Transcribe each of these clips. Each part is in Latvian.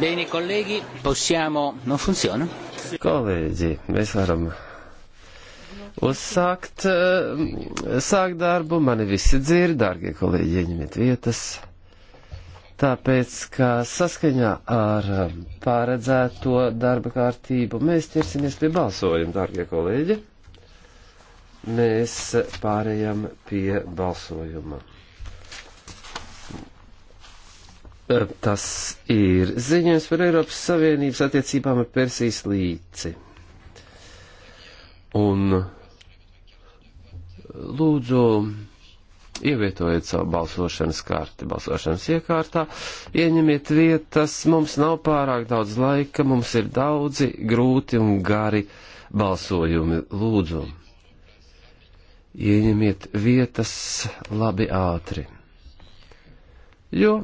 Bene, kolēģi, possiamo... Non funziona? Kolēģi, mēs varam uzsākt, eh, sākt darbu. Mani visi dzird, dārgie kolēģi, ieņemiet vietas. Tāpēc, ka saskaņā ar eh, pāredzēto darba kārtību mēs ķersimies pie balsojuma, dārgie kolēģi. Mēs pārējām pie balsojuma. Eh, tas ir ziņojums par Eiropas Savienības attiecībām ar Persijas līci. Un lūdzu, ievietojiet savu balsošanas karti balsošanas iekārtā, ieņemiet vietas, mums nav pārāk daudz laika, mums ir daudzi grūti un gari balsojumi. Lūdzu, ieņemiet vietas labi ātri. Jo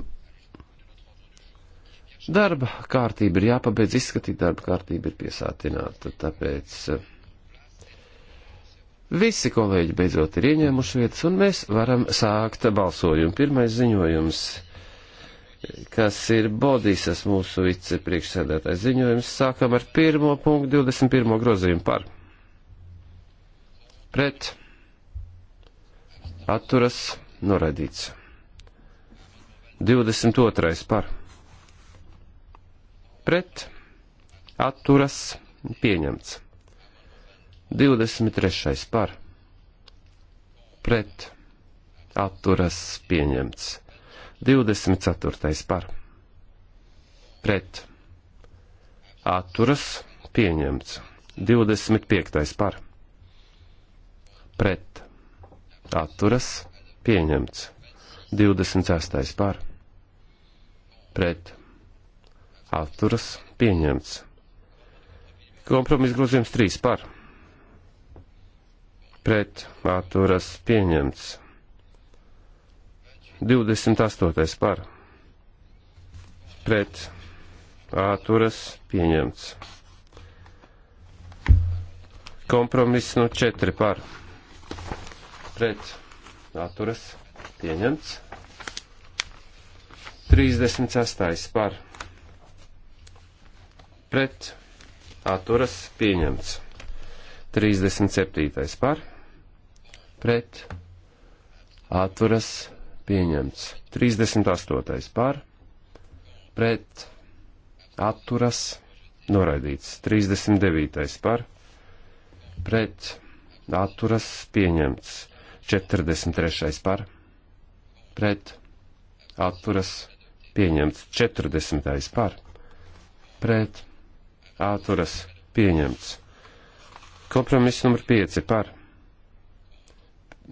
Darba kārtība ir jāpabeidz izskatīt, darba kārtība ir piesātināta, tāpēc eh, visi kolēģi beidzot ir ieņēmuši vietas, un mēs varam sākt balsojumu. Pirmais ziņojums, kas ir Bodīsas mūsu vicepriekšsēdētājs ziņojums, sākam ar pirmo punktu 21. grozījumu par. Pret. Atturas. Noraidīts. 22. par pret atturas pieņemts. 23. par pret atturas pieņemts. 24. par pret atturas pieņemts. 25. par pret atturas pieņemts. 26. par pret atturas pieņemts. Kompromis grozījums 3 par pret atturas pieņemts. 28. par pret atturas pieņemts. Kompromiss no 4 par pret atturas pieņemts. 36. par pret pret atturas pieņemts. 37. par pret atturas pieņemts. 38. par pret atturas noraidīts. 39. par pret atturas pieņemts. 43. par pret atturas pieņemts. 40. par pret atturas pieņemts. Kompromiss numur 5 par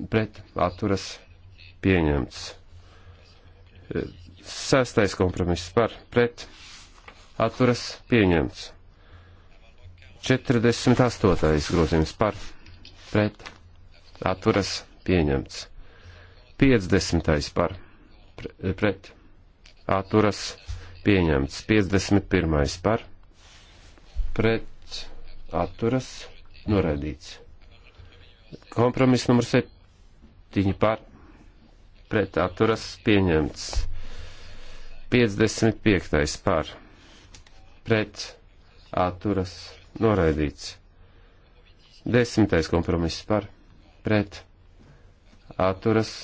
pret atturas pieņemts. Sestais kompromiss par pret atturas pieņemts. 48. grozījums par pret atturas pieņemts. 50. par pret atturas pieņemts. 51. par pret pret atturas noraidīts. Kompromiss numur 7 par pret atturas pieņemts. 55. par pret atturas noraidīts. Desmitais kompromiss par pret atturas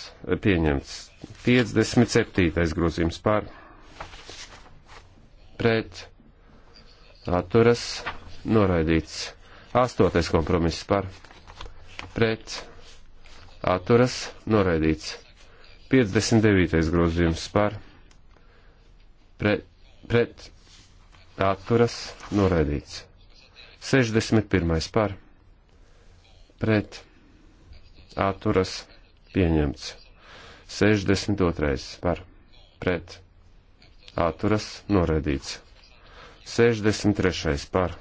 pieņemts. 57. grozījums par pret atturas noraidīts. Astotais kompromiss par pret atturas noraidīts. 59. grozījums par pret, pret atturas noraidīts. 61. par pret atturas pieņemts. 62. par pret atturas noraidīts. 63. par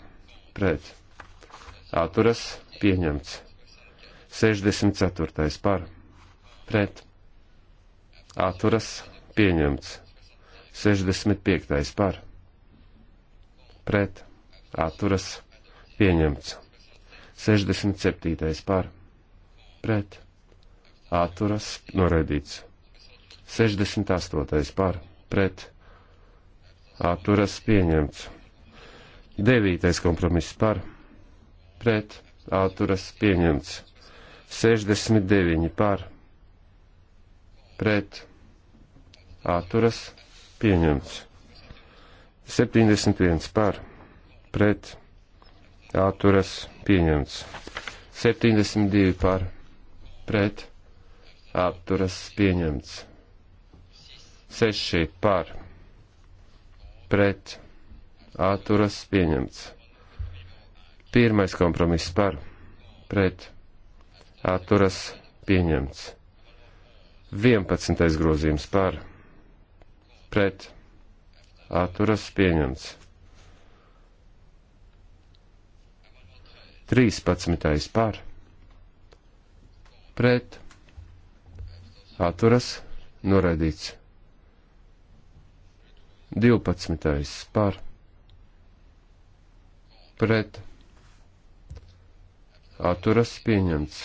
pret atturas pieņemts. 64. par pret atturas pieņemts. 65. par pret atturas pieņemts. 67. par pret atturas noraidīts. 68. par pret atturas pieņemts. Devītais kompromiss par, pret, atturas pieņemts. 69 par, pret, atturas pieņemts. 71 par, pret, atturas pieņemts. 72 par, pret, atturas pieņemts. 6 par, pret atturas pieņemts. Pirmais kompromiss par pret atturas pieņemts. 11. grozījums par pret atturas pieņemts. 13. par pret atturas noraidīts. 12. par pret atturas pieņemts.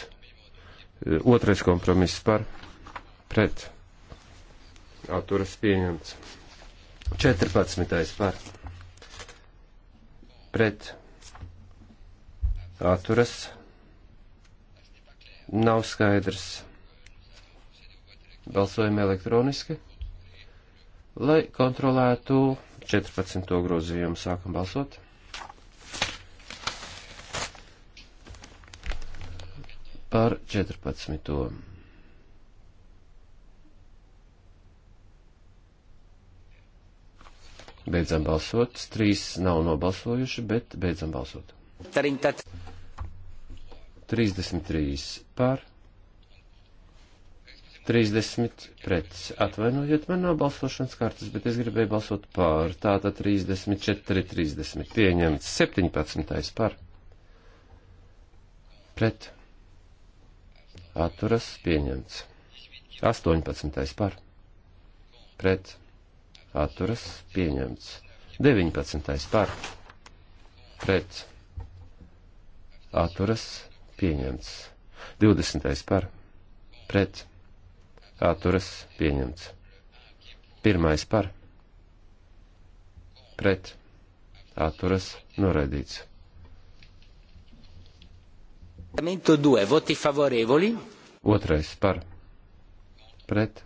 Otrais kompromiss par pret atturas pieņemts. 14. par pret atturas nav skaidrs. Balsojam elektroniski lai kontrolētu 14. grozījumu. Sākam balsot. Par 14. Beidzam balsot. Trīs nav nobalsojuši, bet beidzam balsot. 33 par 30 pret. Atvainojiet, man nav balsošanas kartes, bet es gribēju balsot pār. Tātad 34, 30. Pieņemts 17. par. Pret. Atturas pieņemts. 18. par. Pret. Atturas pieņemts. 19. par. Pret. Atturas pieņemts. 20. par. Pret atturas pieņemts. Pirmais par pret atturas noraidīts. Otrais par pret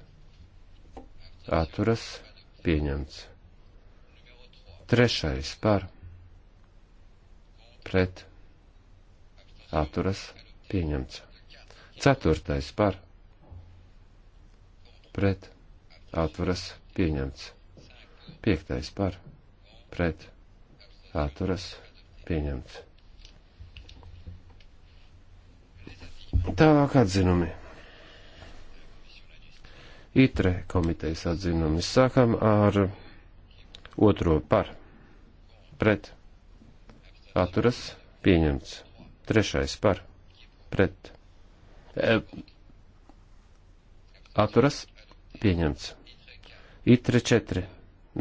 atturas pieņemts. Trešais par pret atturas pieņemts. Ceturtais par pret pret atturas pieņemts. Piektais par pret atturas pieņemts. Tālāk atzinumi. ITRE komitejas atzinumi. Sākam ar otro par pret atturas pieņemts. Trešais par pret. E, atturas pieņemts. Itre 4.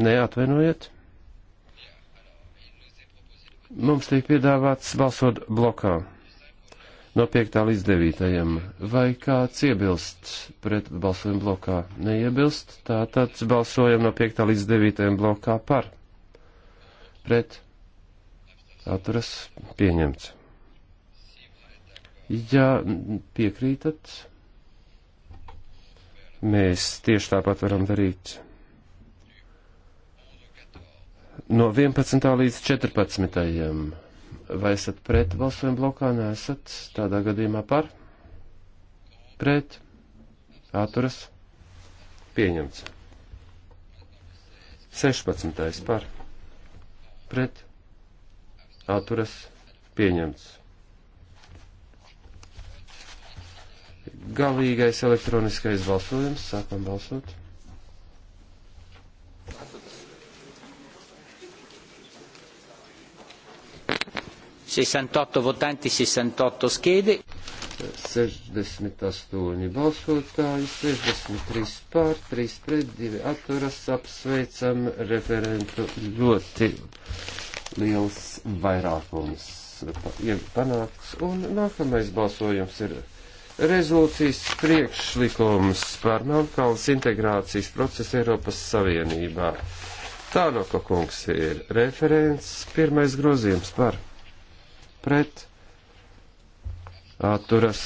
Neatvainojiet. Mums tiek piedāvāts balsot blokā no 5. līdz 9. Vai kāds iebilst pret balsojumu blokā? Neiebilst. Tātad balsojam no 5. līdz 9. blokā par. Pret. Atturas pieņemts. Ja piekrītat. Mēs tieši tāpat varam darīt no 11. līdz 14. Vai esat pret balsojumu blokā? Nē, esat tādā gadījumā par, pret, atturas, pieņemts. 16. par, pret, atturas, pieņemts. Galīgais elektroniskais balsojums. Sākam balsot. votanti, 68 skēdi. 68 balsotāji, 63 pār, 3 pret, 2 atturas, apsveicam referentu ļoti liels vairākums panākts. Un nākamais balsojums ir rezolūcijas priekšlikums par Melnkalnas integrācijas procesu Eiropas Savienībā. Tānoka kungs ir referents, pirmais grozījums par pret atturas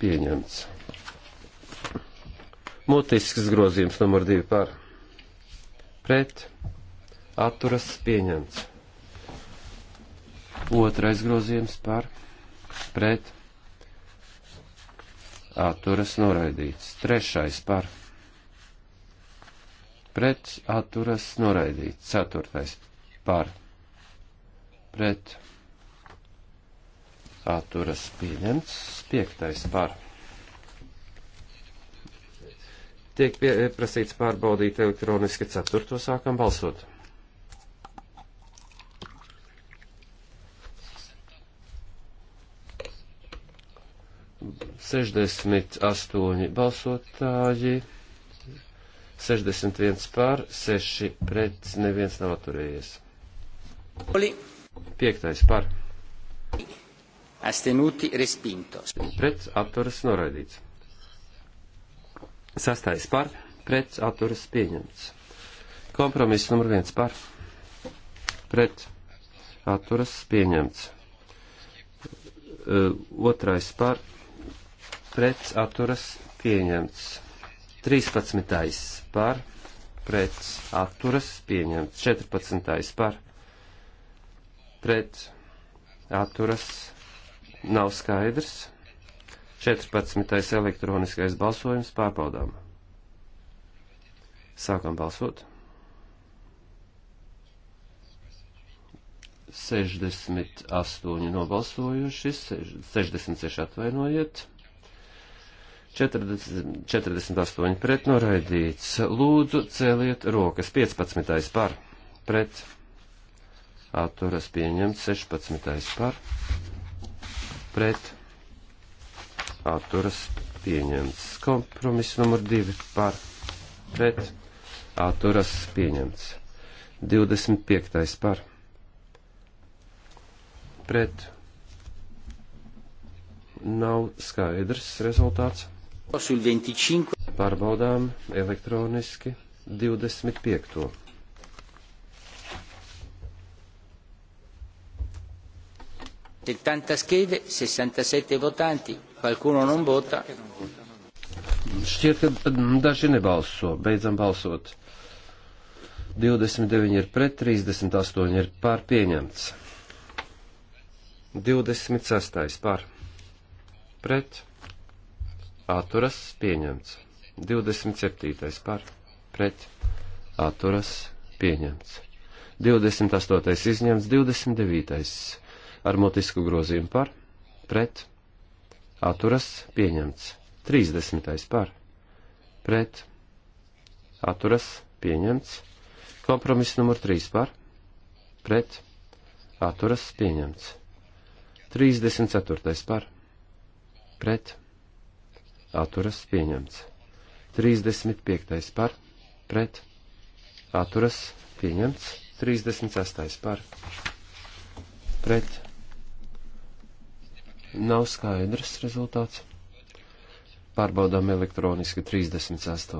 pieņemts. Mutisks grozījums numur divi par pret atturas pieņemts. Otrais grozījums par pret atturas pieņemts atturas noraidīts. Trešais par pret atturas noraidīts. Ceturtais par pret atturas pieņemts. Piektais par. Tiek pieprasīts pārbaudīt elektroniski ceturto sākam balsot. 68 balsotāji, 61 pār, 6 pret, neviens nav atturējies. Piektais par. Astenuti respintos. Pret atturas noraidīts. Sastais par. Pret atturas pieņemts. Kompromiss numur viens par. Pret atturas pieņemts. Uh, otrais par pret atturas pieņemts. 13. par pret atturas pieņemts. 14. par pret atturas nav skaidrs. 14. elektroniskais balsojums pārbaudām. Sākam balsot. 68 nobalsojuši, 66 atvainojiet. 40, 48 pret noraidīts. Lūdzu, celiet rokas. 15. par pret. Atturas pieņemts. 16. par pret. Atturas pieņemts. Kompromiss numur 2 par pret. Atturas pieņemts. 25. par pret. Nav skaidrs rezultāts. Pārbaudām elektroniski 25. Schede, 67 votanti, qualcuno non vota. Šķiet, ka mm, daži nebalso. Beidzam balsot. 29 ir pret, 38 ir pār pieņemts. 26. pār pret atturas pieņemts. 27. par pret atturas pieņemts. 28. izņemts, 29. ar motisku grozījumu par pret atturas pieņemts. 30. par pret atturas pieņemts. Kompromiss numur 3 par pret atturas pieņemts. 34. par pret atturas pieņemts. 35. par, pret, atturas pieņemts. 36. par, pret, nav skaidrs rezultāts. Pārbaudām elektroniski 36.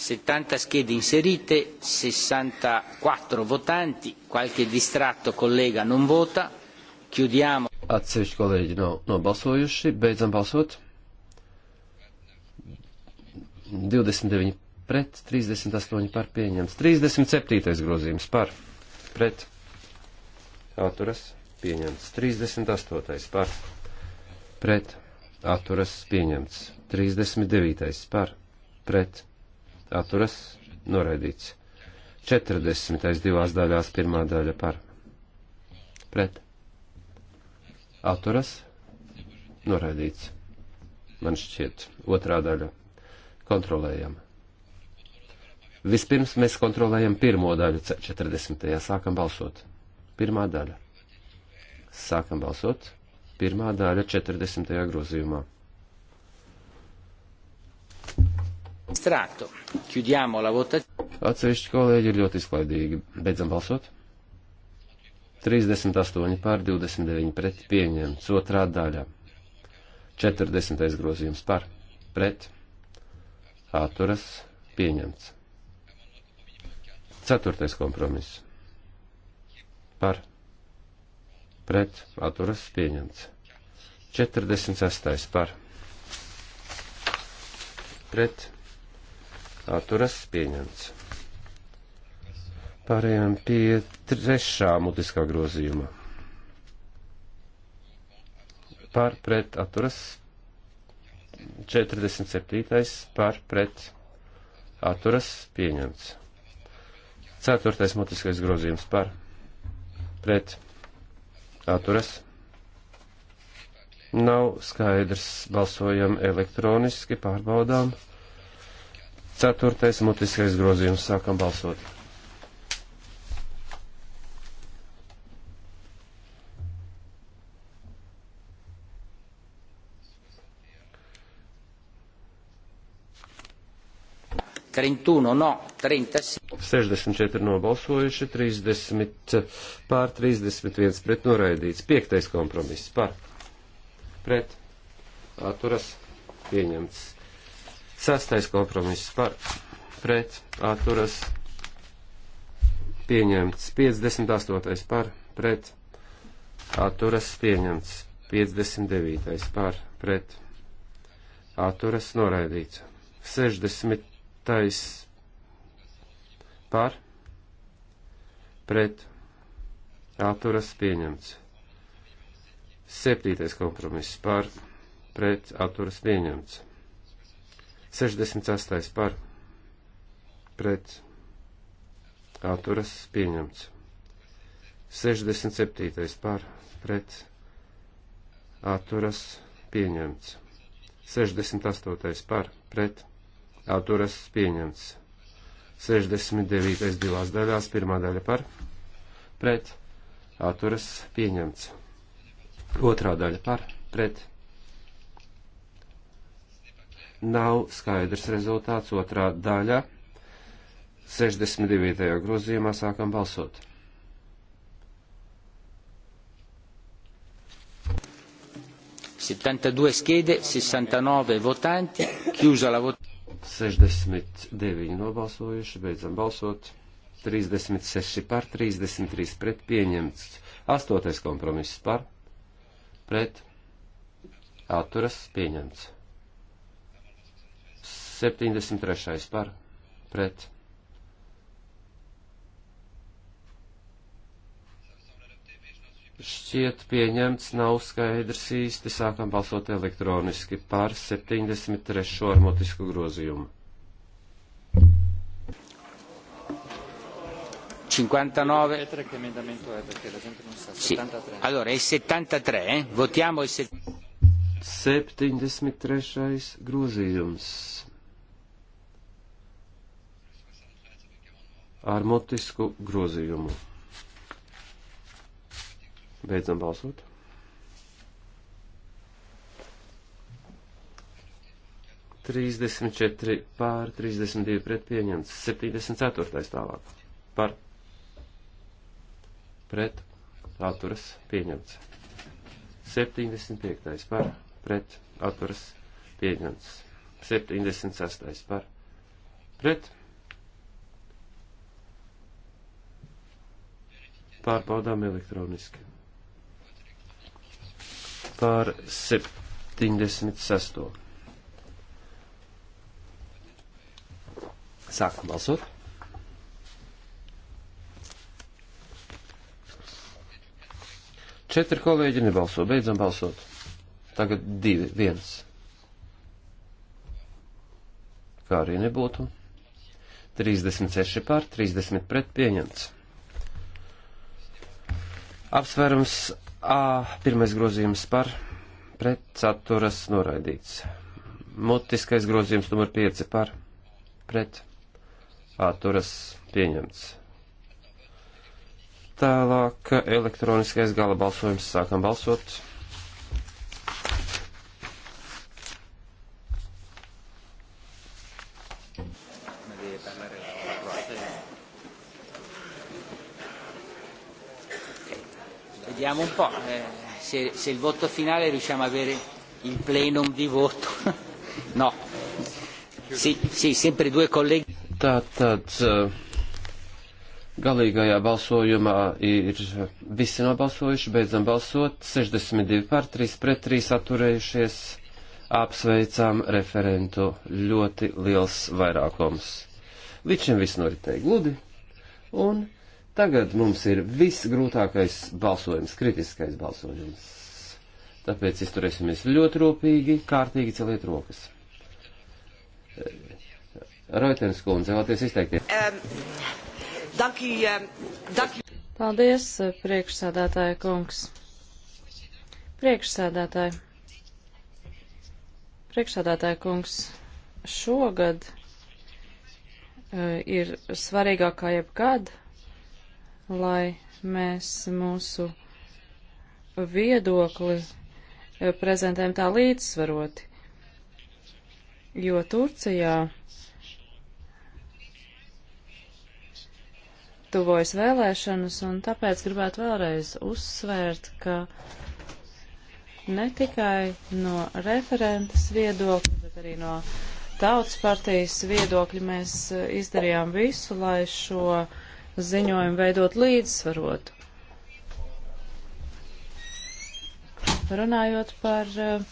70 schede inserite, 64 votanti, qualche distratto collega non vota, chiudiamo. Atsevišķi kolēģi nav nobalsojuši. Beidzam balsot. 29 pret, 38 par pieņems. 37. grozījums par pret. Atturas pieņemts. 38. par pret. Atturas pieņemts. 39. par pret. Atturas noraidīts. 40. divās daļās pirmā daļa par pret atturas noraidīts. Man šķiet, otrā daļa kontrolējam. Vispirms mēs kontrolējam pirmo daļu 40. sākam balsot. Pirmā daļa. Sākam balsot. Pirmā daļa 40. grozījumā. Atsevišķi kolēģi ir ļoti izklaidīgi. Beidzam balsot. 38 pār 29 pret pieņemts. Otrā daļa. 40. grozījums par pret atturas pieņemts. Ceturtais kompromiss. Par pret atturas pieņemts. 46. par pret atturas pieņemts. Pārējām pie trešā mutiskā grozījuma. Par pret atturas 47. par pret atturas pieņemts. Ceturtais mutiskais grozījums par pret atturas. Nav skaidrs, balsojam elektroniski, pārbaudām. Ceturtais mutiskais grozījums, sākam balsot. 31 no 36. 64 nobalsojuši, 30 pār 31 pret noraidīts. Piektais kompromiss par pret atturas pieņemts. Sastais kompromiss par pret atturas pieņemts. 58 par pret atturas pieņemts. 59 par pret atturas noraidīts. 60 Tais par, pret, atturas pieņemts. Septītais kompromiss par, pret, atturas pieņemts. 68. par, pret, atturas pieņemts. 67. par, pret, atturas pieņemts. 68. par, pret, atturas pieņemts. 69. divās daļās, pirmā daļa par, pret, atturas pieņemts. Otrā daļa par, pret. Nav skaidrs rezultāts, otrā daļa. 69. grozījumā sākam balsot. settantadue schede, 69 votanti, chiusa la votazione. 69 nobalsojuši, beidzam balsot. 36 par, 33 pret pieņemts. 8. kompromiss par, pret, atturas pieņemts. 73 par, pret, šķiet pieņemts, nav skaidrs īsti, sākam balsot elektroniski par 73. ar motisku grozījumu. 59. Sì. Allora, il 73, eh? votiamo il 73. grozījums. Ar motisku grozījumu. Beidzam balsot. Trīsdesmit četri pār, trīsdesmit divi pret pieņemts, septīdesmit ceturtais tālāk. Par, pret, atturas, pieņemts. Septīdesmit piektais par, pret, atturas, pieņemts. Septīdesmit sastais par, pret, pārbaudām elektroniski par 76. Sākam balsot. Četri kolēģi nebalso, beidzam balsot. Tagad divi, viens. Kā arī nebūtu. 36 pār, 30 pret pieņemts. Apsvērums A, pirmais grozījums par pretsaturas noraidīts. Mutiskais grozījums numur 5 par pretaturas pieņemts. Tālāk elektroniskais gala balsojums sākam balsot. po', eh, se, se il voto finale riusciamo ad avere il plenum di voto. no. Sì, sì, sempre due colleghi. Tātad eh, galīgajā balsojumā ir visi nobalsojuši, beidzam balsot, 62 par 3 pret 3 atturējušies, apsveicām referentu ļoti liels vairākums. Līdz šim viss noritēja gludi, un Tagad mums ir viss grūtākais balsojums, kritiskais balsojums. Tāpēc izturēsimies ļoti rūpīgi, kārtīgi celiet rokas. Roitens kundze, vēlaties izteikties? Um, thank you, um, thank you. Paldies, priekšsādātāja kungs. Priekšsādātāja. Priekšsādātāja kungs, šogad uh, ir svarīgāk kā jebkad lai mēs mūsu viedokli e, prezentējam tā līdzsvaroti. Jo Turcijā tuvojas vēlēšanas, un tāpēc gribētu vēlreiz uzsvērt, ka ne tikai no referentes viedokļa, bet arī no tautas partijas viedokļa mēs e, izdarījām visu, lai šo uh, ziņojumu veidot līdzsvarotu. Runājot par eh,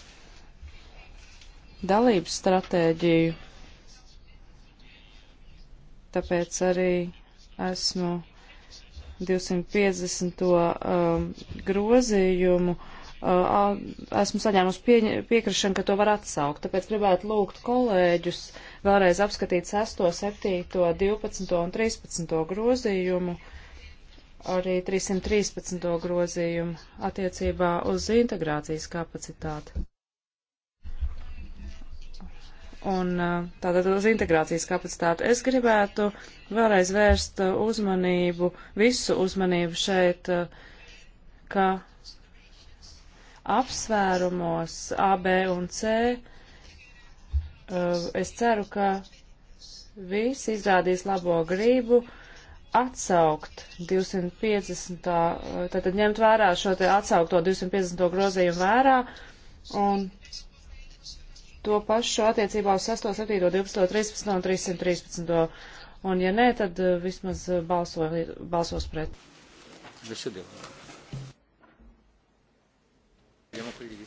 dalības stratēģiju, tāpēc arī esmu 250. Um, eh, grozījumu eh, esmu saņēmusi pie, piekrišanu, ka to var atsaukt. Tāpēc gribētu lūgt kolēģus uh, vēlreiz apskatīt 6, 7, 12 un 13 grozījumu, arī 313 grozījumu attiecībā uz integrācijas kapacitāti. Un tātad uz integrācijas kapacitāti es gribētu vēlreiz vērst uzmanību, visu uzmanību šeit, ka apsvērumos A, B un C Eh, es ceru, ka visi izrādīs labo grību atsaukt 250. Eh, tātad ņemt vērā šo te atsaukto 250. grozījumu vērā un to pašu attiecībā uz 6, 7, 12, 13 un 313. Un ja nē, tad eh, vismaz balso, balsos pret.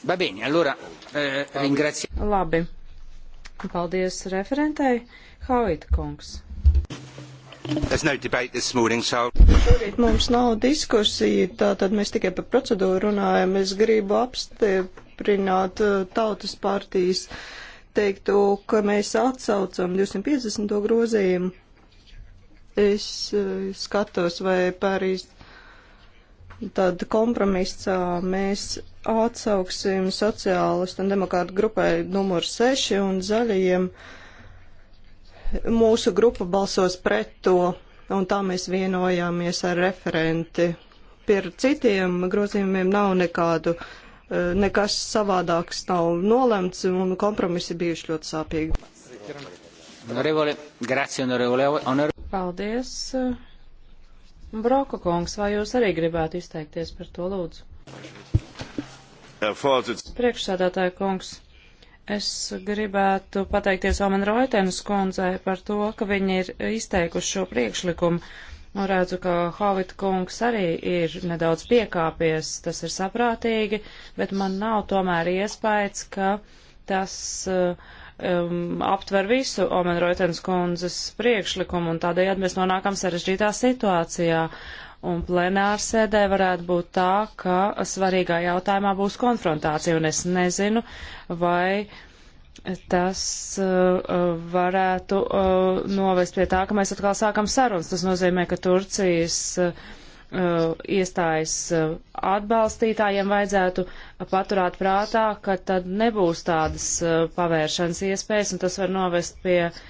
Va bene, allora eh, ringrazio. Labi. Paldies referentei. Hauit kungs. No morning, so... Šorīt mums nav diskusija, tātad mēs tikai par procedūru runājam. Es gribu apstiprināt eh, tautas partijas teikto, ka mēs atsaucam 250. grozījumu. Es eh, skatos, vai Pārīs tāda kompromisā mēs atsauksim sociālistu un demokrātu grupai numur 6 un zaļajiem. Mūsu grupa balsos pret to, un tā mēs vienojāmies ar referenti. Pie citiem grozījumiem nav nekādu, eh, nekas savādāks nav nolemts, un kompromisi bijuši ļoti sāpīgi. Paldies. Broka kungs, vai jūs arī gribētu izteikties par to lūdzu? Priekšsēdētāja kungs, es gribētu pateikties Omen Roitenes kundzei par to, ka viņi ir izteikuši šo priekšlikumu. Nu, redzu, ka Hovita kungs arī ir nedaudz piekāpies, tas ir saprātīgi, bet man nav tomēr iespējas, ka tas eh, um, aptver visu Omen Roitenes kundzes priekšlikumu, un tādējādi mēs nonākam sarežģītā situācijā. Uh, un plenārsēdē varētu būt tā, ka svarīgā jautājumā būs konfrontācija, un es nezinu, vai tas uh, varētu uh, novest pie tā, ka mēs atkal sākam sarunas. Tas nozīmē, ka Turcijas uh, iestājas uh, atbalstītājiem vajadzētu paturēt prātā, ka tad nebūs tādas uh, pavēršanas iespējas, un tas var novest pie uh,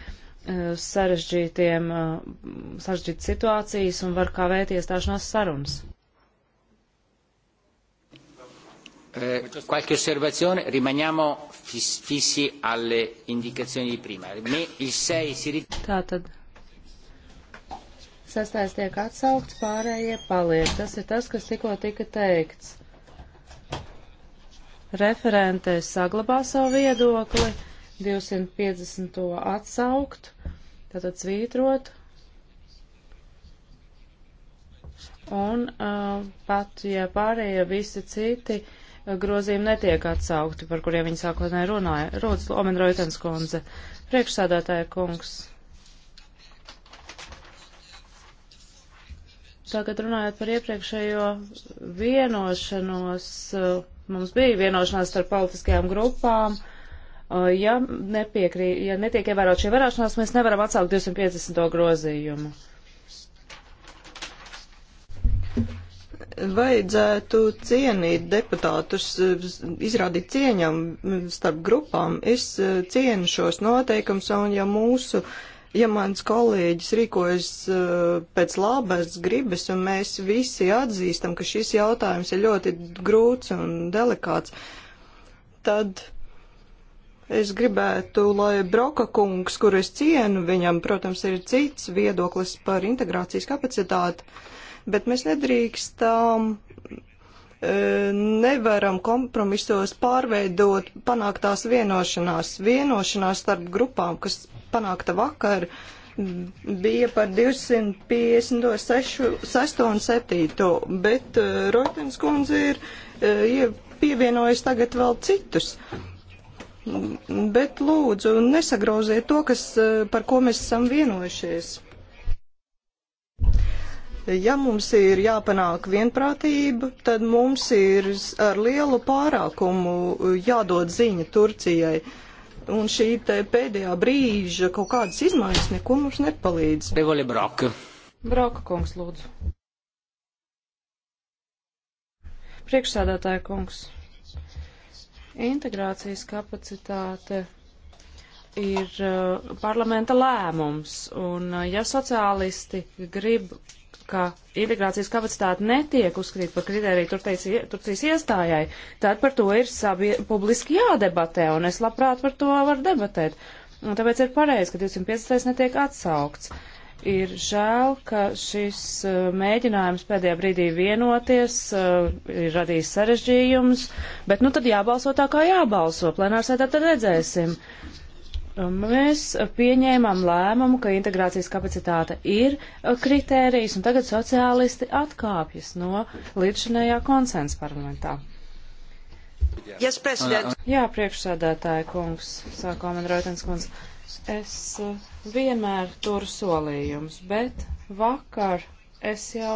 Eh, sarežģītiem, eh, sarežģītas situācijas un var kavēt iestāšanās sarunas. Eh, qualche osservazione, rimaniamo fis, fissi alle indicazioni di prima. Me il 6 si rit... Tātad. Sastais tiek atsaukts, pārējie paliek. Tas ir tas, kas tikko tika teikts. Referente saglabā savu viedokli 250. atsaukt, tātad svītrot. Un uh, pat, ja pārējie visi citi uh, grozījumi netiek atsaukti, par kuriem viņi sākotnēji runāja, Rūdz Omenroitens kundze, priekšsādātāja kungs. Tagad runājot par iepriekšējo vienošanos, uh, mums bija vienošanās starp politiskajām grupām, uh, ja, nepiekrī, ja netiek ievērot šī varāšanās, mēs nevaram atsaukt 250. grozījumu. Vajadzētu cienīt deputātus, izrādīt cieņam starp grupām. Es cienu šos noteikums, un ja mūsu, ja mans kolēģis rīkojas pēc labas gribas, un mēs visi atzīstam, ka šis jautājums ir ļoti grūts un delikāts, tad Es gribētu, lai Broka kungs, kur es cienu, viņam, protams, ir cits viedoklis par integrācijas kapacitāti, bet mēs nedrīkstām, e, nevaram kompromisos pārveidot panāktās vienošanās. Vienošanās starp grupām, kas panākta vakar, bija par 256 6 un 7, bet e, Roitens kundze ir e, pievienojis tagad vēl citus. Uh, bet lūdzu nesagrauziet to, kas, eh, par ko mēs esam vienojušies. Ja mums ir jāpanāk vienprātība, tad mums ir ar lielu pārākumu eh, jādod ziņa Turcijai. Un šī pēdējā brīža kaut kādas izmaiņas neko mums nepalīdz. Devoli Broka. Broka kungs, lūdzu. Priekšsādātāja kungs. Integrācijas kapacitāte ir uh, parlamenta lēmums, un uh, ja sociālisti grib, ka integrācijas kapacitāte netiek uzskatīta par kritēriju Turcijas iestājai, tad par to ir sabie, publiski jādebatē, un es labprāt par to varu debatēt. Un tāpēc ir pareizi, ka 250. netiek atsaukts. Uh, Ir žēl, ka šis uh, mēģinājums pēdējā brīdī vienoties uh, ir radījis sarežģījumus, bet nu tad jābalso tā kā jābalso. Plenārsētā tad redzēsim. Um, mēs pieņēmām lēmumu, ka integrācijas kapacitāte ir uh, kritērijs, un tagad sociālisti atkāpjas no līdzšanējā konsensa parlamentā. Yes, Jā, priekšsādātāja kungs, sākām man Roitens kungs. Uh, Es eh, vienmēr turu solījumus, bet vakar es jau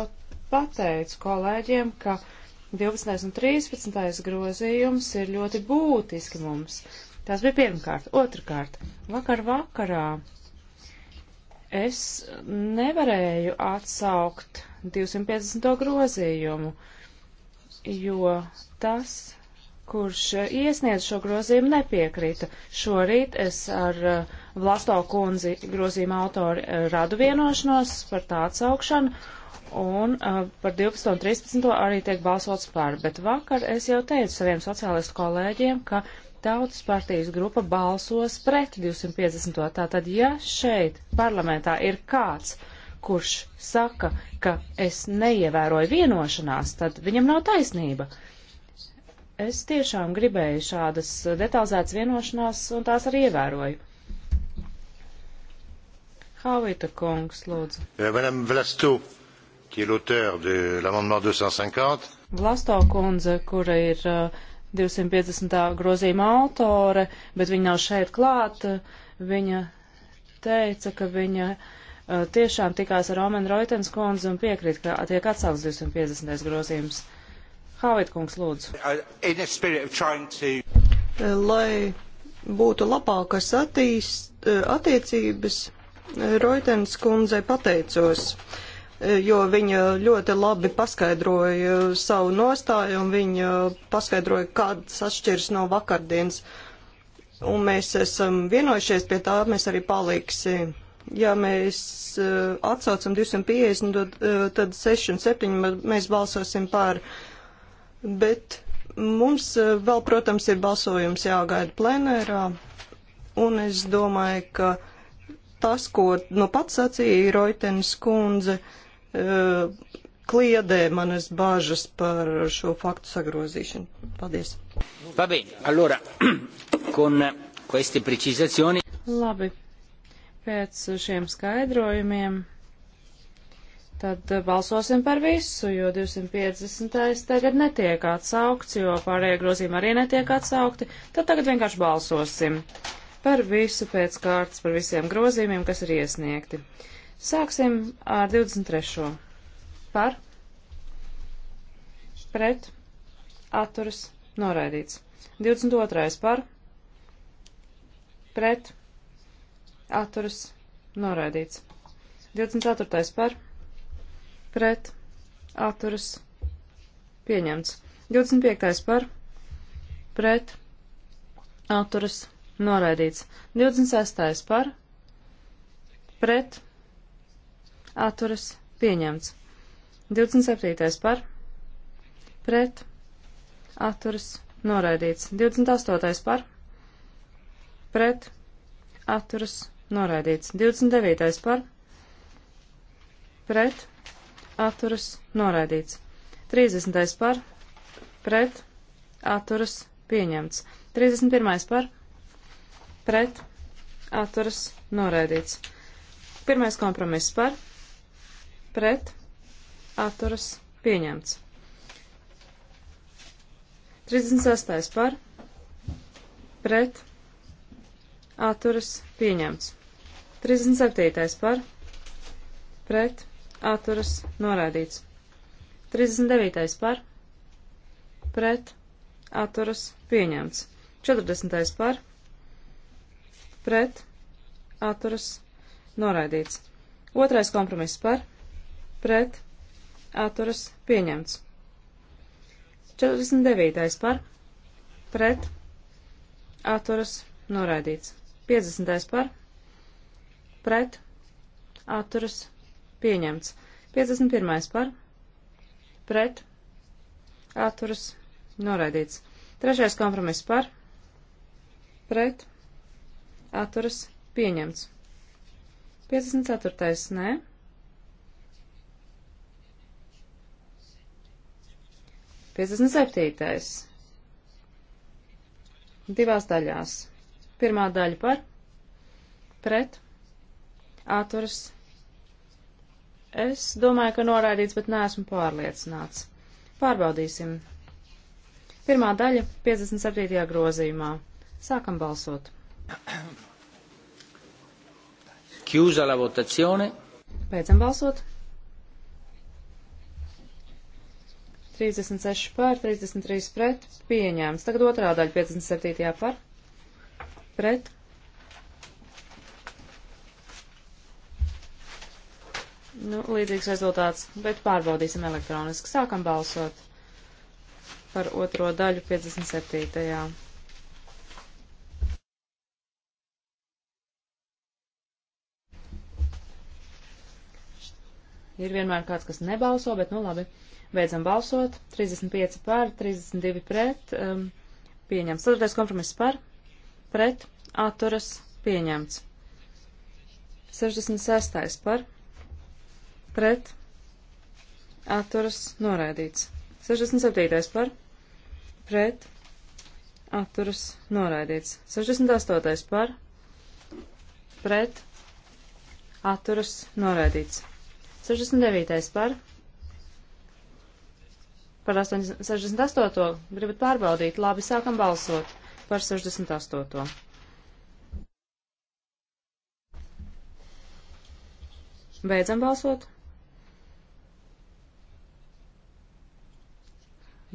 pateicu kolēģiem, ka 12. un 13. grozījums ir ļoti būtiski mums. Tas bija pirmkārt. Otrakārt, vakar vakarā es nevarēju atsaukt 250. grozījumu, jo tas kurš e, iesniedz šo grozījumu, nepiekrita. Šorīt es ar e, Vlasto kundzi grozījuma autori e, radu vienošanos par tā atsaukšanu, un par 12 un 13 arī tiek balsots par. Bet vakar es jau teicu saviem sociālistu kolēģiem, ka Tautas partijas grupa balsos pret 250. Tātad, ja šeit parlamentā ir kāds, kurš saka, ka es neievēroju vienošanās, tad viņam nav taisnība. Uh, Es tiešām gribēju šādas detalizētas vienošanās un tās arī ievēroju. Havita kungs, lūdzu. Eh, Madame Vlasto, qui est l'auteur de l'amendement 250. Vlasto kundze, kura ir 250. Eh, grozījuma autore, bet viņa nav šeit klāt, viņa teica, ka viņa eh, tiešām tikās ar Omen Roitens kundzi un piekrīt, ka tiek atsaugs 250. grozījums. Hāvit kungs, lūdzu. Uh, to... Lai būtu labākas attīst, uh, attiecības, uh, Roitens kundzei pateicos, jo viņa ļoti labi paskaidroja savu nostāju un viņa paskaidroja, kādas atšķiras no vakardienas. Un mēs esam vienojušies pie tā, mēs arī paliksim ja mēs uh, atsaucam 250, tad 6 un 7 mēs balsosim par. Uh, bet mums eh, vēl, protams, ir balsojums jāgaida plenērā, un es domāju, ka tas, ko nu pats sacīja Roitenis kundze, eh, kliedē manas bāžas par šo faktu sagrozīšanu. Paldies. Labi, allora, con queste precisazioni. Labi, pēc šiem skaidrojumiem. Tad eh, balsosim par visu, jo 250. tagad netiek atsaukts, jo pārējie grozījumi arī netiek atsaukti. Tad tagad vienkārši balsosim par visu pēc kārtas, par visiem grozījumiem, kas ir iesniegti. Sāksim ar 23. Par, pret, atturas, noraidīts. 22. par, pret, atturas, noraidīts. 24. par, pret atturas pieņemts. 25. par pret atturas noraidīts. 26. par pret atturas pieņemts. 27. par pret atturas noraidīts. 28. par pret atturas noraidīts. 29. par pret atturas noraidīts. 30. par pret atturas pieņemts. 31. par pret atturas noraidīts. Pirmais kompromiss par pret atturas pieņemts. 36. par pret atturas pieņemts. 37. par pret atturas pieņemts atturas noraidīts. 39. par pret atturas pieņemts. 40. par pret atturas noraidīts. Otrais kompromiss par pret atturas pieņemts. 49. par pret atturas noraidīts. 50. par pret atturas pieņemts pieņemts. 51. par, pret, atturas, noraidīts. Trešais kompromiss par, pret, atturas, pieņemts. 54. nē. Piecdesmit septītais. Divās daļās. Pirmā daļa par, pret, atturas, Es domāju, ka noraidīts, bet neesmu pārliecināts. Pārbaudīsim. Pirmā daļa 57. grozījumā. Sākam balsot. Chiusa la votazione. Beidzam balsot. 36 pār, 33 pret, pieņēmts. Tagad otrā daļa 57. par, pret, Nu, līdzīgs rezultāts, bet pārbaudīsim elektroniski. Sākam balsot par otro daļu 57. Ir vienmēr kāds, kas nebalso, bet nu labi. Beidzam balsot. 35 par, 32 pret. Um, pieņemts. Ceturtais kompromiss par, pret, atturas, pieņemts. 66 par pret atturas noraidīts. 67. par pret atturas noraidīts. 68. par pret atturas noraidīts. 69. par par 8, 68. gribat pārbaudīt. Labi, sākam balsot par 68. Beidzam balsot.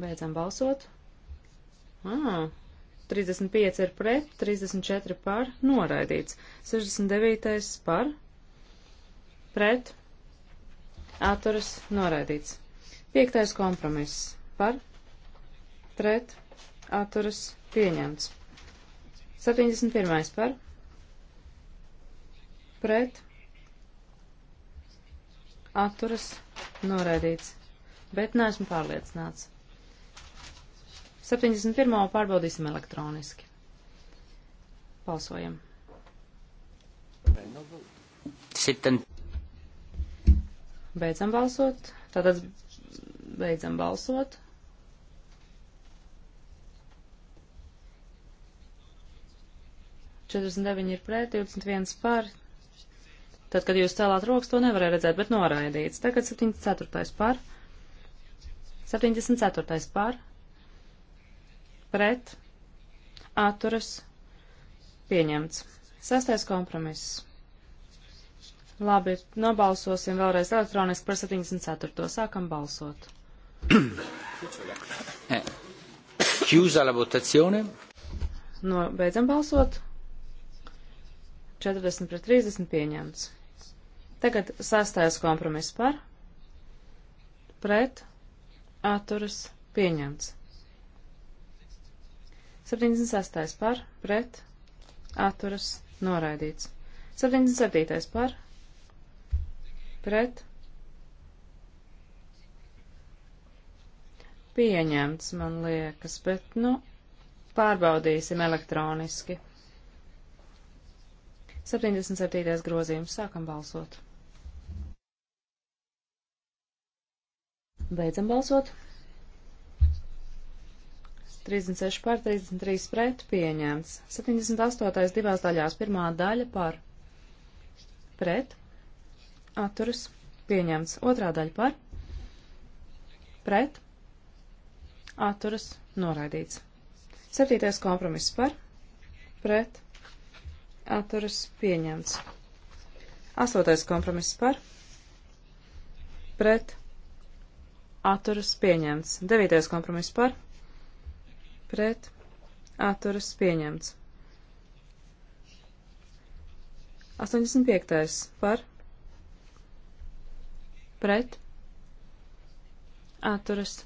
Beidzam balsot. Ā, 35 ir pret, 34 par, noraidīts. 69 par, pret, atturas, noraidīts. 5. kompromiss par, pret, atturas, pieņemts. 71 par, pret, atturas, noraidīts. Bet neesmu pārliecināts. 71. pārbaudīsim elektroniski. Balsojam. 7. Beidzam balsot. Tātad beidzam balsot. Četrdesmit deviņi ir pret, divdesmit viens par. Tad, kad jūs cēlāt rokas, to nevarēja redzēt, bet noraidīts. Tagad septiņdesmit ceturtais par. Septiņdesmit ceturtais par pret, atturas, pieņemts. Sestais kompromiss. Labi, nobalsosim vēlreiz elektroniski par 74. Sākam balsot. Eh, chiusa la votazione. No, beidzam balsot. 40 pret 30 pieņemts. Tagad sastais kompromiss par, pret, atturas, pieņemts. 76. par, pret, atturas, noraidīts. 77. par, pret, pieņemts, man liekas, bet, nu, pārbaudīsim elektroniski. 77. grozījums sākam balsot. Beidzam balsot. 36 par, 33 pret, pieņemts. 78. divās daļās, pirmā daļa par, pret, atturas, pieņemts. Otrā daļa par, pret, atturas, noraidīts. 7. kompromiss par, pret, atturas, pieņemts. 8. kompromiss par, pret, atturas, pieņemts. 9. kompromiss par, pret, pret atturas pieņemts. 85. par pret atturas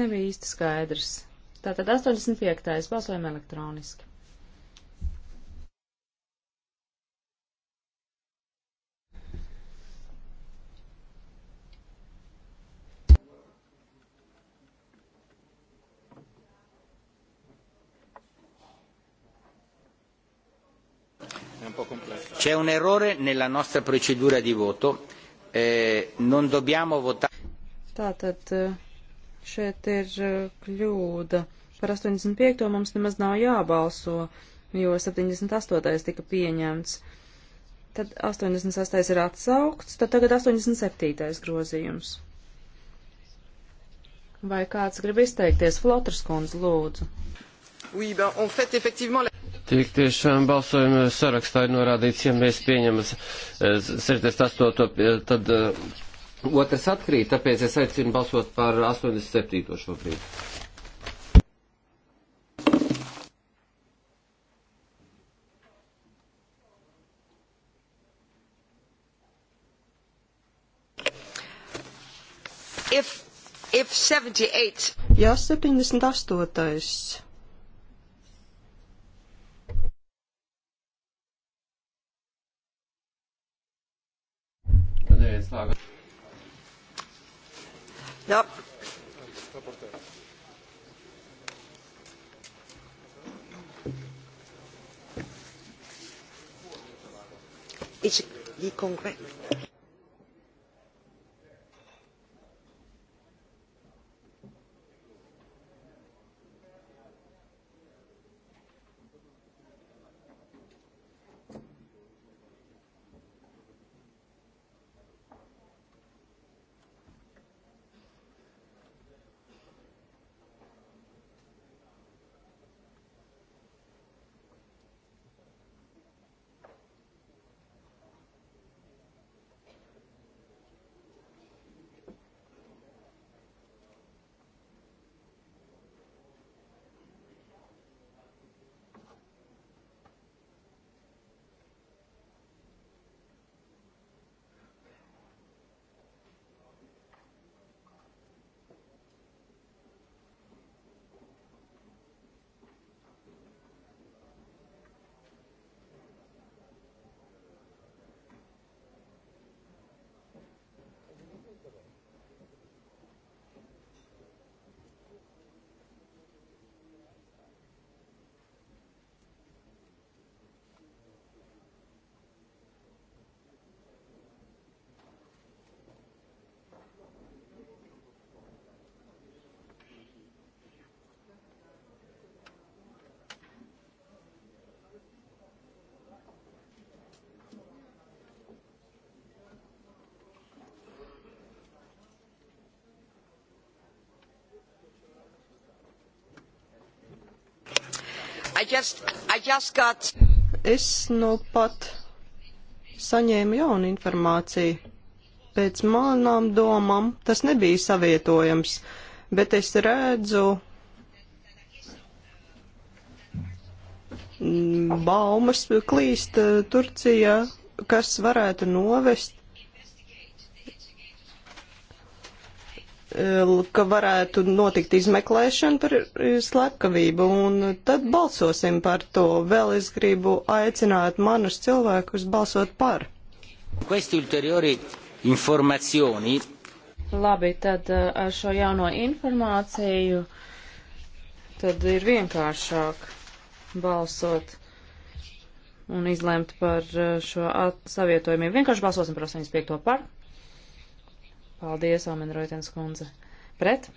nebija īsti skaidrs. Tātad 85. balsojam elektroniski. C'è un errore nella nostra procedura di voto. Eh, non dobbiamo votare. Tātad eh, šeit ir eh, kļūda. Par 85. mums nemaz nav jābalso, jo 78. tika pieņemts. Tad 86. ir atsaukts, tad tagad 87. grozījums. Vai kāds grib izteikties? Flotras kundze, lūdzu. Oui, ben, en fait, effectivement, Tik tiešām balsojuma sarakstā ir norādīts, ja mēs pieņemam 68, e, tad e, otrs atkrīt, tāpēc es aicinu balsot par 87. šobrīd. If, if 78. Jā, 78. sēdes lāga. Jā. It's the congress. I just, I just got... Es nu pat saņēmu jaunu informāciju. Pēc manām domām tas nebija savietojams, bet es redzu baumas klīst eh, Turcija, kas varētu novest Eh, ka varētu notikt izmeklēšana par slepkavību, un tad balsosim par to. Vēl es gribu aicināt manus cilvēkus balsot par. Labi, tad eh, ar šo jauno informāciju tad ir vienkāršāk balsot un izlemt par eh, šo savietojumiem. Vienkārši balsosim par 85. par. Paldies, Omenroitens kundze. Pret?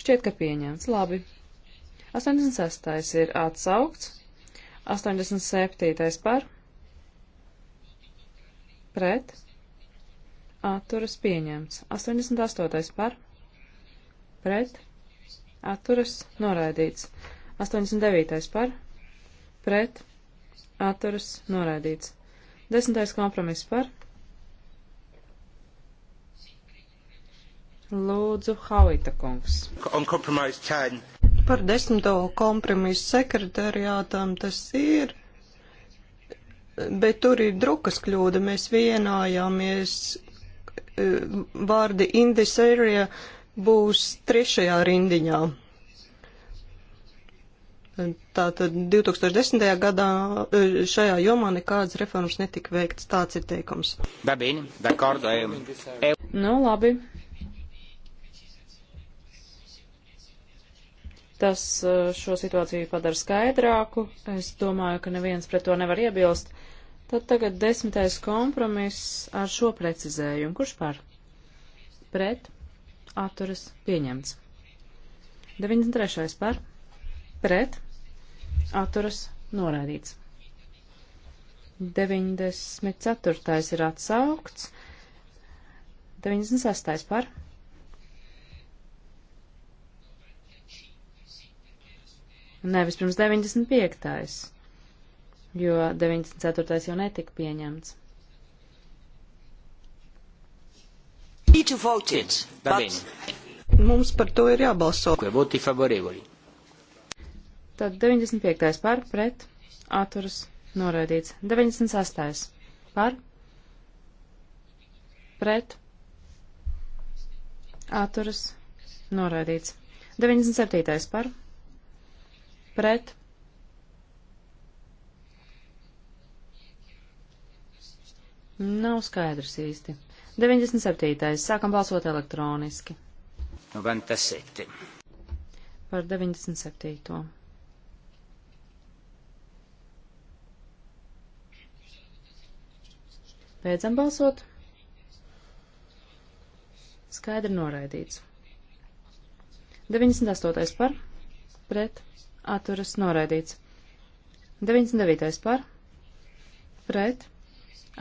Šķiet, ka pieņemts. Labi. 86. ir atsaukts. 87. par? Pret? Atturas pieņemts. 88. par? Pret? Atturas noraidīts. 89. par? Pret? Atturas noraidīts. 10. kompromiss par? Lūdzu, Havita kungs. Par desmito kompromisu sekretariātām tas ir, bet tur ir drukas kļūda. Mēs vienājāmies e, vārdi Indisērija būs trešajā rindiņā. Tātad 2010. gadā e, šajā jomā nekādas reformas netika veikts. Tāds ir teikums. Dabīni, dakordu. E, nu, labi, Tas eh, šo situāciju padara skaidrāku. Es domāju, ka neviens pret to nevar iebilst. Tad tagad desmitais kompromiss ar šo precizējumu. Kurš par? Pret. Atturas pieņemts. 93. par. Pret. Atturas noraidīts. 94. ir atsaukts. 96. par. Nevis pirms 95. Jo 94. jau netika pieņemts. Voted, but... Mums par to ir jābalso. Tad 95. par, pret, atturas, noraidīts. 98. par, pret, atturas, noraidīts. 97. par, pret. Nav skaidrs īsti. 97. Sākam balsot elektroniski. 97. Par 97. Beidzam balsot. Skaidri noraidīts. 98. par, pret, atturas noraidīts. 99. par, pret,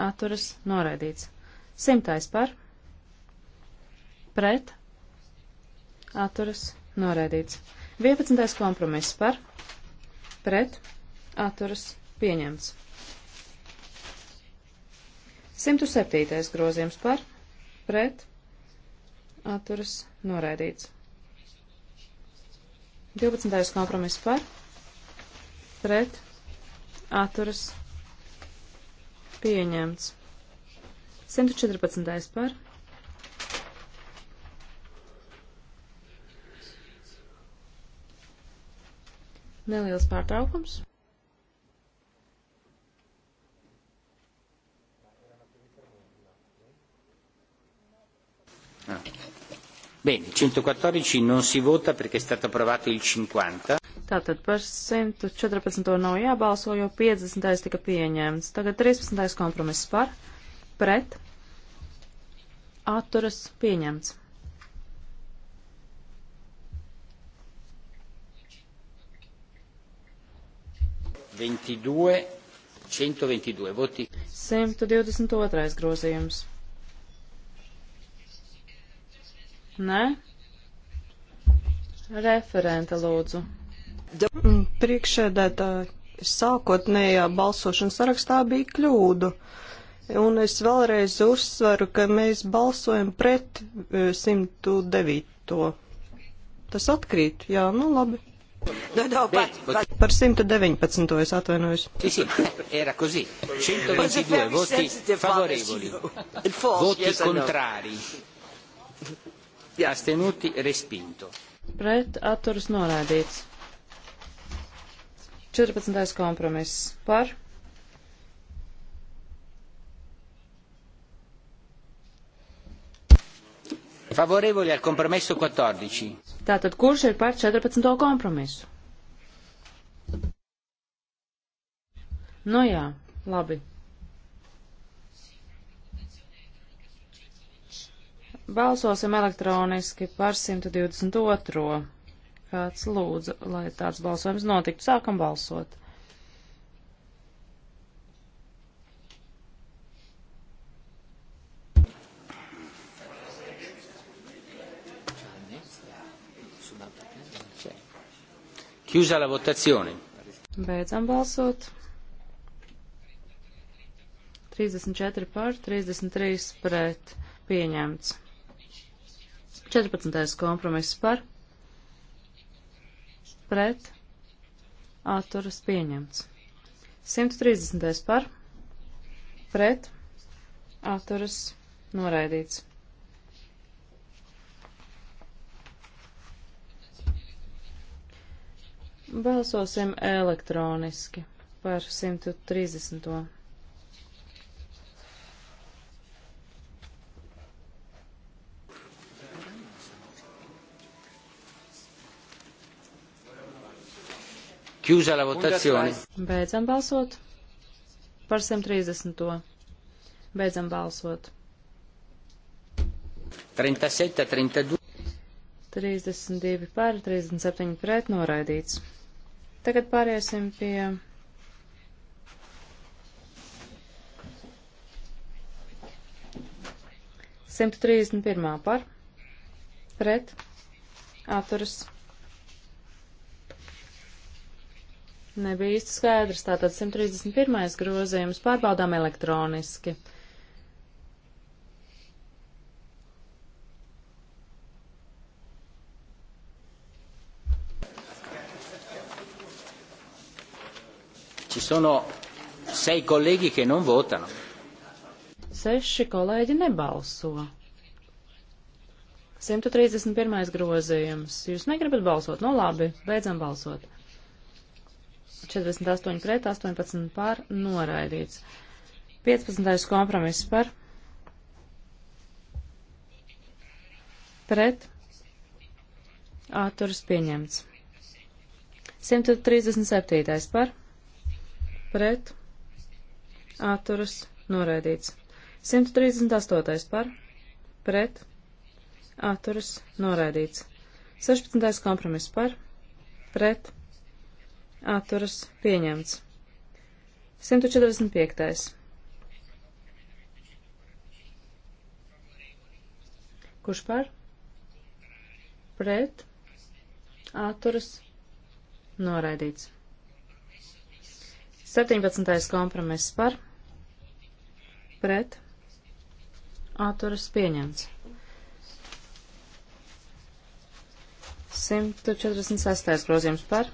atturas noraidīts. 100. par, pret, atturas noraidīts. 11. kompromiss par, pret, atturas pieņemts. 107. grozījums par, pret, atturas noraidīts. 12. kompromiss par, pret, atturas, pieņemts. 114. par. Neliels pārtraukums. Bene, 114 non si vota perché è stato approvato il 50. Tātad par 114. nav jābalso, jo 50. tika pieņemts. Tagad 13. kompromiss par, pret, atturas pieņemts. Ventidue, 122 voti. 122. grozījums. Nē? Referente lūdzu. Priekšēdētāji, sākotnējā balsošanas sarakstā bija kļūdu. Un es vēlreiz uzsveru, ka mēs balsojam pret 109. E, Tas atkrīt, jā, nu labi. No, no, bet, bet. Par 119. es atvainojos. Sì, sì, era così. 122 voti favorevoli, voti contrari. Contrasti, astenuti, respinto. Pret atturas noraidīts. 14. kompromiss par. Favorevoli al compromesso 14. Tātad kurš ir par 14. kompromisu? Nu jā, labi. Balsosim elektroniski par 122. Kāds lūdzu, lai tāds balsojums notiktu. Sākam balsot. Chiusa la votazione. Beidzam balsot. 34 par, 33 pret. Pieņemts. 14. kompromiss par pret atturas pieņemts. 130. par pret atturas noraidīts. Balsosim elektroniski par 130. Chiusa la votazione. Beidzam balsot par 130. Beidzam balsot. 37, 32. 32 par, 37 pret, noraidīts. Tagad pāriesim pie. Simt trīsdesmit pirmā par, pret, atturas Nebija īsti skaidrs. Tātad 131. grozījums pārbaudām elektroniski. Ci sono sei colleghi che non votano. Seši kolēģi nebalso. 131. grozījums. Jūs negribat balsot? No nu labi, beidzam balsot. 48 pret, 18 pār, noraidīts. 15. kompromiss par, pret, atturas pieņemts. 137. par, pret, atturas noraidīts. 138. par, pret, atturas noraidīts. 16. kompromiss par, pret, Atturas pieņemts. 145. Kurš par? Pret. Atturas noraidīts. 17. kompromiss par. Pret. Atturas pieņemts. 146. grozījums par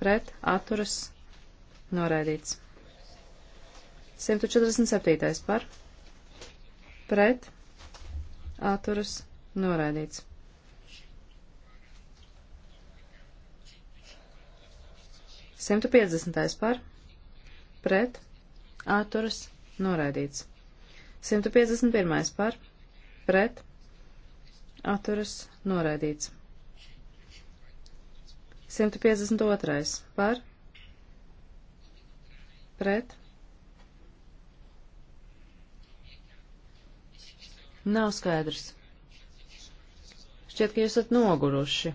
pret atturas noraidīts. 147. par pret atturas noraidīts. Simtu piecdesmitais par pret atturas noraidīts. 151. par pret atturas noraidīts. 152. Par? Pret? Nav skaidrs. Šķiet, ka jūs esat noguruši,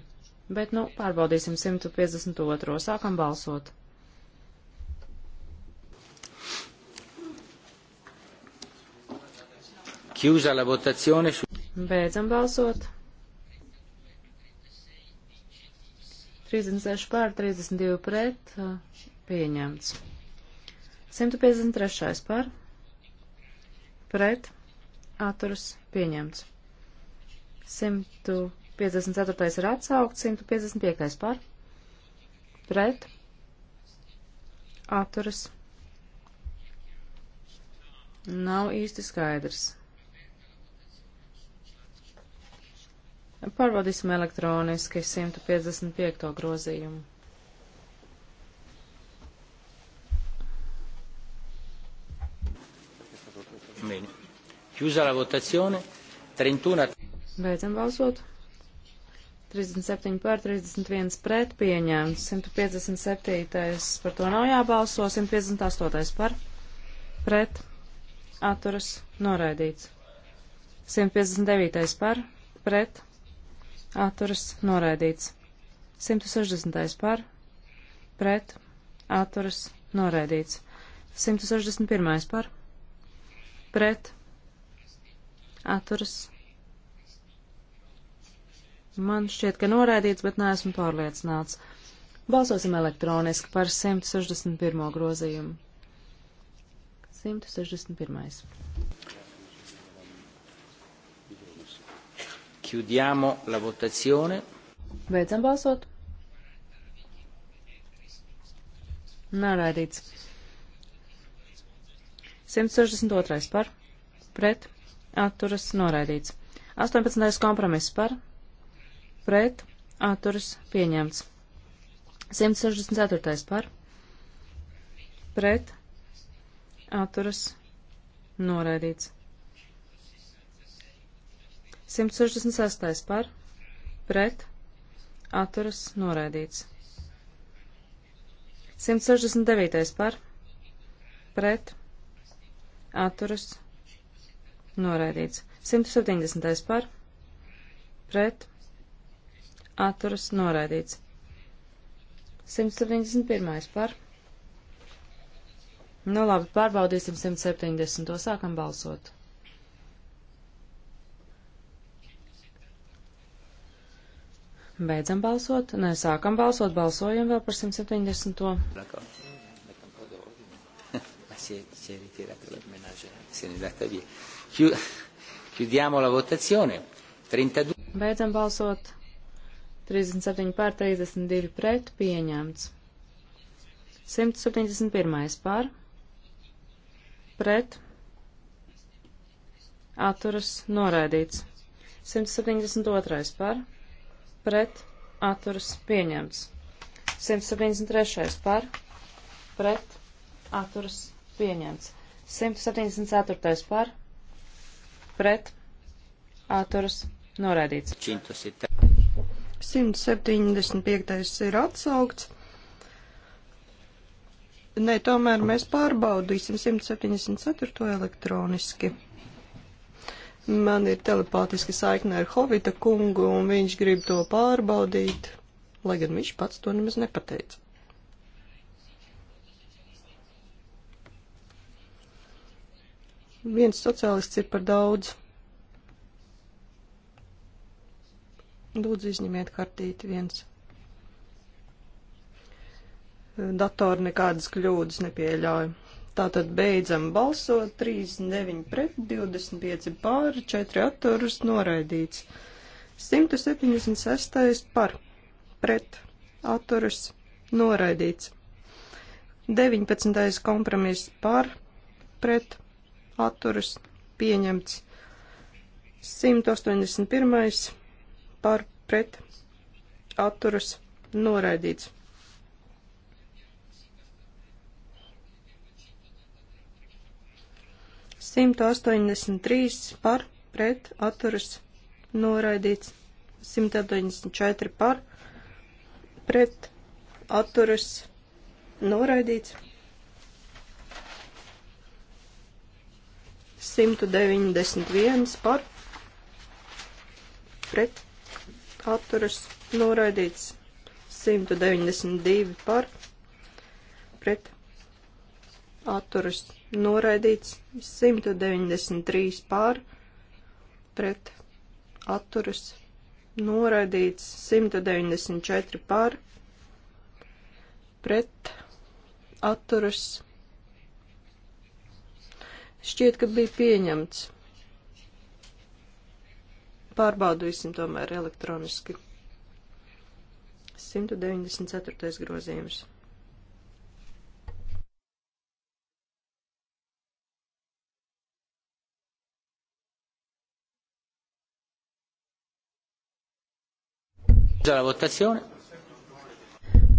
bet, nu, pārbaudīsim 152. Sākam balsot. Chiusa la votazione su... Beidzam balsot. 36 pār 32 pret pieņemts. 153 pār pret atturas pieņemts. 154 ir atsaukt, 155 pār pret atturas. Nav īsti skaidrs. Pārbaudīsim elektroniski 155. grozījumu. Bene. Chiusa la votazione. 31. Beidzam balsot. 37 pār 31 pret pieņēmts. 157. par to nav jābalso. 158. par pret atturas noraidīts. 159. par pret atturas noraidīts. 160. par, pret, atturas noraidīts. 161. par, pret, atturas. Man šķiet, ka noraidīts, bet neesmu pārliecināts. Balsosim elektroniski par 161. grozījumu. 161. Chiudiamo la votazione. Beidzam balsot. Noraidīts. 162. par, pret, atturas, noraidīts. 18. kompromiss par, pret, atturas, pieņemts. 164. par, pret, atturas, noraidīts. 166. par, pret, atturas noraidīts. 169. par, pret, atturas noraidīts. 170. par, pret, atturas noraidīts. 171. par. Nu labi, pārbaudīsim 170. sākam balsot. Beidzam balsot, nē, sākam balsot, balsojam vēl par 170. Beidzam balsot, 37 pār 32 pret, pieņemts. 171 pār, pret, atturas, noraidīts. 172 pār pret atturas pieņemts. 173. par pret atturas pieņemts. 174. par pret atturas noraidīts. 175. ir atsaukts. Nē, tomēr mēs pārbaudīsim 174. elektroniski. Man ir telepātiski saikne ar Hovita kungu, un viņš grib to pārbaudīt, lai gan viņš pats to nemaz nepateica. Viens sociālists ir par daudz. Lūdzu, izņemiet kartīti viens. Datori nekādas kļūdas nepieļauj. Tātad beidzam balsot 39 pret 25 pār 4 atturus noraidīts. 176 par pret atturus noraidīts. 19. kompromiss par pret atturus pieņemts. 181. par pret atturus noraidīts. 183 par pret atturas noraidīts. 184 par pret atturas noraidīts. 191 par pret atturas noraidīts. 192 par pret atturas noraidīts noraidīts 193 pār, pret atturas noraidīts 194 pār, pret atturas šķiet, ka bija pieņemts. Pārbaudīsim tomēr elektroniski. 194. grozījums.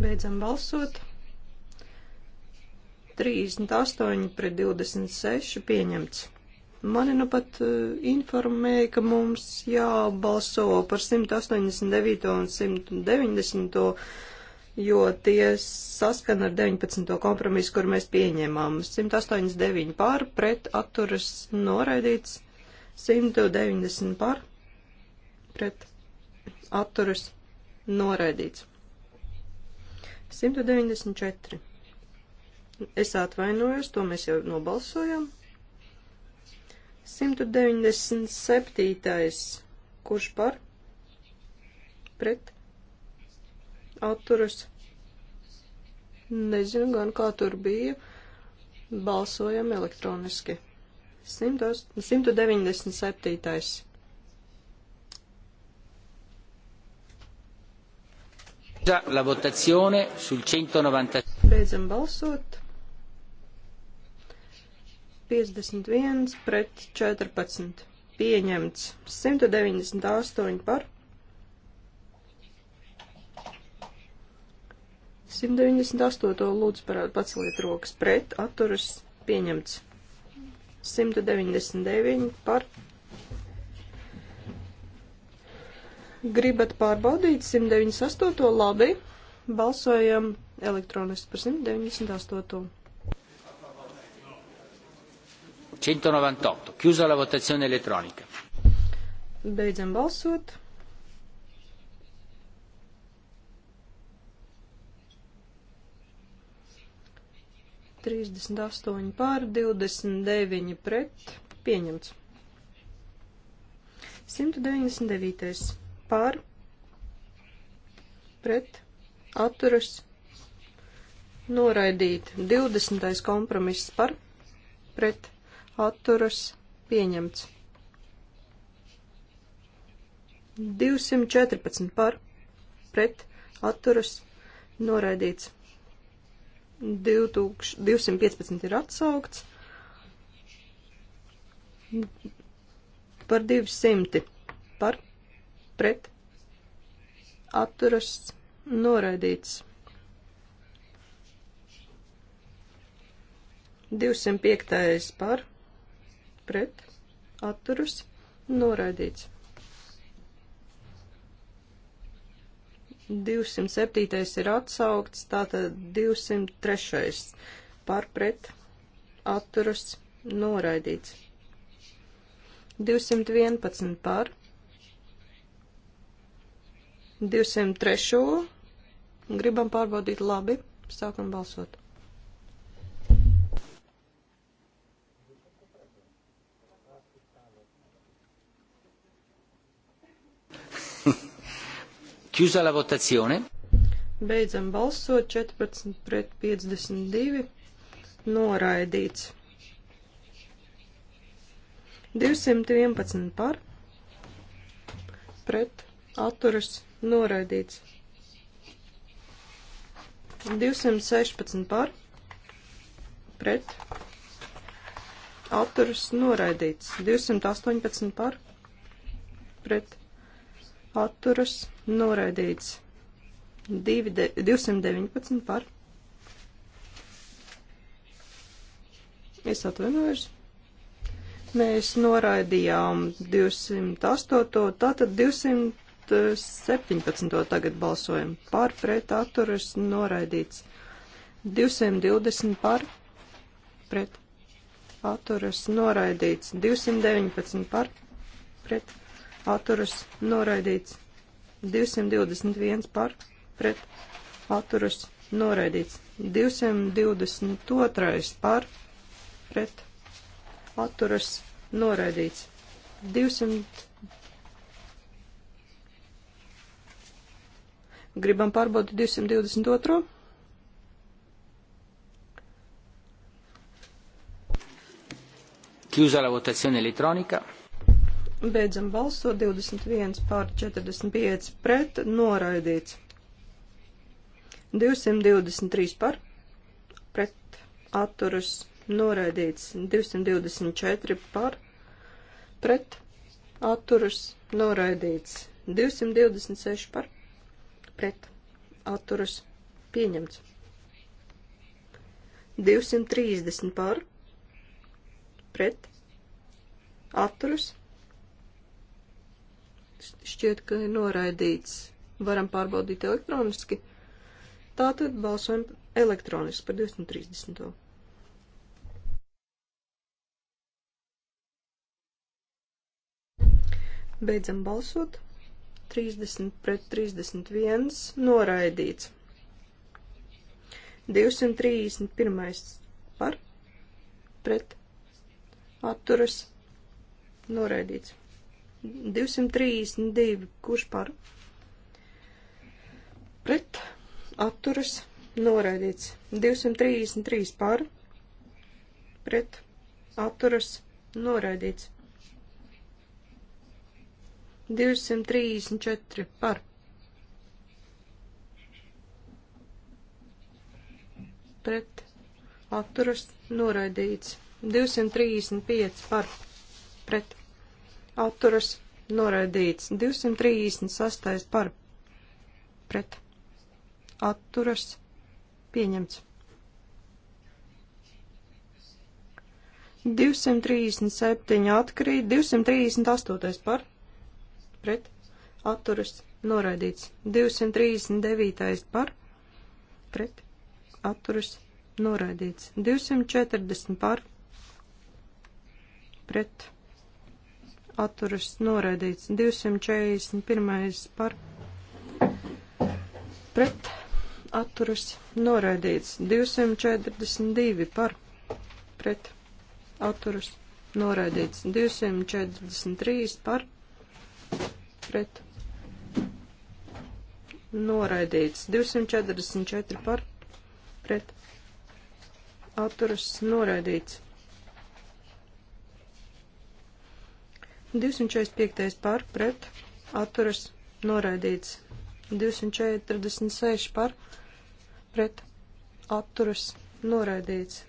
Beidzam balsot. 38 pret 26 pieņemts. Mani nu pat e, informēja, ka mums jābalso par 189 un 190, jo tie saskana ar 19. kompromisu, kur mēs pieņēmām. 189 pār, pret atturas noraidīts, 190 pār, pret atturas Noraidīts. 194. Es atvainojos, to mēs jau nobalsojam. 197. Kurš par? Pret? Atturas? Nezinu gan, kā tur bija. Balsojam elektroniski. 100, 197. La votazione sul 190. Beidzam balsot. 51 pret 14. Pieņemts 198 par. 198. lūdzu parādu paceliet rokas pret, atturas pieņemts. 199 par Gribat pārbaudīt 198. labi. Balsojam elektroniski par 198. 198. Chiusa la votazione elettronica. Beidzam balsot. Trīsdesmit astoņi pār, divdesmit deviņi pret, pieņemts. 199 par pret atturas noraidīt. 20. kompromiss par pret atturas pieņemts. 214 par pret atturas noraidīts. 2000, 215 ir atsaukts. Par 200 par pret atturas noraidīts. 205. par pret atturas noraidīts. 207. ir atsaukts, tātad 203. par pret atturas noraidīts. 211 par pret 203. Gribam pārbaudīt labi. Sākam balsot. Chiusa la votazione. Beidzam balsot 14 pret 52. Noraidīts. 211 par. Pret atturas noraidīts. 216 par, pret, atturas noraidīts. 218 par, pret, atturas noraidīts. 219 par. Es atvainojos. Mēs noraidījām 208, tātad 200. 17. tagad balsojam par, pret atturas noraidīts. 220 par, pret atturas noraidīts. 219 par, pret atturas noraidīts. 221 par, pret atturas noraidīts. 222 par, pret atturas noraidīts. 200 Gribam pārbaudīt 222. Chiusa la votazione elettronica. Beidzam balsot 21 pār 45 pret noraidīts. 223 par pret atturas noraidīts. 224 par pret atturas noraidīts. 226 par pret atturas pieņemts. 230 par pret atturas. Šķiet, ka ir noraidīts. Varam pārbaudīt elektroniski. Tātad balsojam elektroniski par 230. Beidzam balsot. 30 pret 31 noraidīts. 231 par pret atturas noraidīts. 232 kurš par pret atturas noraidīts. 233 par pret atturas noraidīts. 234 par. Pret atturas noraidīts. 235 par. Pret atturas noraidīts. 236 par. Pret atturas pieņemts. 237 atkrīt, 238 par pret atturas noraidīts. 239. par pret atturas noraidīts. 240 par pret atturas noraidīts. 241 par pret atturas noraidīts. 242 par pret atturas noraidīts. 243 par pret pret noraidīts. 244 par pret atturas noraidīts. 245 par pret atturas noraidīts. 246 par pret atturas noraidīts.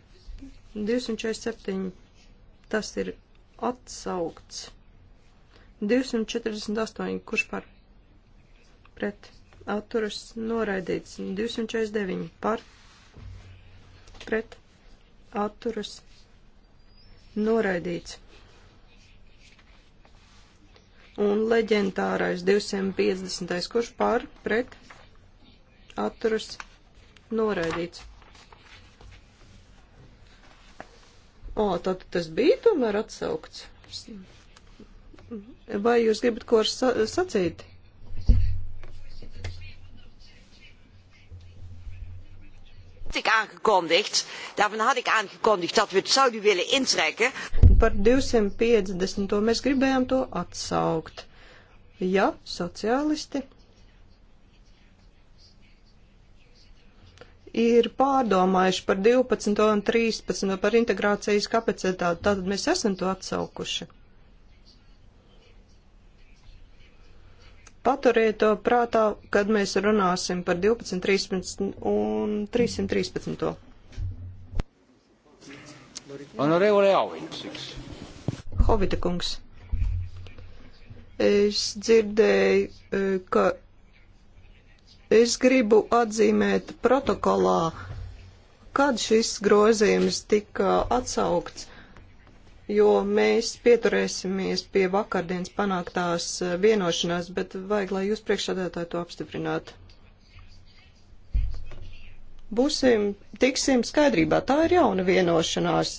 247 tas ir atsaukts. 248, kurš par pret atturas noraidīts, 249 par pret atturas noraidīts. Un leģendārais 250, kurš par pret atturas noraidīts. O, tad tas bija tomēr atsaukts. Vai jūs gribat ko sa sacīt? ik aangekondigd. Daarvan had ik aangekondigd dat we het zouden willen intrekken. Par 250. To mēs gribējām to atsaukt. Ja, sociālisti ir pārdomājuši par 12. un 13. par integrācijas kapacitāti, tātad mēs esam to atsaukuši. Paturiet to prātā, kad mēs runāsim par 12, 13 un 313. Honorevole Auvits. Hovita kungs. Es dzirdēju, e, ka es gribu atzīmēt protokolā, kad šis grozījums tika atsaukts jo mēs pieturēsimies pie vakardienas panāktās eh, vienošanās, bet vajag, lai jūs priekšsādātāji to apstiprinātu. Būsim, tiksim skaidrībā, tā ir jauna vienošanās.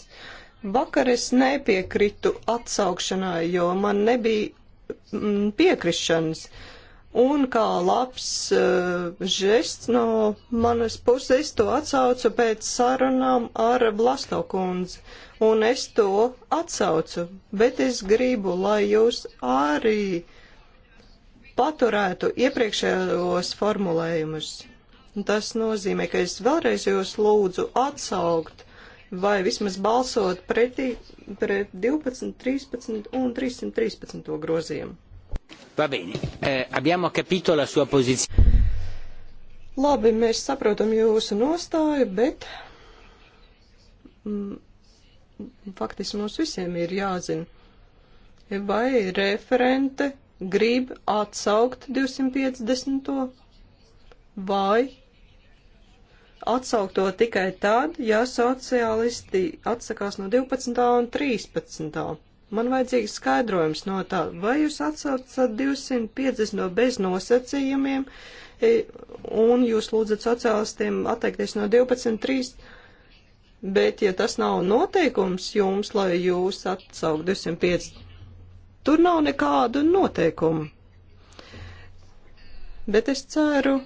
Vakar es nepiekritu atsaukšanai, jo man nebija mm, piekrišanas. Un kā labs uh, žests no manas puses, to atsaucu pēc sarunām ar Blasto kundzi. Uh, un es to atsaucu, bet es gribu, lai jūs arī paturētu iepriekšējos formulējumus. Tas nozīmē, ka es vēlreiz jūs lūdzu atsaukt vai vismaz balsot pretī, pret 12, 13 un 313 grozījumu. Eh, Labi, mēs saprotam jūsu nostāju, bet mm, faktiski mums visiem ir jāzina. Vai referente grib atsaukt 250. vai atsaukt to tikai tad, ja sociālisti atsakās no 12. un 13. Man vajadzīgs skaidrojums no tā, vai jūs atsaucat 250 bez nosacījumiem, e, un jūs lūdzat sociālistiem atteikties no 12, 13 bet ja tas nav noteikums jums, lai jūs atsaukt 205, tur nav nekādu noteikumu. Bet es ceru.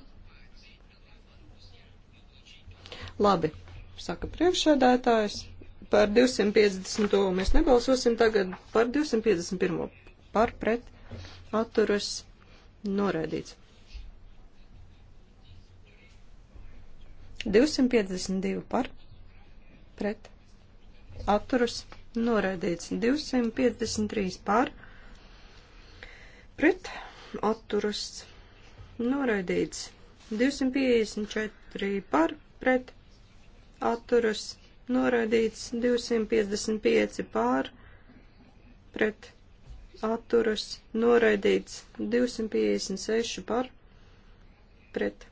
Labi, saka priekšsēdētājs. Par 250. mēs nebalsosim tagad par 251. par pret atturas noraidīts. 252 par pret atturas noraidīts 253 par pret atturas noraidīts 254 par pret atturas noraidīts 255 par pret atturas noraidīts 256 par pret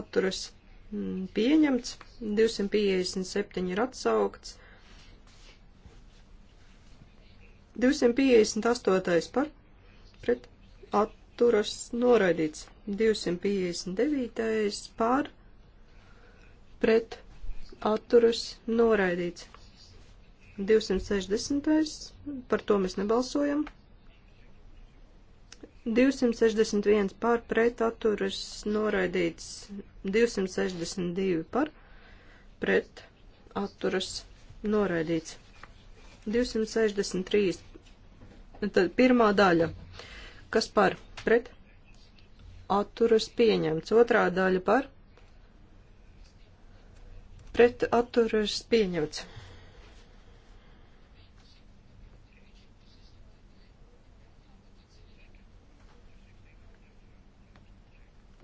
atturas noraidīts Mm, pieņemts, 257 ir atsaukts, 258 par pret atturas noraidīts, 259 par pret atturas noraidīts, 260 par to mēs nebalsojam. 261 par pret atturas noraidīts 262 par pret atturas noraidīts 263. Tad pirmā daļa, kas par pret atturas pieņemts, otrā daļa par pret atturas pieņemts.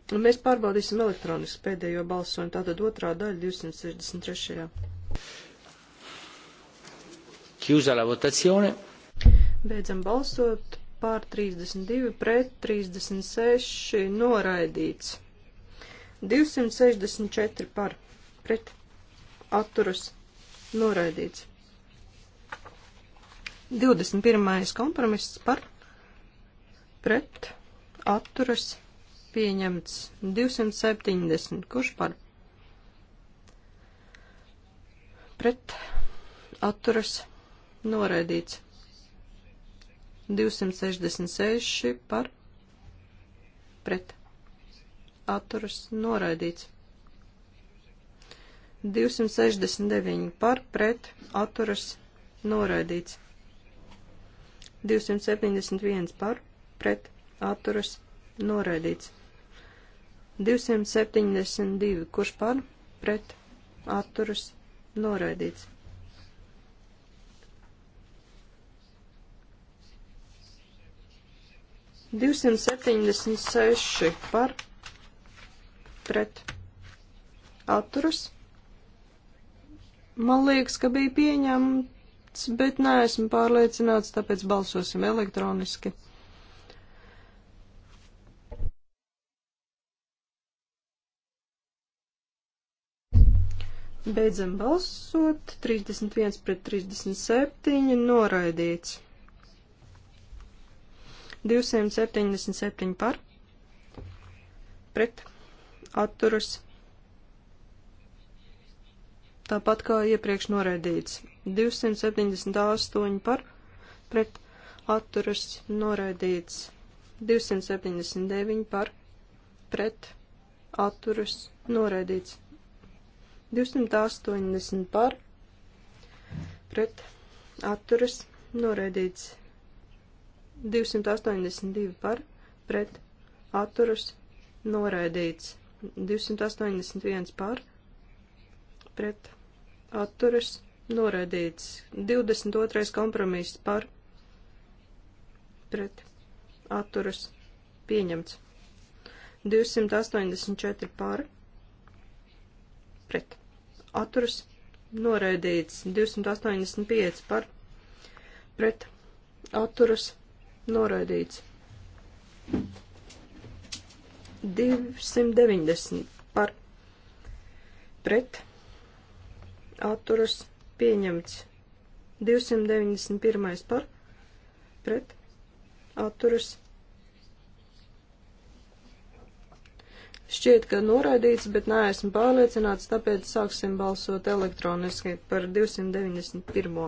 Un nu, mēs pārbaudīsim elektroniski pēdējo balsojumu, tātad otrā daļa 263. Chiusa la votazione. Beidzam balsot pār 32, pret 36, noraidīts. 264 par, pret atturas, noraidīts. 21. kompromiss par, pret atturas, noraidīts pieņemts 270. Kurš par? Pret atturas noraidīts 266 par pret atturas noraidīts 269 par pret atturas noraidīts 271 par pret atturas noraidīts 272. Kurš par? Pret. Atturas. Noraidīts. Divsimt septiņdesmit seši par pret atturas. Man liekas, ka bija pieņemts, bet neesmu pārliecināts, tāpēc balsosim elektroniski. 272. Beidzam balsot. 31 pret 37 noraidīts. 277 par. Pret. Atturas. Tāpat kā iepriekš noraidīts. 278 par. Pret. Atturas. Noraidīts. 279 par. Pret. Atturas. Noraidīts. 280 par pret atturas noraidīts 282 par pret atturas noraidīts 281 par pret atturas noraidīts 22. kompromiss par pret atturas pieņemts 284 par pret pret atturas noraidīts 285 par pret atturas noraidīts 290 par pret atturas pieņemts 291 par pret atturas noraidīts Šķiet, ka noraidīts, bet neesmu pārliecināts, tāpēc sāksim balsot elektroniski par 291.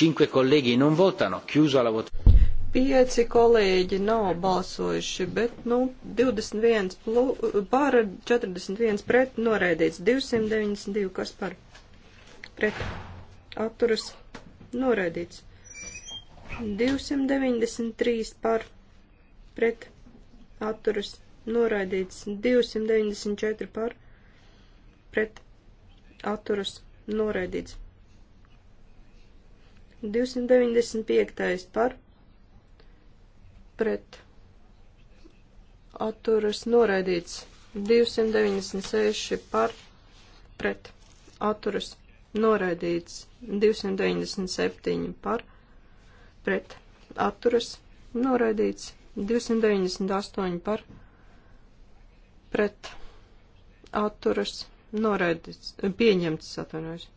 Cinque colleghi non votano, chiusa la votazione. Pieci kolēģi nav balsojuši, bet, nu, 21 plū, pār 41 pret noraidīts, 292 kas par pret atturas noraidīts. 293 par pret atturas noraidīts. 294 par pret atturas noraidīts. 295 par pret atturas noraidīts. 296 par pret atturas noraidīts 297 par pret atturas noraidīts 298 par pret atturas noraidīts, pieņemts, atvainojos.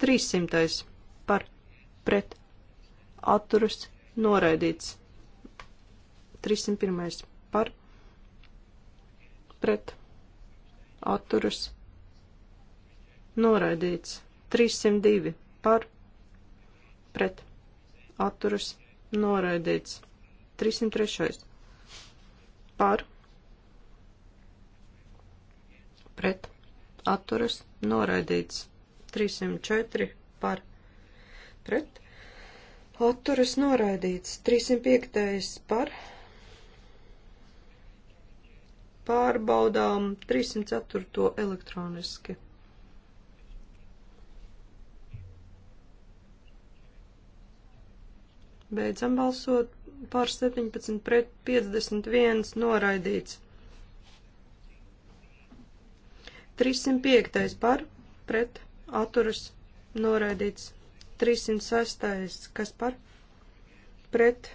300 par pret atturas noraidīts. 301 par pret atturas noraidīts noraidīts 302 par pret atturas noraidīts 303 par pret atturas noraidīts 304 par pret atturas noraidīts 305 par pārbaudām 304 elektroniski. Beidzam balsot par 17 pret 51 noraidīts. 305. par pret atturas noraidīts. 306. kas par pret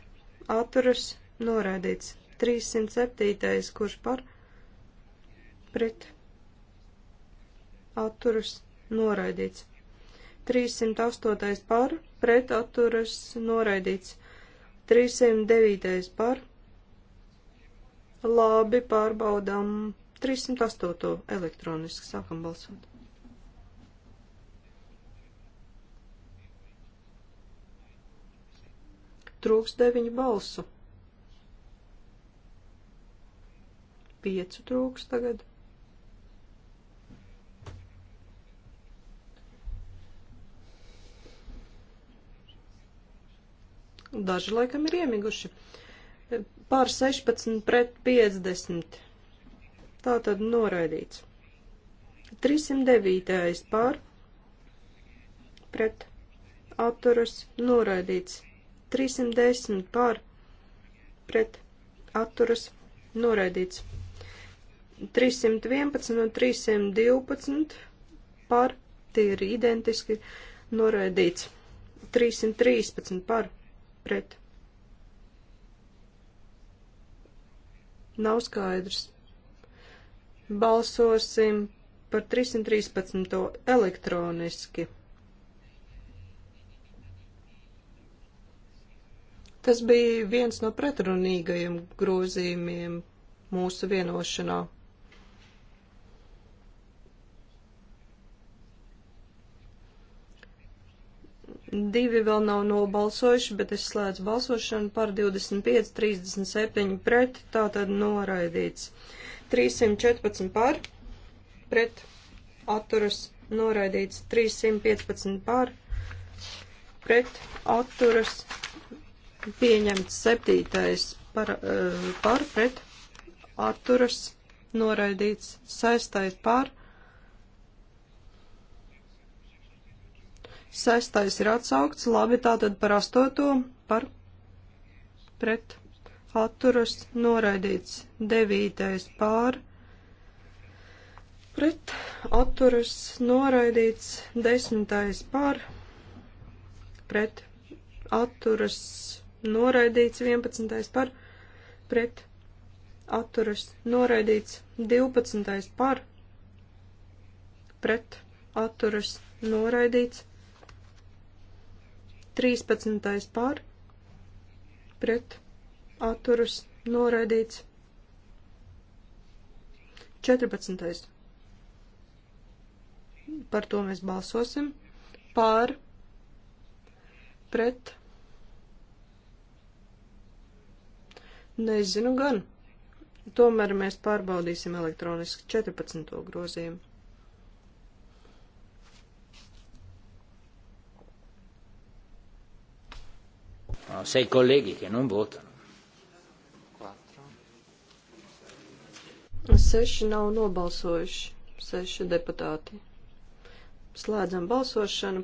atturas noraidīts. 307. kurš par pret atturas noraidīts. 308. par pret atturas noraidīts. 309. par. Labi, pārbaudām 308. elektroniski sākam balsot. Trūks deviņu balsu. Piecu trūks tagad. Daži laikam ir iemiguši. Pār 16 pret 50. Tā tad noraidīts. 309. pār pret atturas noraidīts. 310 pār pret atturas noraidīts. 311 un 312 pār tie ir identiski noraidīts. 313 pār pret. Nav skaidrs. Balsosim par 313. elektroniski. Tas bija viens no pretrunīgajiem grozījumiem mūsu vienošanā. Divi vēl nav nobalsojuši, bet es slēdzu balsošanu par 25, 37 pret, tā tad noraidīts. 314 par, pret, atturas, noraidīts. 315 par, pret, atturas, pieņemts. 7. par, eh, par pret, atturas, noraidīts. 6. par, Sestais ir atsaukts. Labi, tātad par astoto par pret atturas noraidīts. Devītais pār pret atturas noraidīts. Desmitais pār pret atturas noraidīts. Vienpadsmitais par pret atturas noraidīts. Divpadsmitais par pret atturas noraidīts. 13. pār pret atturas noraidīts. 14. Par to mēs balsosim. Pār pret nezinu gan. Tomēr mēs pārbaudīsim elektroniski 14. grozījumu. Ah, sei colleghi che non votano. Seši nav nobalsojuši, seši deputāti. Slēdzam balsošanu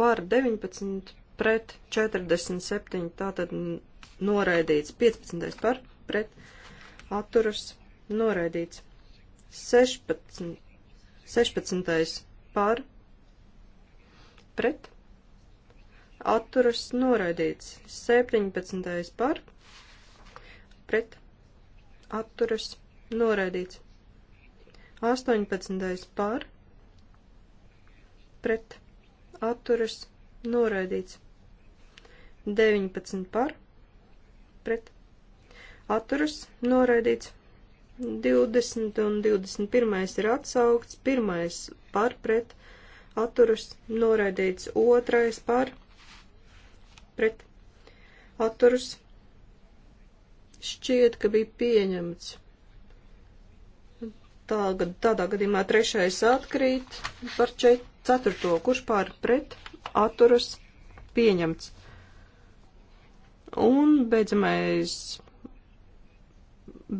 par 19 pret 47, tātad noraidīts 15 par pret atturas noraidīts 16, 16 par pret atturas noraidīts. 17. par pret atturas noraidīts. 18. par pret atturas noraidīts. 19 par pret atturas noraidīts. 20 un 21 ir atsaukts, pirmais par pret atturas noraidīts, otrais par pret pret atturus šķiet, ka bija pieņemts. Tā, tādā gadījumā trešais atkrīt par čet, ceturto, kurš pār pret atturus pieņemts. Un beidzamais,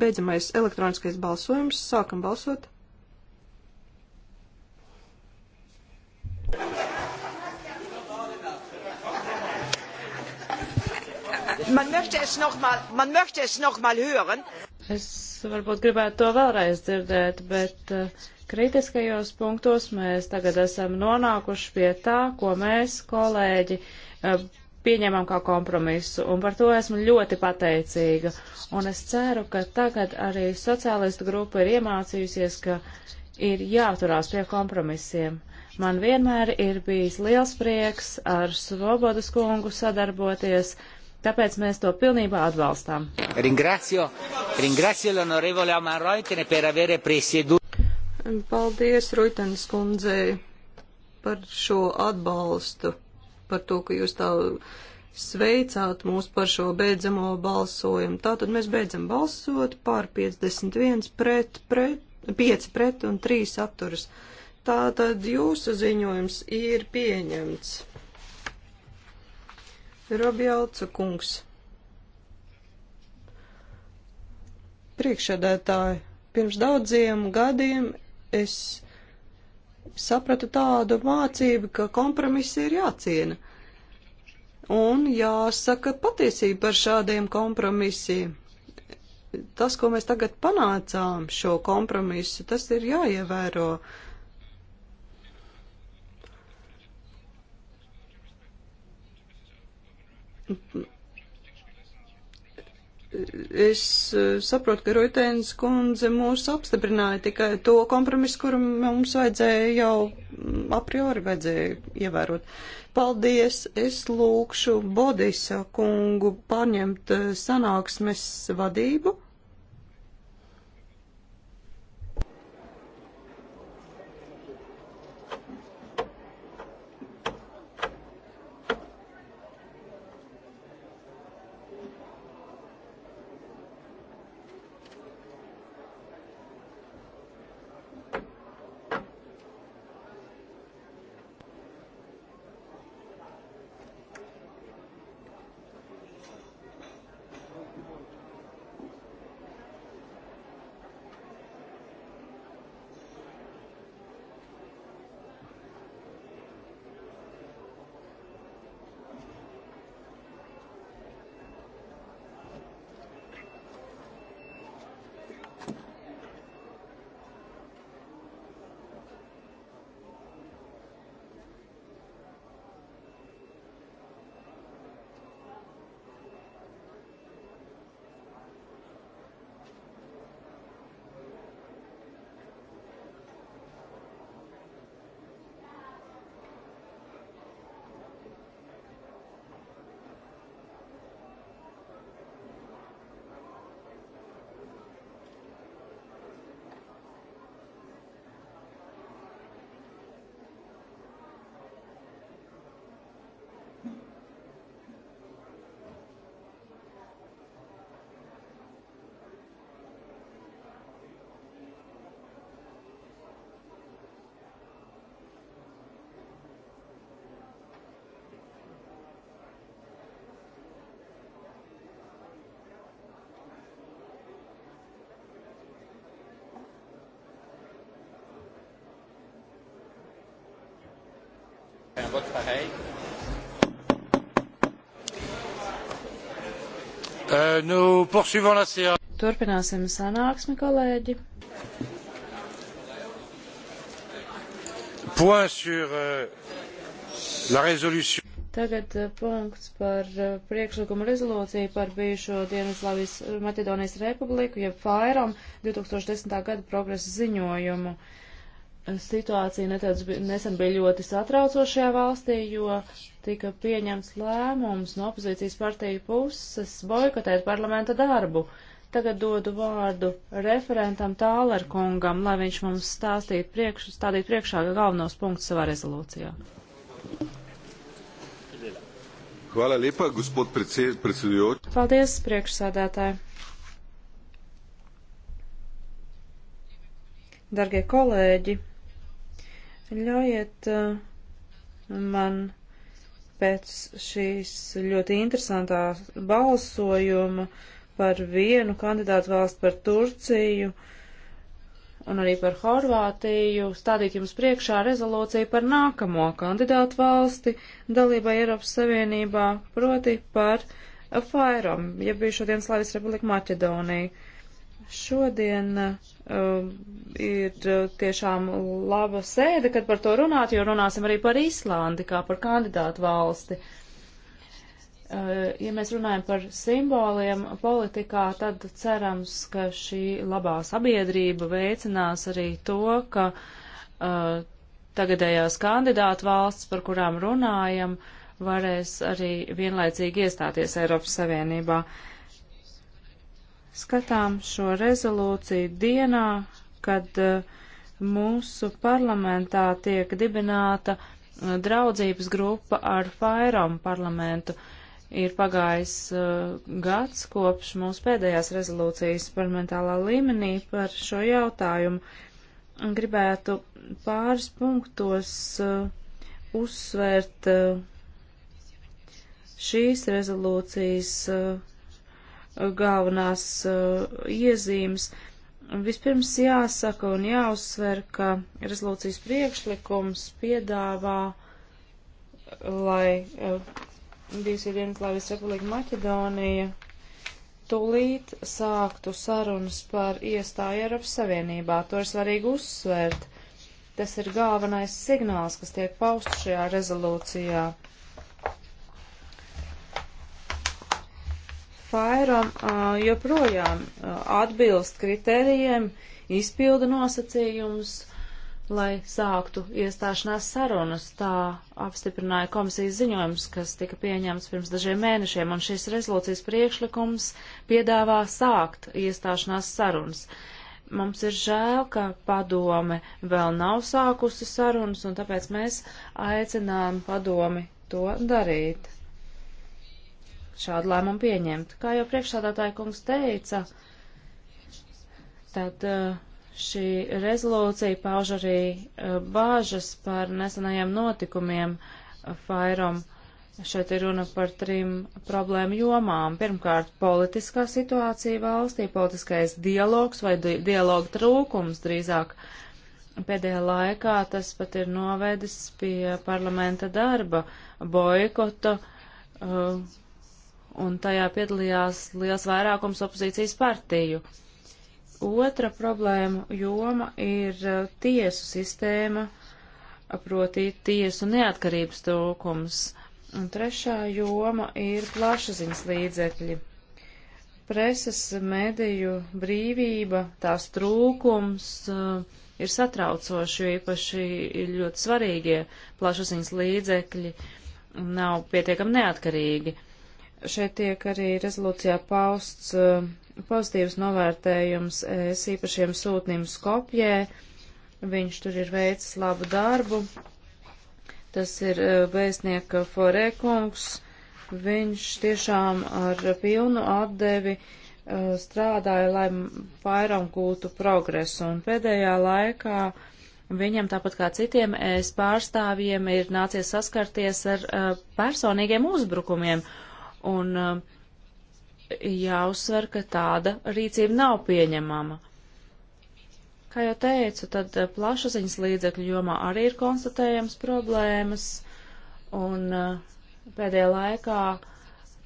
beidzamais elektroniskais balsojums. Sākam balsot. Es varbūt gribētu to vēlreiz dzirdēt, bet eh, kritiskajos punktos mēs tagad esam nonākuši pie tā, ko mēs, kolēģi, eh, pieņemam kā kompromisu, un par to esmu ļoti pateicīga. Un es ceru, ka tagad arī sociālistu grupa ir iemācījusies, ka ir jāturās pie kompromisiem. Man vienmēr ir bijis liels prieks ar Svobodas kungu sadarboties, Tāpēc mēs to pilnībā atbalstām. Ringrazio, ringrazio l'onorevole Amaroitene per avere presiedu. Paldies, Ruitenes kundzei, par šo atbalstu, par to, ka jūs tā sveicāt mūs par šo beidzamo balsojumu. Tātad mēs beidzam balsot pār 51 pret, pret, 5 pret un 3 atturas. Tātad jūsu ziņojums ir pieņemts. Robielcu kungs. Priekšsēdētāji, pirms daudziem gadiem es sapratu tādu mācību, ka kompromisi ir jāciena un jāsaka patiesība par šādiem kompromisiem. Tas, ko mēs tagad panācām šo kompromisu, tas ir jāievēro. Uh, Es eh, saprotu, ka Roitēns kundze mūs apstiprināja tikai to kompromisu, kuru mums vajadzēja jau mm, a priori vajadzēja ievērot. Paldies! Es lūkšu Bodisa kungu pārņemt eh, sanāksmes vadību. wordt geheim. Uh, nu poursuivons la séance. Turpināsim sanāksmi, kolēģi. Point sur uh, la résolution. Tagad uh, punkts par uh, priekšlikumu rezolūciju par bijušo Dienvidslāvijas Maķedonijas republiku, jeb FAIRAM 2010. gada progresa ziņojumu. Uh, situācija nedaudz nesen bija ļoti satraucošajā valstī, jo tika pieņemts lēmums no opozīcijas partiju puses boikotēt parlamenta darbu. Tagad dodu vārdu referentam Tālerkungam, lai viņš mums stāstītu priekš, stādīt priekšā galvenos punktus savā rezolūcijā. Hvala lepa, gospod predsedujoč. Paldies, priekšsādātāji. Dargie kolēģi! Ļaujiet uh, man pēc šīs ļoti interesantā balsojuma par vienu kandidātu valstu par Turciju un arī par Horvātiju stādīt jums priekšā rezolūciju par nākamo kandidātu valsti dalībai Eiropas Savienībā, proti par Fairom, ja bija šodien Slavijas Republika Maķedonija. Šodien uh, ir uh, tiešām laba sēde, kad par to runāt, jo runāsim arī par Īslandi kā par kandidātu valsti. Uh, ja mēs runājam par simboliem politikā, tad cerams, ka šī labā sabiedrība veicinās arī to, ka uh, tagadējās kandidātu valsts, par kurām runājam, varēs arī vienlaicīgi iestāties Eiropas Savienībā. Uh, skatām šo rezolūciju dienā, kad eh, mūsu parlamentā tiek dibināta eh, draudzības grupa ar Fairam parlamentu. Ir pagājis uh, gads kopš mūsu pēdējās rezolūcijas parlamentālā līmenī par šo jautājumu. Gribētu pāris punktos uh, uzsvērt uh, šīs rezolūcijas uh, galvenās uh, iezīmes. Vispirms jāsaka un jāuzsver, ka rezolūcijas priekšlikums piedāvā, lai uh, bijusi Dienvidslāvijas republika Maķedonija tūlīt sāktu sarunas par iestāju Eiropas Savienībā. To ir svarīgi uzsvērt. Tas ir galvenais signāls, kas tiek pausts šajā rezolūcijā. Fairam joprojām atbilst kritērijiem, izpilda nosacījumus, lai sāktu iestāšanās sarunas. Tā apstiprināja komisijas ziņojums, kas tika pieņemts pirms dažiem mēnešiem, un šis rezolūcijas priekšlikums piedāvā sākt iestāšanās sarunas. Mums ir žēl, ka padome vēl nav sākusi sarunas, un tāpēc mēs aicinām padomi to darīt šādu lēmumu pieņemt. Kā jau priekšsādātāja kungs teica, tad uh, šī rezolūcija pauž arī uh, bāžas par nesenajiem notikumiem uh, Fairom. Šeit ir runa par trim problēmu jomām. Pirmkārt, politiskā situācija valstī, politiskais dialogs vai di dialoga trūkums drīzāk. Pēdējā laikā tas pat ir novedis pie parlamenta darba boikota, uh, un tajā piedalījās liels vairākums opozīcijas partiju. Otra problēma joma ir uh, tiesu sistēma, proti tiesu neatkarības trūkums. Un trešā joma ir plašsaziņas līdzekļi. Preses, mediju brīvība, tās trūkums uh, ir satraucoši, jo īpaši ir ļoti svarīgie plašsaziņas līdzekļi nav pietiekami neatkarīgi. Šeit tiek arī rezolūcijā pausts eh, pozitīvs novērtējums es īpašiem sūtnim Skopjē. Viņš tur ir veicis labu darbu. Tas ir eh, vēstnieka Forē kungs. Viņš tiešām ar pilnu atdevi eh, strādāja, lai pairam gūtu progresu. Un pēdējā laikā viņam, tāpat kā citiem es pārstāvjiem, ir nācies saskarties ar personīgiem uzbrukumiem. Uh, Un um, jāuzsver, ka tāda rīcība nav pieņemama. Kā jau teicu, tad uh, plašsaziņas līdzekļu jomā arī ir konstatējams problēmas, un uh, pēdējā laikā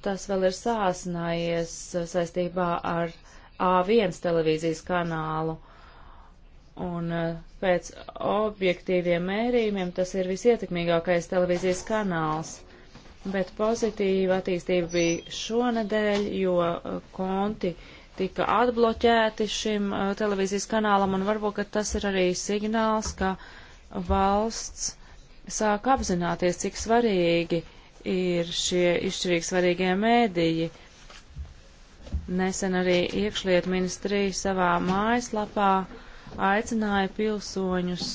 tas vēl ir sāsinājies uh, saistībā ar A1 televīzijas kanālu. Un pēc objektīviem mērījumiem tas ir visietekmīgākais televīzijas kanāls bet pozitīva attīstība bija šonadēļ, jo uh, konti tika atbloķēti šim uh, televīzijas kanālam, un varbūt, ka tas ir arī signāls, ka valsts sāk apzināties, cik svarīgi ir šie izšķirīgi svarīgie mēdīji. Nesen arī iekšliet ministrija savā mājaslapā aicināja pilsoņus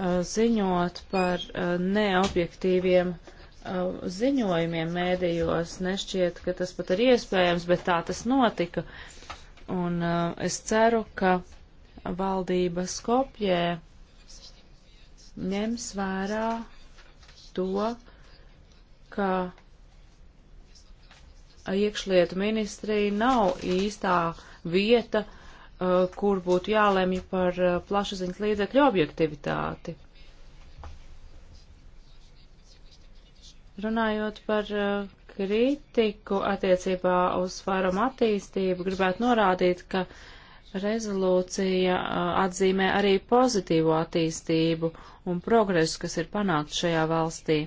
Uh, ziņot par uh, neobjektīviem uh, ziņojumiem mēdījos. Nešķiet, ka tas pat ir iespējams, bet tā tas notika. Un es ceru, ka valdība Skopjē ņems vērā to, ka iekšlietu ministrija nav īstā vieta uh, Uh, kur būtu jālemj par uh, plašsaziņas līdzekļu objektivitāti. Runājot par uh, kritiku attiecībā uz fārumu attīstību, gribētu norādīt, ka rezolūcija atzīmē arī pozitīvo attīstību un progresu, kas ir panākts šajā valstī.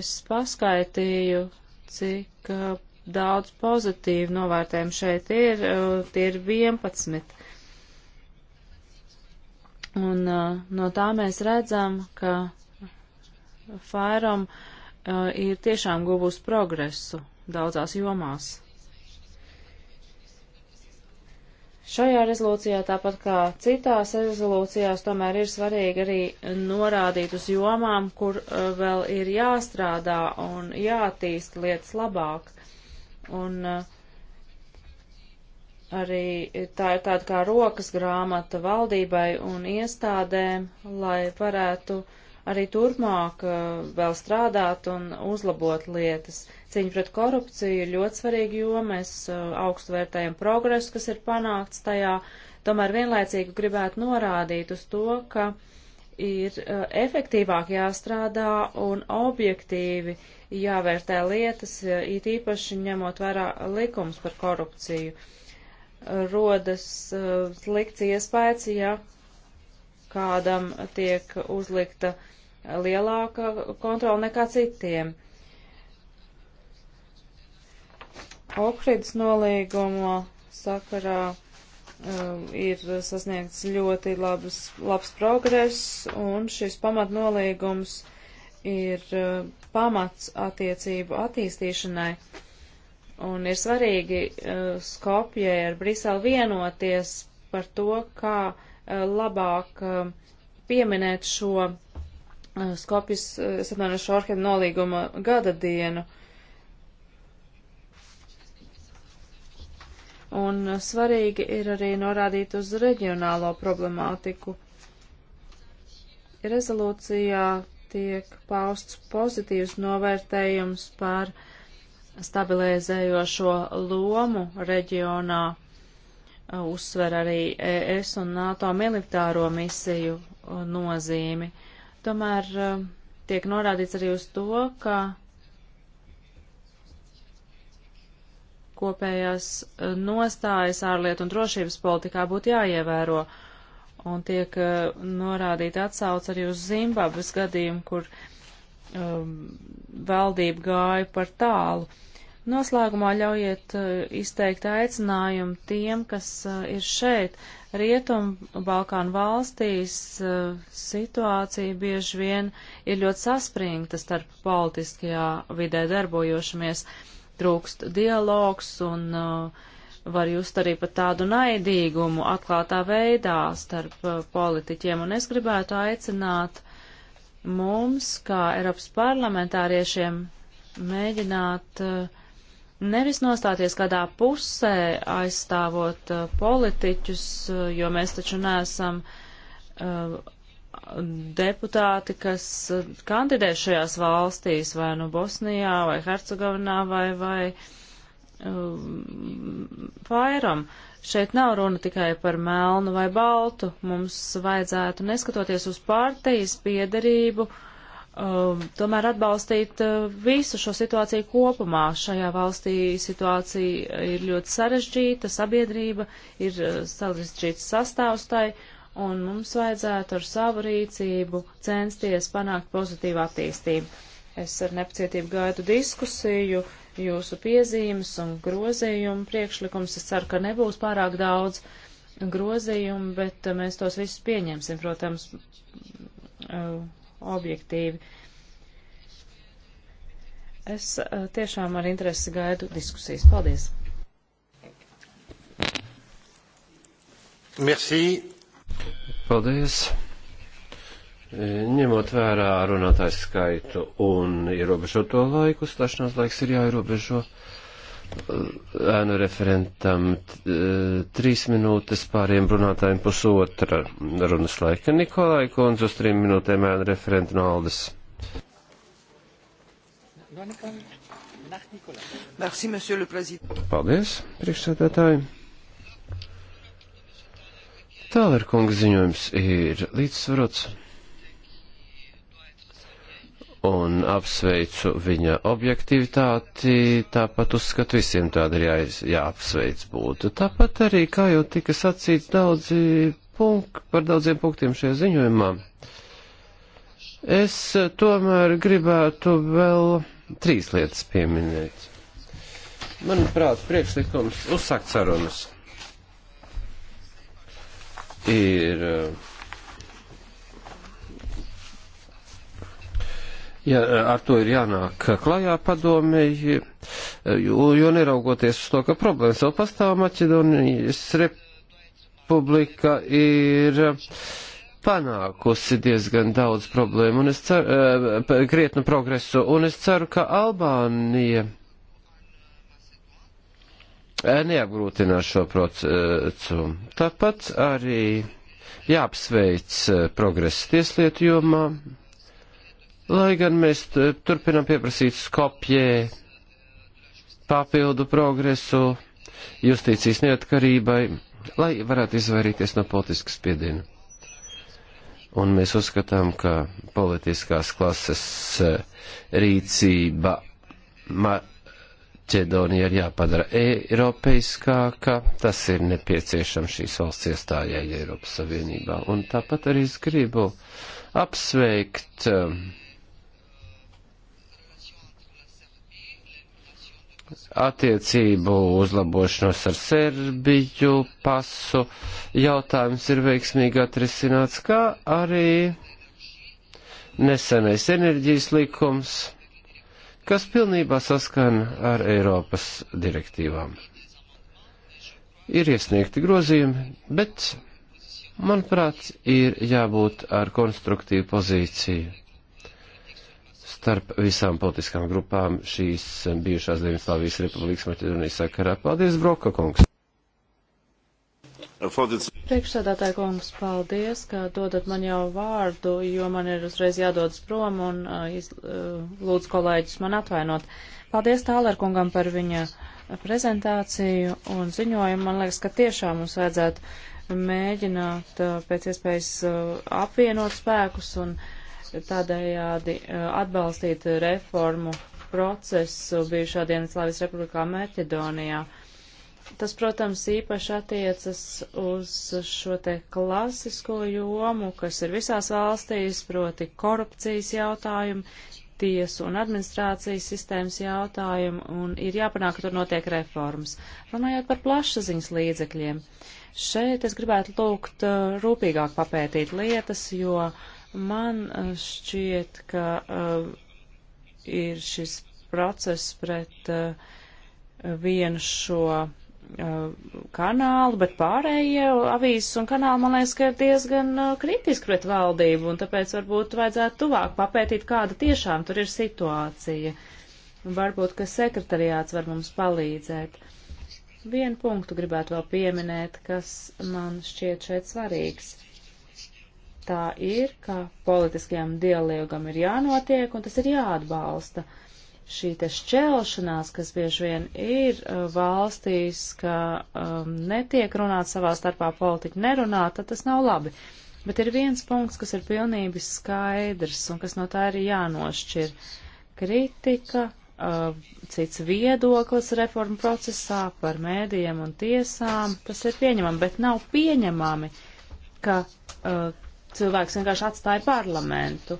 Es paskaitīju, cik daudz pozitīvu novērtējumu šeit ir, uh, tie ir 11. Un uh, no tā mēs redzam, ka Fairam uh, ir tiešām guvusi progresu daudzās jomās. Šajā rezolūcijā, tāpat kā citās rezolūcijās, tomēr ir svarīgi arī norādīt uz jomām, kur vēl ir jāstrādā un jātīst lietas labāk. Un eh, arī tā ir tāda kā rokas grāmata valdībai un iestādēm, lai varētu arī turpmāk eh, vēl strādāt un uzlabot lietas. Cīņa pret korupciju ir ļoti svarīga, jo mēs eh, augstu vērtējam progresu, kas ir panākts tajā. Tomēr vienlaicīgi gribētu norādīt uz to, ka uh, ir uh, efektīvāk jāstrādā un objektīvi jāvērtē lietas, eh, it īpaši ņemot vērā likums par korupciju. Rodas uh, slikts iespējas, ja kādam tiek uzlikta lielāka kontrola nekā citiem. Okrids nolīguma sakarā Um, ir sasniegts ļoti labs, labs progress, un šis pamatnolīgums ir uh, pamats attiecību attīstīšanai. Un ir svarīgi uh, Skopjai ar Briselu vienoties par to, kā uh, labāk um, pieminēt šo Skopjas, es atvainošu, Orhedu nolīguma gada dienu. un svarīgi ir arī norādīt uz reģionālo problemātiku. Rezolūcijā tiek pausts pozitīvs novērtējums par stabilizējošo lomu reģionā, uh, uzsver arī ES un NATO militāro misiju uh, nozīmi. Tomēr uh, tiek norādīts arī uz to, ka kopējās e, nostājas ārlietu un drošības politikā būtu jāievēro. Un tiek uh, norādīta atsauca arī uz Zimbabves gadījumu, kur um, valdība gāja par tālu. Noslēgumā ļaujiet uh, izteikt aicinājumu tiem, kas uh, ir šeit. Rietumu Balkānu valstīs situācija bieži vien ir ļoti saspringta starp politiskajā vidē darbojošamies. Uh, trūkst dialogs un uh, var just arī pat tādu naidīgumu atklātā veidā starp uh, politiķiem. Un es gribētu aicināt mums, kā Eiropas parlamentāriešiem, mēģināt uh, nevis nostāties kādā pusē aizstāvot uh, politiķus, uh, jo mēs taču neesam uh, deputāti, kas eh, kandidē šajās valstīs, vai nu Bosnijā, vai Hercegovinā, vai, vai um, eh, Pairam. Šeit nav runa tikai par melnu vai baltu. Mums vajadzētu, neskatoties uz partijas piedarību, um, tomēr atbalstīt visu šo situāciju kopumā. Šajā valstī situācija ir ļoti sarežģīta, sabiedrība ir sarežģīts sastāvs tai, uh, un mums vajadzētu ar savu rīcību censties panākt pozitīvu attīstību. Es ar nepacietību gaidu diskusiju, jūsu piezīmes un grozījumu priekšlikums. Es ceru, ka nebūs pārāk daudz grozījumu, bet uh, mēs tos visus pieņemsim, protams, uh, objektīvi. Es uh, tiešām ar interesi gaidu diskusijas. Paldies! Merci. Paldies! Ņemot vērā runātājs skaitu un ierobežoto laiku, stāšanās laiks ir jāierobežo ēnu referentam trīs minūtes, pāriem runātājiem pusotra runas laika. Nikolai Kondz uz trim minūtēm ēnu referenta no Aldes. Merci, Paldies, priekšsēdētāji. Tāler kunga ziņojums ir līdzsvarots un apsveicu viņa objektivitāti, tāpat uzskatu visiem tāda ir jā, jāapsveic būtu. Tāpat arī, kā jau tika sacīts, daudzi punkti, par daudziem punktiem šajā ziņojumā. Es tomēr gribētu vēl trīs lietas pieminēt. Manuprāt, priekšlikums uzsākt sarunas ir ja, ar to ir jānāk klajā padomēji, jo, jo neraugoties uz to, ka problēmas vēl pastāv Maķedonijas republika ir panākusi diezgan daudz problēmu un es ceru, eh, krietnu progresu, un es ceru, ka Albānija neapgrūtinās šo procesu. Tāpat arī jāapsveic eh, progress tieslietu jomā, lai gan mēs turpinam pieprasīt Skopjē papildu progresu justīcijas neatkarībai, lai varētu izvairīties no politiskas spiediena. Un mēs uzskatām, ka politiskās klases eh, rīcība Maķedonija ir jāpadara eiropeiskāka, tas ir nepieciešams šīs valsts iestājai Eiropas Savienībā. Un tāpat arī es gribu apsveikt um, attiecību uzlabošanos ar Serbiju, pasu jautājums ir veiksmīgi atrisināts, kā arī nesenais enerģijas likums kas pilnībā saskan ar Eiropas direktīvām. Ir iesniegti grozījumi, bet, manuprāt, ir jābūt ar konstruktīvu pozīciju starp visām politiskām grupām šīs bijušās Dienvidslāvijas republikas Maķedonijas sakarā. Paldies, Broka kungs! Priekšsēdētāji kungs, paldies, ka dodat man jau vārdu, jo man ir uzreiz jādodas prom un uh, iz, uh, lūdzu kolēģis man atvainot. Paldies Tālerkungam par viņa prezentāciju un ziņojumu. Man liekas, ka tiešām mums vajadzētu mēģināt uh, pēc iespējas uh, apvienot spēkus un tādējādi uh, atbalstīt reformu procesu bijušā Dienvidslāvijas republikā Maķedonijā. Uh, Tas, protams, īpaši attiecas uz šo te klasisko jomu, kas ir visās valstīs, proti korupcijas jautājumu, tiesu un administrācijas sistēmas jautājumu, un ir jāpanāk, ka tur notiek reformas. Runājot par plašsaziņas līdzekļiem, šeit es gribētu lūgt uh, rūpīgāk papētīt lietas, jo man uh, šķiet, ka uh, ir šis process pret uh, vienu šo Uh, kanālu, bet pārējie avīzes un kanāli, man liekas, ka ir diezgan uh, kritiski pret valdību, un tāpēc varbūt vajadzētu tuvāk papētīt, kāda tiešām tur ir situācija. Varbūt, ka sekretariāts var mums palīdzēt. Vienu punktu gribētu vēl pieminēt, kas man šķiet šeit svarīgs. Tā ir, ka politiskajam dialogam ir jānotiek, un tas ir jāatbalsta. Uh, šī te šķelšanās, kas bieži vien ir uh, valstīs, ka um, netiek runāt savā starpā politiķi nerunā, tad tas nav labi. Bet ir viens punkts, kas ir pilnīgi skaidrs un kas no tā ir jānošķir. Kritika, uh, cits viedoklis reformu procesā par mēdījiem un tiesām, tas ir pieņemami, bet nav pieņemami, ka uh, cilvēks vienkārši atstāja parlamentu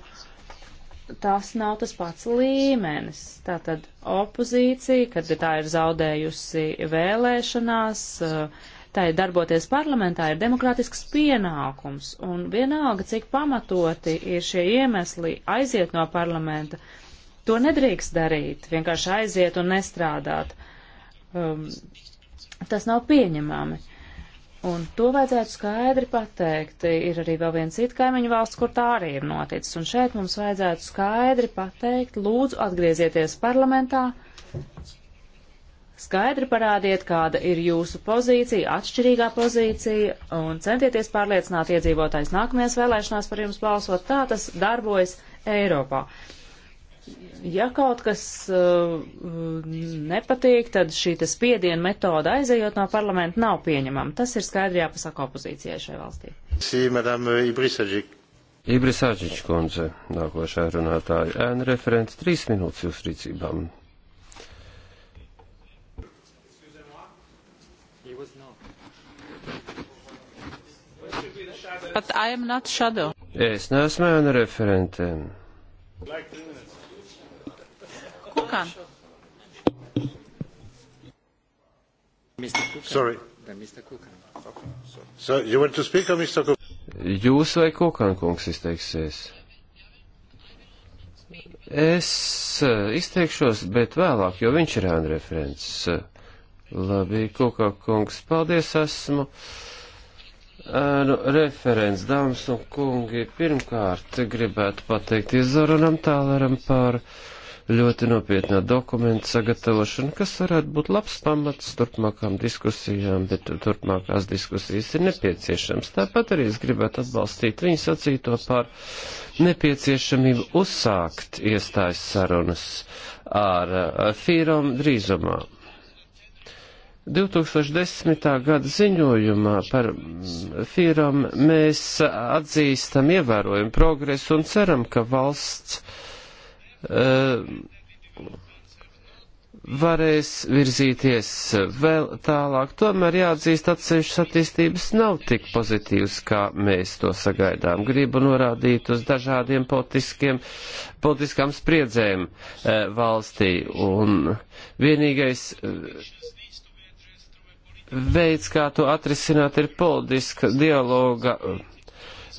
tas nav tas pats līmenis. Tātad opozīcija, kad tā ir zaudējusi vēlēšanās, eh, tā ir darboties parlamentā, ir demokrātisks pienākums. Un vienalga, cik pamatoti ir šie iemesli aiziet no parlamenta, to nedrīkst darīt, vienkārši aiziet un nestrādāt. Um, tas nav pieņemami. Uh, Un to vajadzētu skaidri pateikt. Ir arī vēl viens cits kaimiņu valsts, kur tā arī ir noticis. Un šeit mums vajadzētu skaidri pateikt, lūdzu atgriezieties parlamentā, skaidri parādiet, kāda ir jūsu pozīcija, atšķirīgā pozīcija, un centieties pārliecināt iedzīvotājs nākamajās vēlēšanās par jums balsot. Tā tas darbojas Eiropā ja kaut kas uh, nepatīk, tad šī spiediena metoda aizejot no parlamenta nav pieņemama. Tas ir skaidri jāpasaka opozīcijai šai valstī. Sī, madame, uh, Ibrisaģiņš kundze, nākošā runātāja, ēna referents, trīs minūtes jūs rīcībām. Es neesmu ēna referentēm. Like Kukan. Sorry. So you want to speak or Mr. Kukan? Jūs vai Kukan kungs izteiksies? Es eh, izteikšos, bet vēlāk, jo viņš ir ēna referents. Labi, Kukan kungs, paldies, esmu. Nu, referents, dāmas un kungi, pirmkārt gribētu pateikties Zoranam Tāleram par ļoti nopietnā dokumenta sagatavošana, kas varētu būt labs pamats turpmākām diskusijām, bet turpmākās diskusijas ir nepieciešams. Tāpat arī es gribētu atbalstīt viņu sacīto par nepieciešamību uzsākt iestājas sarunas ar Fīrom drīzumā. 2010. gada ziņojumā par Fīrom mēs atzīstam ievērojumu progresu un ceram, ka valsts Eh, varēs virzīties vēl tālāk. Tomēr jāatzīst, atsevišķas attīstības nav tik pozitīvas, kā mēs to sagaidām. Gribu norādīt uz dažādiem politiskiem, politiskām spriedzēm e, valstī. Un vienīgais eh, veids, kā to atrisināt, ir politiska dialoga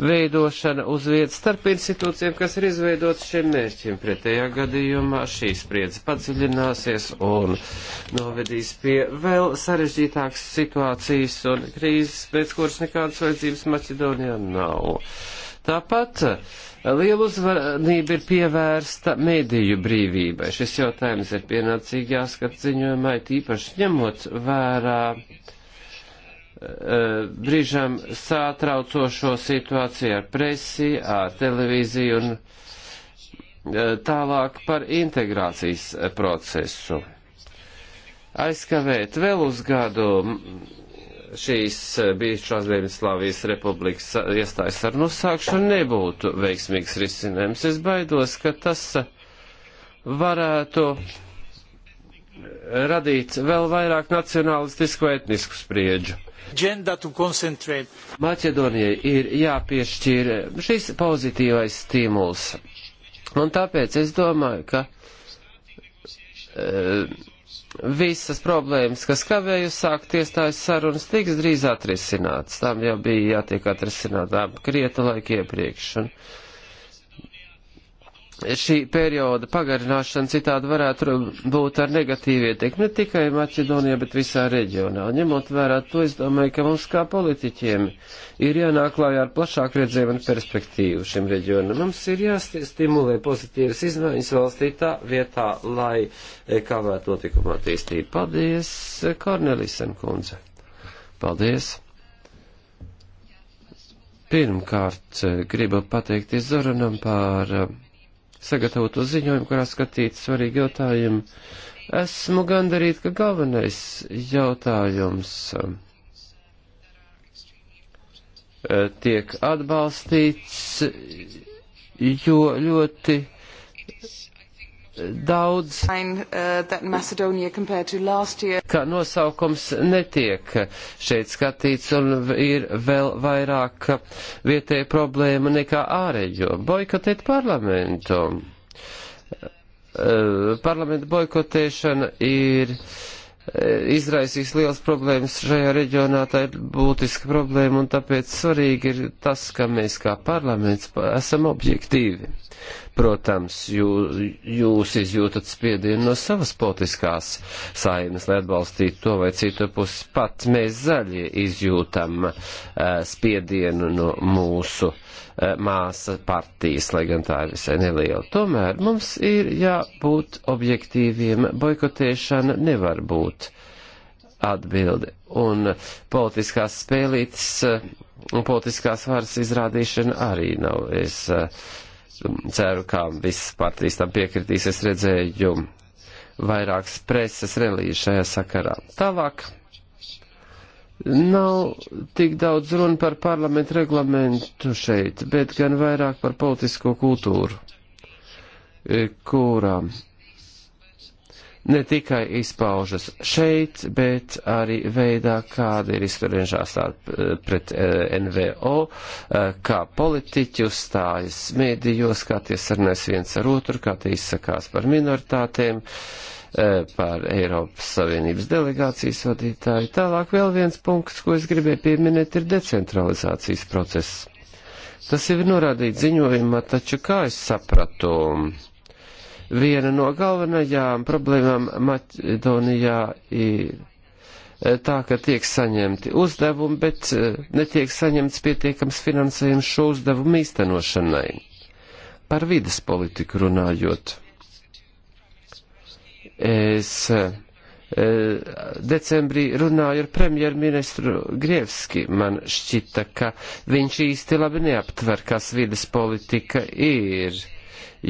veidošana uz vietas starp institūcijiem, kas ir izveidotas šiem mērķiem. Pretējā gadījumā šī spriedze padziļināsies un novedīs pie vēl sarežģītākas situācijas un krīzes, pēc kuras nekādas vajadzības Maķedonijā nav. Tāpat lielu uzmanību ir pievērsta mediju brīvībai. Šis jautājums ir pienācīgi jāskat ziņojumai, tīpaši ņemot vērā uh, Eh, brīžam sātraucošo situāciju ar presi, ar televīziju un eh, tālāk par integrācijas procesu. Aizkavēt vēl uz gadu šīs eh, bijušās Dienvidslāvijas republikas iestājas ar nosākšanu nebūtu veiksmīgs risinājums. Es baidos, ka tas varētu radīt vēl vairāk nacionālistisku etnisku sprieģu. Maķedonijai ir jāpiešķir šis pozitīvais stimuls. Un tāpēc es domāju, ka uh, visas problēmas, kas kavēju sākt iestājas sarunas, tiks drīz atrisinātas. Tām jau bija jātiek atrisināt krieta laika iepriekš. Un, uh, šī perioda pagarināšana citādi varētu būt ar negatīvu ietekmi ne tikai Maķedonijā, bet visā reģionā. Ņemot vērā to, es domāju, ka mums kā politiķiem ir jānāk klājā ar plašāku redzējumu un perspektīvu šim reģionam. Mums ir jāstimulē pozitīvas izmaiņas valstī tā vietā, lai eh, kavētu notikumu attīstību. Paldies, Kornelisen kundze. Paldies. Pirmkārt, eh, gribu pateikties Zoranam par uh, sagatavoto ziņojumu, kurā skatīt svarīgi jautājumi. Esmu gandarīt, ka galvenais jautājums um, eh, tiek atbalstīts, jo ļoti daudz, uh, ka nosaukums netiek šeit skatīts un ir vēl vairāk vietēja problēma nekā ārējo. Boikotēt parlamentu. Uh, parlamenta boikotēšana ir. Uh, izraisīs liels problēmas šajā reģionā, tā ir būtiska problēma, un tāpēc svarīgi ir tas, ka mēs kā parlaments esam objektīvi. Protams, jū, jūs izjūtat spiedienu no savas politiskās saimes, lai atbalstītu to vai citu pusi. Pat mēs zaļie izjūtam uh, spiedienu no mūsu Eh, māsa partijas, lai gan tā ir visai neliela. Tomēr mums ir jābūt objektīviem. Boikotēšana nevar būt atbildi. Un politiskās spēlītes eh, un politiskās varas izrādīšana arī nav. Es eh, ceru, ka visas partijas tam piekritīs. Es redzēju vairākas preses relīzes šajā sakarā. Tālāk Nav tik daudz runa par parlamentu reglamentu šeit, bet gan vairāk par politisko kultūru, e, kurā ne tikai izpaužas šeit, bet arī veidā, kāda ir izturēšanās e, pret e, NVO, kā politiķi uzstājas mēdījos, kā tie sarunājas viens ar otru, kā tie izsakās par minoritātēm. Uh, E, par Eiropas Savienības delegācijas vadītāju. Tālāk vēl viens punkts, ko es gribēju pieminēt, ir decentralizācijas process. Tas jau ir norādīts ziņojumā, taču kā es sapratu, viena no galvenajām problēmām Maķedonijā ir e, tā, ka tiek saņemti uzdevumi, bet e, netiek saņemts pietiekams finansējums šo uzdevumu īstenošanai. Par vidas politiku runājot Es eh, decembrī runāju ar premjerministru Grievski. Man šķita, ka viņš īsti labi neaptver, kas vidas politika ir,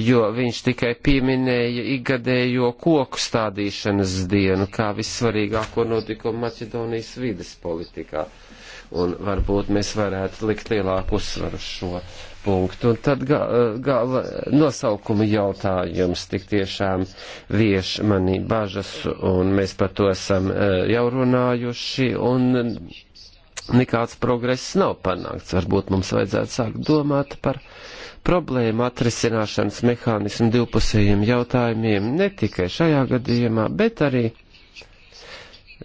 jo viņš tikai pieminēja igadējo koku stādīšanas dienu kā vissvarīgāko notikumu Maķedonijas vidas politikā. Un varbūt mēs varētu likt lielāku uzsvaru šo punktu. Un tad gala ga, nosaukuma jautājums tik tiešām vieš manī bažas, un mēs par to esam e, jau runājuši, un nekāds progress nav panākts. Varbūt mums vajadzētu sākt domāt par problēmu atrisināšanas mehānismu divpusējiem jautājumiem ne tikai šajā gadījumā, bet arī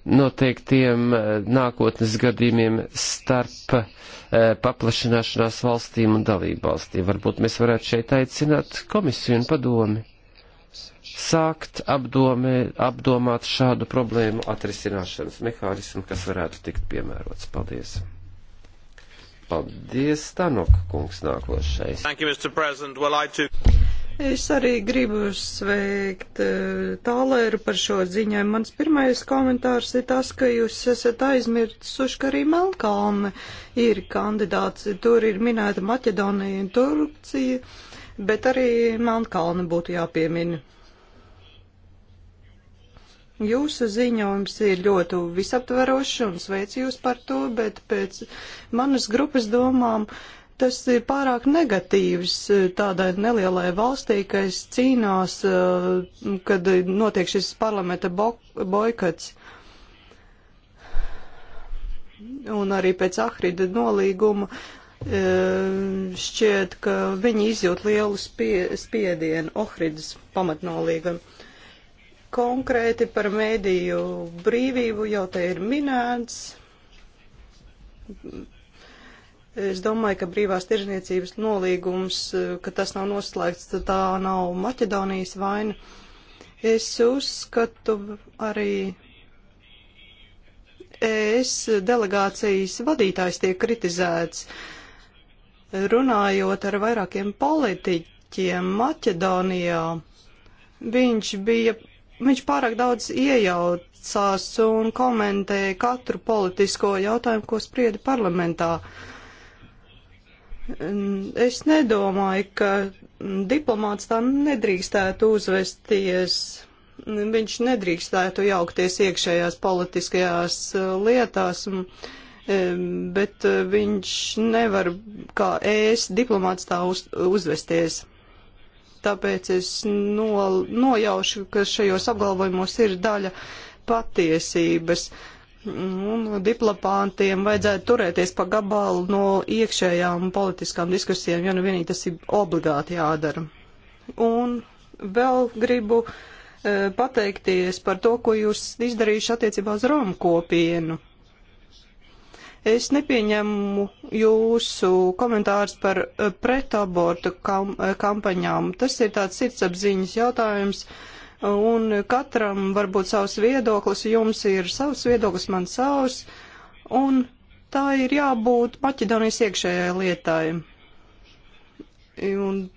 noteiktiem e, nākotnes gadījumiem starp uh, E, paplašināšanās valstīm un dalību valstīm. Varbūt mēs varētu šeit aicināt komisiju un padomi sākt apdomē, apdomāt šādu problēmu atrisināšanas mehānismu, kas varētu tikt piemērots. Paldies! Paldies, Tanok kungs nākošais. Thank you, Mr. President. Well, I too... Es arī gribu sveikt eh, tālēru par šo ziņojumu. Mans pirmais komentārs ir tas, ka jūs esat aizmirsuši, ka arī Melkalne ir kandidāts. Tur ir minēta Maķedonija un Turcija, bet arī Melkalne būtu jāpiemina. Jūsu ziņojums ir ļoti visaptverošs un sveicu jūs par to, bet pēc manas grupas domām uh, tas ir pārāk negatīvs eh, tādai nelielai valstī, kas cīnās, eh, kad notiek šis parlamenta boikats. Un arī pēc Ahrida nolīguma eh, šķiet, ka viņi izjūt lielu spie, spiedienu Ohridas pamatnolīgam. Konkrēti par mēdīju brīvību jau te ir minēts Es domāju, ka brīvās tirzniecības nolīgums, e, ka tas nav noslēgts, tā nav Maķedonijas vaina. Es uzskatu arī ES delegācijas vadītājs tiek kritizēts. Runājot ar vairākiem politiķiem Maķedonijā, viņš bija, viņš pārāk daudz iejaucās un komentēja katru politisko jautājumu, ko sprieda parlamentā. Uh, Mm, es nedomāju, ka diplomāts tā nedrīkstētu uzvesties. Viņš nedrīkstētu jaukties iekšējās politiskajās uh, lietās, mm, bet uh, viņš nevar kā ēs diplomāts tā uz, uzvesties. Tāpēc es no, nojaušu, ka šajos apgalvojumos ir daļa patiesības. Uh, Un diplopāntiem vajadzētu turēties pa gabalu no iekšējām politiskām diskusijām, ja nu vienīgi tas ir obligāti jādara. Un vēl gribu e, pateikties par to, ko jūs izdarījuši attiecībā uz Romu kopienu. Es nepieņemu jūsu komentārus par e, pretabortu kam, e, kampaņām. Tas ir tāds sirdsapziņas jautājums. E, un katram var būt savs viedoklis, jums ir savs viedoklis, man savs, un tā ir jābūt Maķedonijas iekšējai lietai. Un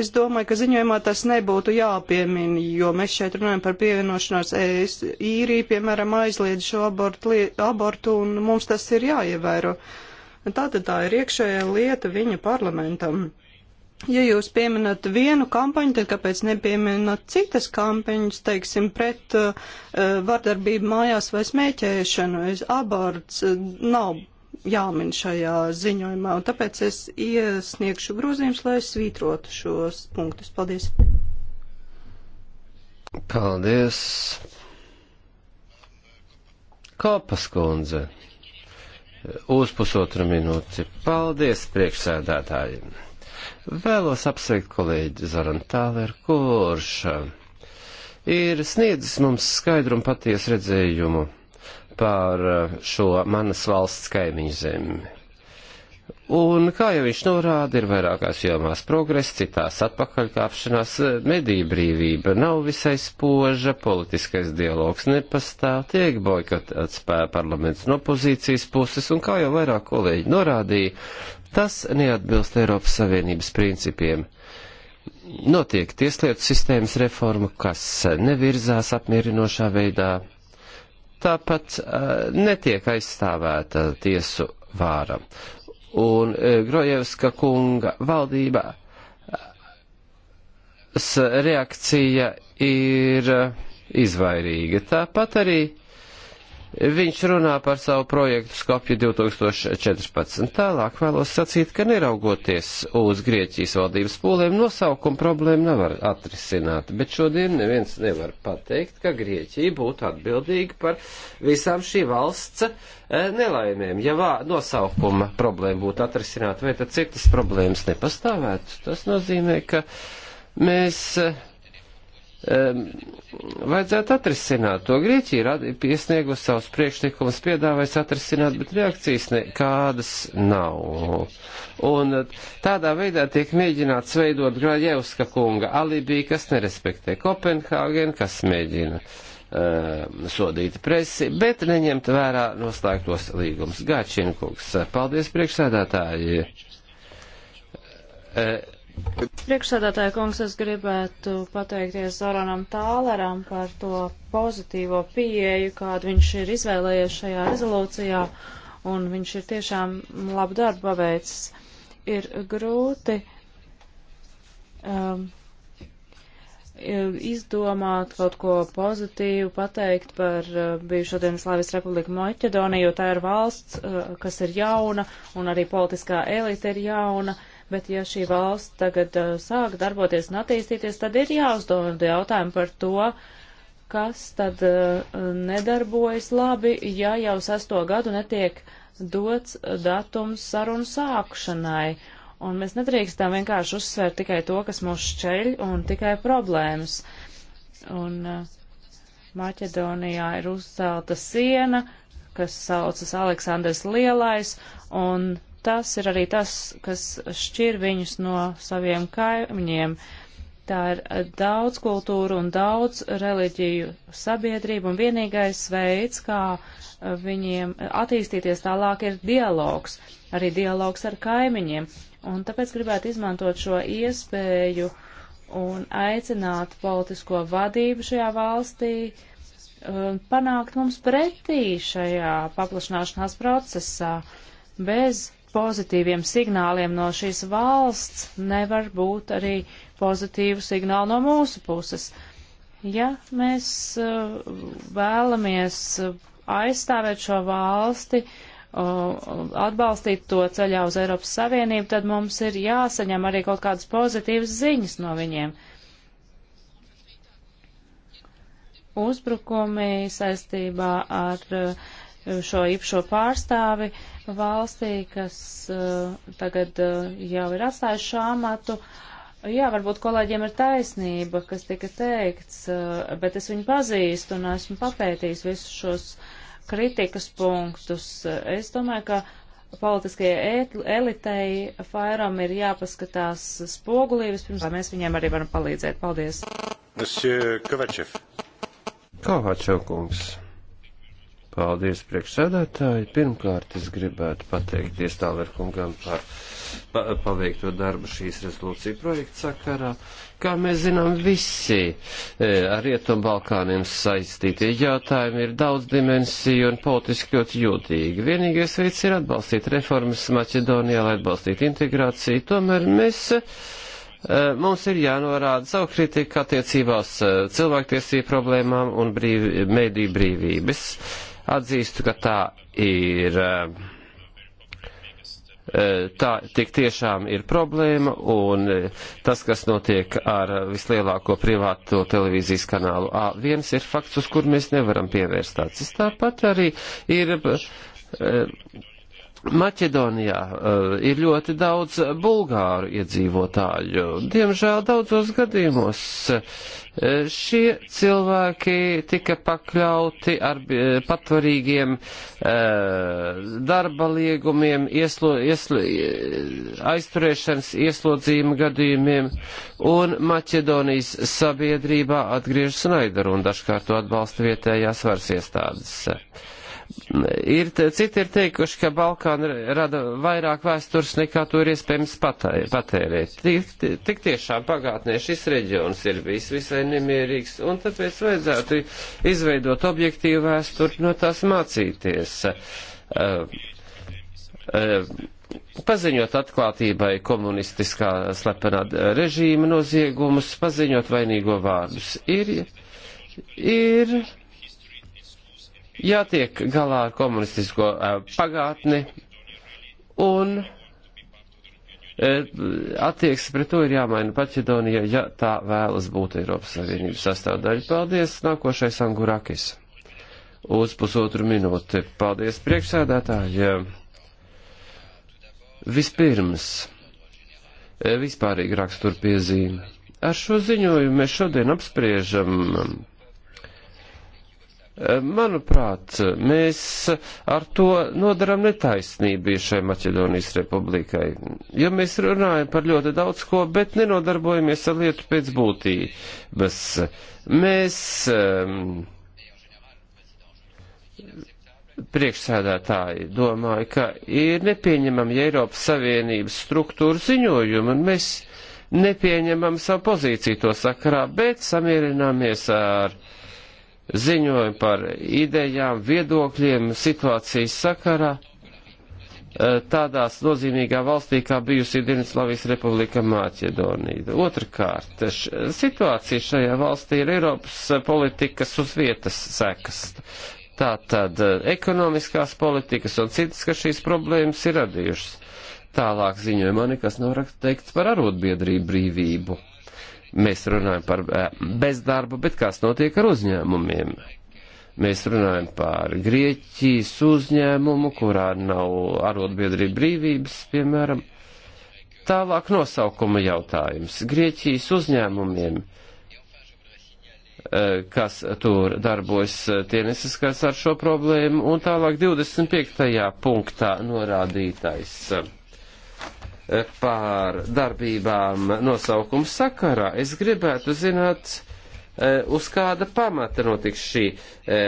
es domāju, ka ziņojumā tas nebūtu jāpiemin, jo mēs šeit runājam par pievienošanās ES. Īrija, piemēram, aizliedz šo abortu, abortu, un mums tas ir jāievēro. Tātad tā ir iekšējā lieta viņa parlamentam. Ja jūs pieminat vienu kampaņu, tad kāpēc nepieminat citas kampaņas, teiksim, pret uh, uh, vardarbību mājās vai smēķēšanu? Es aborts uh, nav jāmin šajā ziņojumā, un tāpēc es iesniegšu grozījums, lai svītrotu šos punktus. Paldies! Paldies! Kopas kundze! Uz pusotru minūti. Paldies priekšsēdētājiem! Vēlos apsveikt kolēģi Zaran Tāleru, kurš ir sniedzis mums skaidru un patiesu redzējumu par šo manas valsts kaimiņu zemi. Un, kā jau viņš norāda, ir vairākās jomās progress, citās atpakaļkāpšanās, mediju brīvība nav visai spoža, politiskais dialogs nepastāv, tiek boikotāts parlaments no pozīcijas puses, un kā jau vairāk kolēģi norādīja, Tas neatbilst Eiropas Savienības principiem. Notiek tieslietu sistēmas reforma, kas nevirzās apmierinošā veidā. Tāpat uh, netiek aizstāvēta tiesu vāra. Un uh, Grojevska kunga valdība reakcija ir izvairīga. Tāpat arī Viņš runā par savu projektu Skopju 2014. Tālāk vēlos sacīt, ka neraugoties uz Grieķijas valdības pūlēm, nosaukuma problēma nevar atrisināt, bet šodien neviens nevar pateikt, ka Grieķija būtu atbildīga par visām šī valsts e, nelaimēm. Ja vā, nosaukuma problēma būtu atrisināta, vai tad citas problēmas nepastāvētu? Tas nozīmē, ka mēs e, um, vajadzētu atrisināt to. Grieķija ir iesniegusi savus priekšlikumus, piedāvājis atrisināt, bet reakcijas nekādas nav. Un tādā veidā tiek mēģināts veidot Graļevska kunga alibī, kas nerespektē Kopenhāgen, kas mēģina um, sodīt presi, bet neņemt vērā noslēgtos līgumus. Gāčinkungs, paldies priekšsēdētāji! Uh, Priekšsēdētāja kungs, es gribētu pateikties Zoranam Tāleram par to pozitīvo pieeju, kādu viņš ir izvēlējies šajā rezolūcijā, un viņš ir tiešām labu darbu paveicis. Ir grūti um, izdomāt kaut ko pozitīvu, pateikt par uh, bijušo dienas Slāvijas republiku Maķedoniju, jo tā ir valsts, uh, kas ir jauna, un arī politiskā elite ir jauna. Uh, Bet ja šī valsts tagad uh, sāk darboties un attīstīties, tad ir jāuzdod jautājumu par to, kas tad uh, nedarbojas labi, ja jau sesto gadu netiek dots datums sarunu sākšanai. Un mēs nedrīkstam vienkārši uzsvērt tikai to, kas mūs šķeļ un tikai problēmas. Un uh, Maķedonijā ir uzcelta siena, kas saucas Aleksandrs Lielais, un tas ir arī tas, kas šķir viņus no saviem kaimiņiem. Tā ir daudz kultūru un daudz reliģiju sabiedrība, un vienīgais veids, kā viņiem attīstīties tālāk, ir dialogs, arī dialogs ar kaimiņiem. Un tāpēc gribētu izmantot šo iespēju un aicināt politisko vadību šajā valstī, um, panākt mums pretī šajā paplašināšanās procesā bez pozitīviem signāliem no šīs valsts, nevar būt arī pozitīvu signālu no mūsu puses. Ja mēs uh, vēlamies aizstāvēt šo valsti, uh, atbalstīt to ceļā uz Eiropas Savienību, tad mums ir jāsaņem arī kaut kādas pozitīvas ziņas no viņiem. Uzbrukumi saistībā ar uh, šo īpašo pārstāvi uh, valstī, kas uh, tagad uh, jau ir atstājuši šāmatu. Jā, varbūt kolēģiem ir taisnība, kas tika teikts, uh, bet es viņu pazīstu un esmu papētījis visus šos kritikas punktus. Es domāju, ka politiskajai elitei Fairam ir jāpaskatās spogulī vispirms, lai mēs viņiem arī varam palīdzēt. Paldies! Monsieur Kovačev. Kovačev kungs. Paldies, priekšsēdētāji. Pirmkārt, es gribētu pateikties Tālerkungam par pa, paveikto darbu šīs rezolūcija projekta sakarā. Kā mēs zinām, visi e, ar Rietumbalkāniem saistītie jautājumi ir daudz dimensiju un politiski ļoti jūtīgi. Vienīgais veids ir atbalstīt reformas Maķedonijā, lai atbalstītu integrāciju. Tomēr mēs e, mums ir jānorāda savu kritiku attiecībās e, cilvēktiesību problēmām un brīv, mēdī brīvības. Atzīstu, ka tā ir. Eh, eh, tā tik tiešām ir problēma, un eh, tas, kas notiek ar vislielāko privāto televīzijas kanālu A1, ir fakts, uz kur mēs nevaram pievērst acis. Tāpat arī ir Maķedonijā uh, ir ļoti daudz bulgāru iedzīvotāju. Diemžēl daudzos gadījumos uh, šie cilvēki tika pakļauti ar uh, patvarīgiem uh, darba liegumiem, ieslo, ieslo, aizturēšanas ieslodzījuma gadījumiem, un Maķedonijas sabiedrībā atgriežas naidaru un dažkārt to atbalsta vietējās varas iestādes. Uh, Ir, citi ir teikuši, ka Balkāna rada vairāk vēstures nekā to ir iespējams patērēt. Tik, tik tiešām pagātnē šis reģions ir bijis visai nemierīgs, un tāpēc vajadzētu izveidot objektīvu vēsturi no tās mācīties. Uh, uh, paziņot atklātībai komunistiskā slepenā režīma noziegumus, paziņot vainīgo vārdus. Ir, ir jātiek galā ar komunistisko pagātni un attieksme pret to ir jāmaina Paķedonija, ja tā vēlas būt Eiropas Savienības sastāvdaļa. Paldies, nākošais Angurakis. Uz pusotru minūti. Paldies, priekšsēdētāji. Vispirms, vispārīgi rakstur piezīme. Ar šo ziņojumu mēs šodien apspriežam Manuprāt, mēs ar to nodaram netaisnību bijušai Maķedonijas republikai, jo mēs runājam par ļoti daudz ko, bet nenodarbojamies ar lietu pēc būtības. Mēs ehm, priekšsēdētāji domāju, ka ir nepieņemami, ja Eiropas Savienības struktūra ziņojumi, un mēs nepieņemam savu pozīciju to sakarā, bet samierināmies ar. Uh, ziņojumi par idejām, viedokļiem situācijas sakarā e, tādās nozīmīgā valstī, kā bijusi Dienvidslāvijas republika Māķedonija. Otrakārt, š, situācija šajā valstī ir Eiropas politikas uz vietas sekas. Tātad e, ekonomiskās politikas un citas, ka šīs problēmas ir radījušas. Tālāk ziņojumā nekas nav teikts par arotbiedrību brīvību Mēs runājam par eh, bezdarbu, bet kas notiek ar uzņēmumiem? Mēs runājam par Grieķijas uzņēmumu, kurā nav arotbiedrība brīvības, piemēram. Tālāk nosaukuma jautājums. Grieķijas uzņēmumiem, eh, kas tur darbojas, eh, tie nesaskars ar šo problēmu, un tālāk 25. punktā norādītais pār darbībām nosaukuma sakarā, es gribētu zināt, e, uz kāda pamata notiks šī e,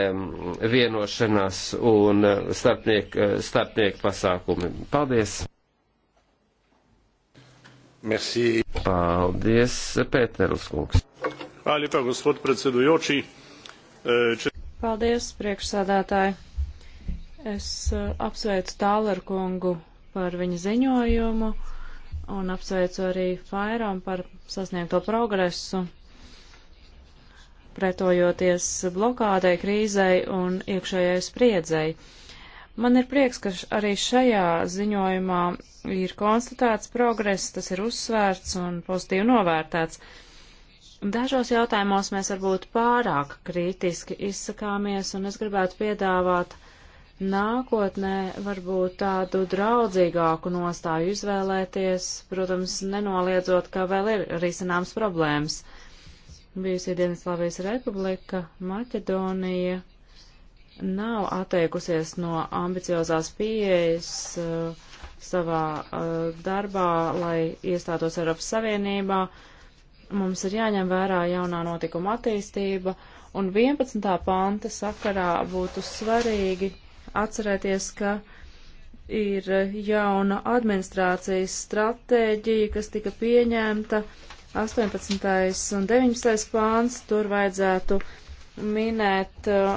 vienošanās un e, starpnieku, starpnieku pasākumi. Paldies! Merci. Paldies, Pēterus kungs. Hvala, gospod predsedujoči. Paldies, priekšsādātāji. Es apsveicu Tāleru kungu par viņa ziņojumu un apsveicu arī Fairam par sasniegto progresu, pretojoties blokādei, krīzei un iekšējai spriedzei. Man ir prieks, ka arī šajā ziņojumā ir konstatēts progress, tas ir uzsvērts un pozitīvi novērtēts. Dažos jautājumos mēs varbūt pārāk kritiski izsakāmies, un es gribētu piedāvāt nākotnē varbūt tādu draudzīgāku nostāju izvēlēties, protams, nenoliedzot, ka vēl ir risināms problēmas. Bijusī Dienaslāvijas republika, Maķedonija nav atteikusies no ambiciozās pieejas uh, savā uh, darbā, lai iestātos Eiropas Savienībā. Mums ir jāņem vērā jaunā notikuma attīstība, un 11. panta sakarā būtu svarīgi atcerēties, ka ir jauna administrācijas stratēģija, kas tika pieņemta 18. un 19. pāns. Tur vajadzētu minēt uh,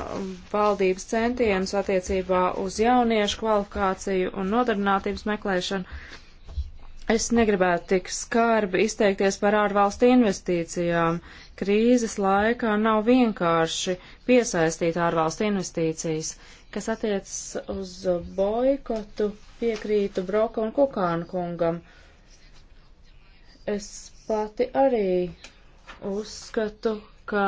valdības centienus attiecībā uz jauniešu kvalifikāciju un nodarbinātības meklēšanu. Es negribētu tik skarbi izteikties par ārvalstu investīcijām. Krīzes laikā nav vienkārši piesaistīt ārvalstu investīcijas. Uh, Kas attiecas uz boikotu, piekrītu Broka un Kukāna kungam. Es pati arī uzskatu, ka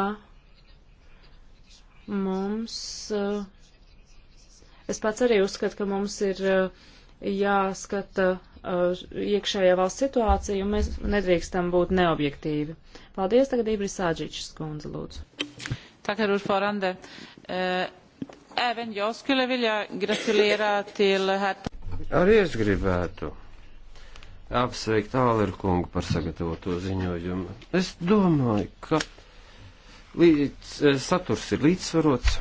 mums, eh, es pats arī uzskatu, ka mums ir eh, jāskata eh, iekšējā valsts situācija, un mēs nedrīkstam būt neobjektīvi. Paldies, tagad Ībris Sādžičs, kundze, lūdzu. Tagad, Rūs Forande. Uh... Även jag skulle vilja gratulera till herr... Arī es gribētu apsveikt Āleru kungu par sagatavoto ziņojumu. Es domāju, ka līdz, eh, saturs ir līdzsvarots.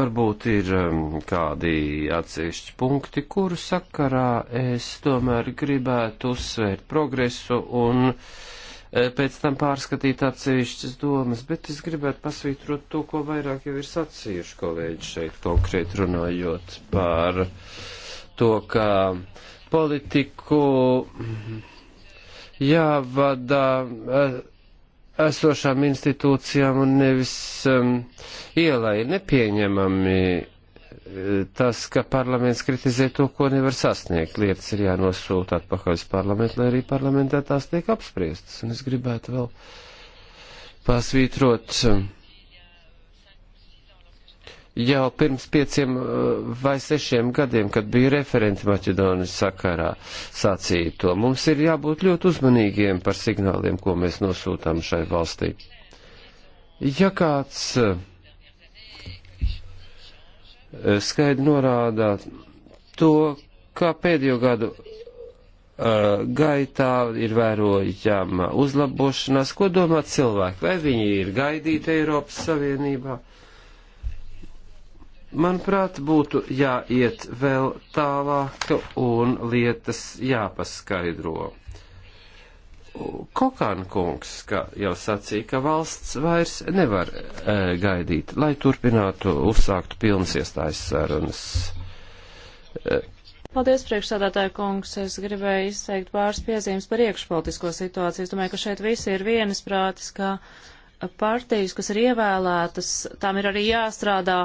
Varbūt ir um, kādi atsevišķi punkti, kuru sakarā es tomēr gribētu uzsvērt progresu un uh, Eh, pēc tam pārskatīt atsevišķas domas, bet es gribētu pasvītrot to, ko vairāk jau ir sacījuši kolēģi šeit konkrēti runājot par to, ka politiku jāvada eh, esošām institūcijām un nevis um, ielai nepieņemami tas, ka parlaments kritizē to, ko nevar sasniegt. Lietas ir jānosūta atpakaļ uz parlamentu, lai arī parlamentā tās tiek apspriestas. Un es gribētu vēl pasvītrot jau pirms pieciem uh, vai sešiem gadiem, kad bija referenti Maķedonas sakarā, sacīja to. Mums ir jābūt ļoti uzmanīgiem par signāliem, ko mēs nosūtām šai valstī. Ja kāds uh, Eh, skaidri norāda to, kā pēdējo gadu eh, gaitā ir vērojama uzlabošanās. Ko domā cilvēki? Vai viņi ir gaidīti Eiropas Savienībā? Manuprāt, būtu jāiet vēl tālāk un lietas jāpaskaidro. Kokāna kungs ka jau sacīja, ka valsts vairs nevar e, gaidīt, lai turpinātu uzsākt pilnas iestājas sarunas. E. Paldies, priekšsādātāja kungs. Es gribēju izteikt pāris piezīmes par iekšpolitisko situāciju. Es domāju, ka šeit visi ir vienisprātis, ka partijas, kas ir ievēlētas, tām ir arī jāstrādā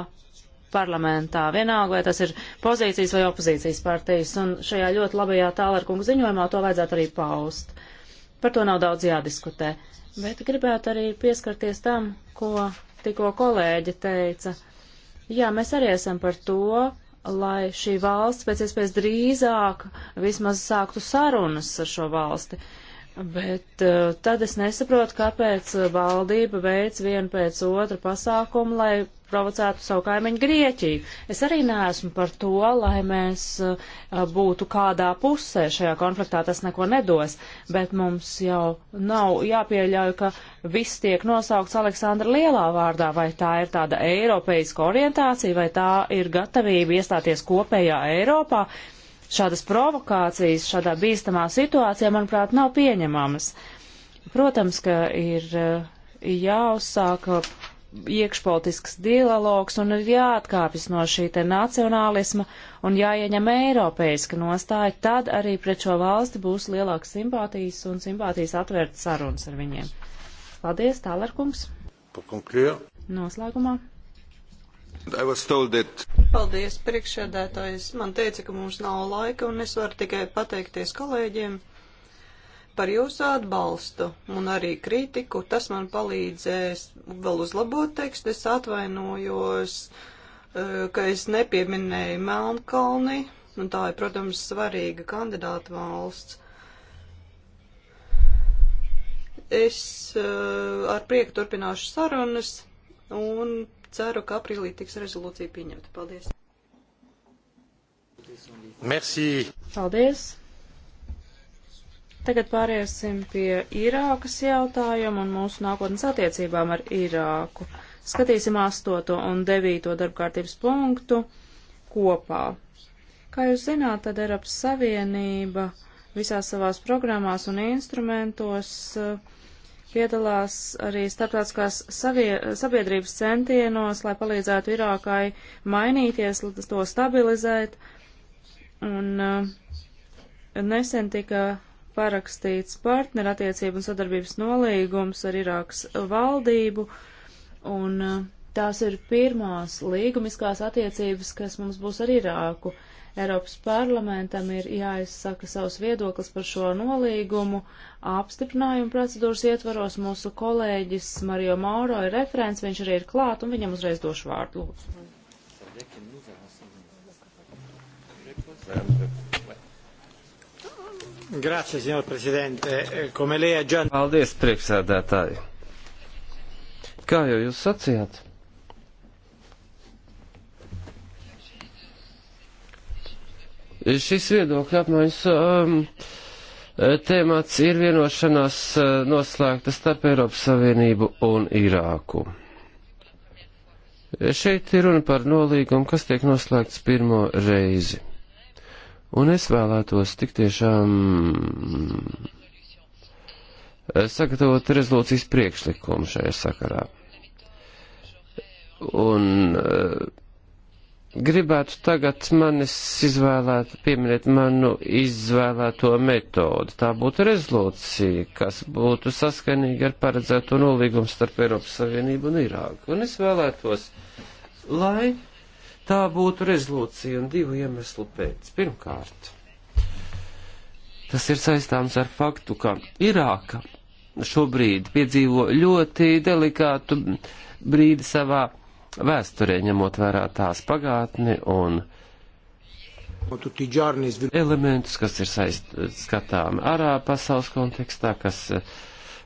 parlamentā. Vienalga, vai tas ir pozīcijas vai opozīcijas partijas. Un šajā ļoti labajā tālākuma ziņojumā to vajadzētu arī paust. Uh, Par to nav daudz jādiskutē. Bet gribētu arī pieskarties tam, ko tikko kolēģi teica. Jā, mēs arī esam par to, lai šī valsts pēc iespējas drīzāk vismaz sāktu sarunas ar šo valsti. Bet uh, tad es nesaprotu, kāpēc valdība veic vienu pēc otru pasākumu, lai provocētu savu kaimiņu Grieķiju. Es arī neesmu par to, lai mēs eh, būtu kādā pusē šajā konfliktā, tas neko nedos, bet mums jau nav jāpieļauj, ka viss tiek nosaukts Aleksandra lielā vārdā, vai tā ir tāda eiropeiska orientācija, vai tā ir gatavība iestāties kopējā Eiropā. Šādas provokācijas šādā bīstamā situācijā, manuprāt, nav pieņemamas. Protams, ka ir eh, jāuzsāk iekšpolitisks dialogs un ir jāatkāpjas no šī te nacionālisma un jāieņem eiropeiska nostāja, tad arī pret šo valsti būs lielāks simpātijas un simpātijas atvērt sarunas ar viņiem. Paldies, Tālerkungs. Noslēgumā. That... Paldies, priekšsēdētājs. Man teica, ka mums nav laika un es varu tikai pateikties kolēģiem par jūsu atbalstu un arī kritiku. Tas man palīdzēs vēl uzlabot tekstu. Es atvainojos, eh, ka es nepieminēju Melnkalni, un tā ir, protams, svarīga kandidāta valsts. Es eh, ar prieku turpināšu sarunas un ceru, ka aprīlī tiks rezolūcija pieņemta. Paldies! Merci! Paldies! Tagad pāriesim pie Irākas jautājuma un mūsu nākotnes attiecībām ar Irāku. Skatīsim 8. un 9. darbkārtības punktu kopā. Kā jūs zināt, tad Eiropas Savienība visās savās programmās un instrumentos eh, piedalās arī starptautiskās sabiedrības centienos, lai palīdzētu Irākai mainīties, to stabilizēt. Un eh, nesen tika parakstīts partnerattiecību un sadarbības nolīgums ar Irākas valdību, un uh, tās ir pirmās līgumiskās attiecības, kas mums būs ar Irāku. Eiropas parlamentam ir jāizsaka savs viedoklis par šo nolīgumu. Apstiprinājumu procedūras ietvaros mūsu kolēģis Mario Mauro ir referents, viņš arī ir klāt, un viņam uzreiz došu vārdu. Lūdzu. Grazie, signor Presidente. Eh, come lei ha già... Paldies, priekšsēdētāji. Kā jau jūs sacījāt? Šis viedokļa apmaiņas um, tēmats ir vienošanās uh, noslēgta starp Eiropas Savienību un Irāku. Šeit ir runa par nolīgumu, kas tiek noslēgts pirmo reizi. Un es vēlētos tik tiešām eh, sagatavot rezolūcijas priekšlikumu šajā sakarā. Un eh, gribētu tagad manis izvēlēt, pieminēt manu izvēlēto metodu. Tā būtu rezolūcija, kas būtu saskanīga ar paredzēto nolīgumu starp Eiropas Savienību un Irāku. Un es vēlētos, lai tā būtu rezolūcija un divu iemeslu pēc. Pirmkārt, tas ir saistāms ar faktu, ka Irāka šobrīd piedzīvo ļoti delikātu brīdi savā vēsturē, ņemot vērā tās pagātni un elementus, kas ir saist, skatāmi arā pasaules kontekstā, kas uh,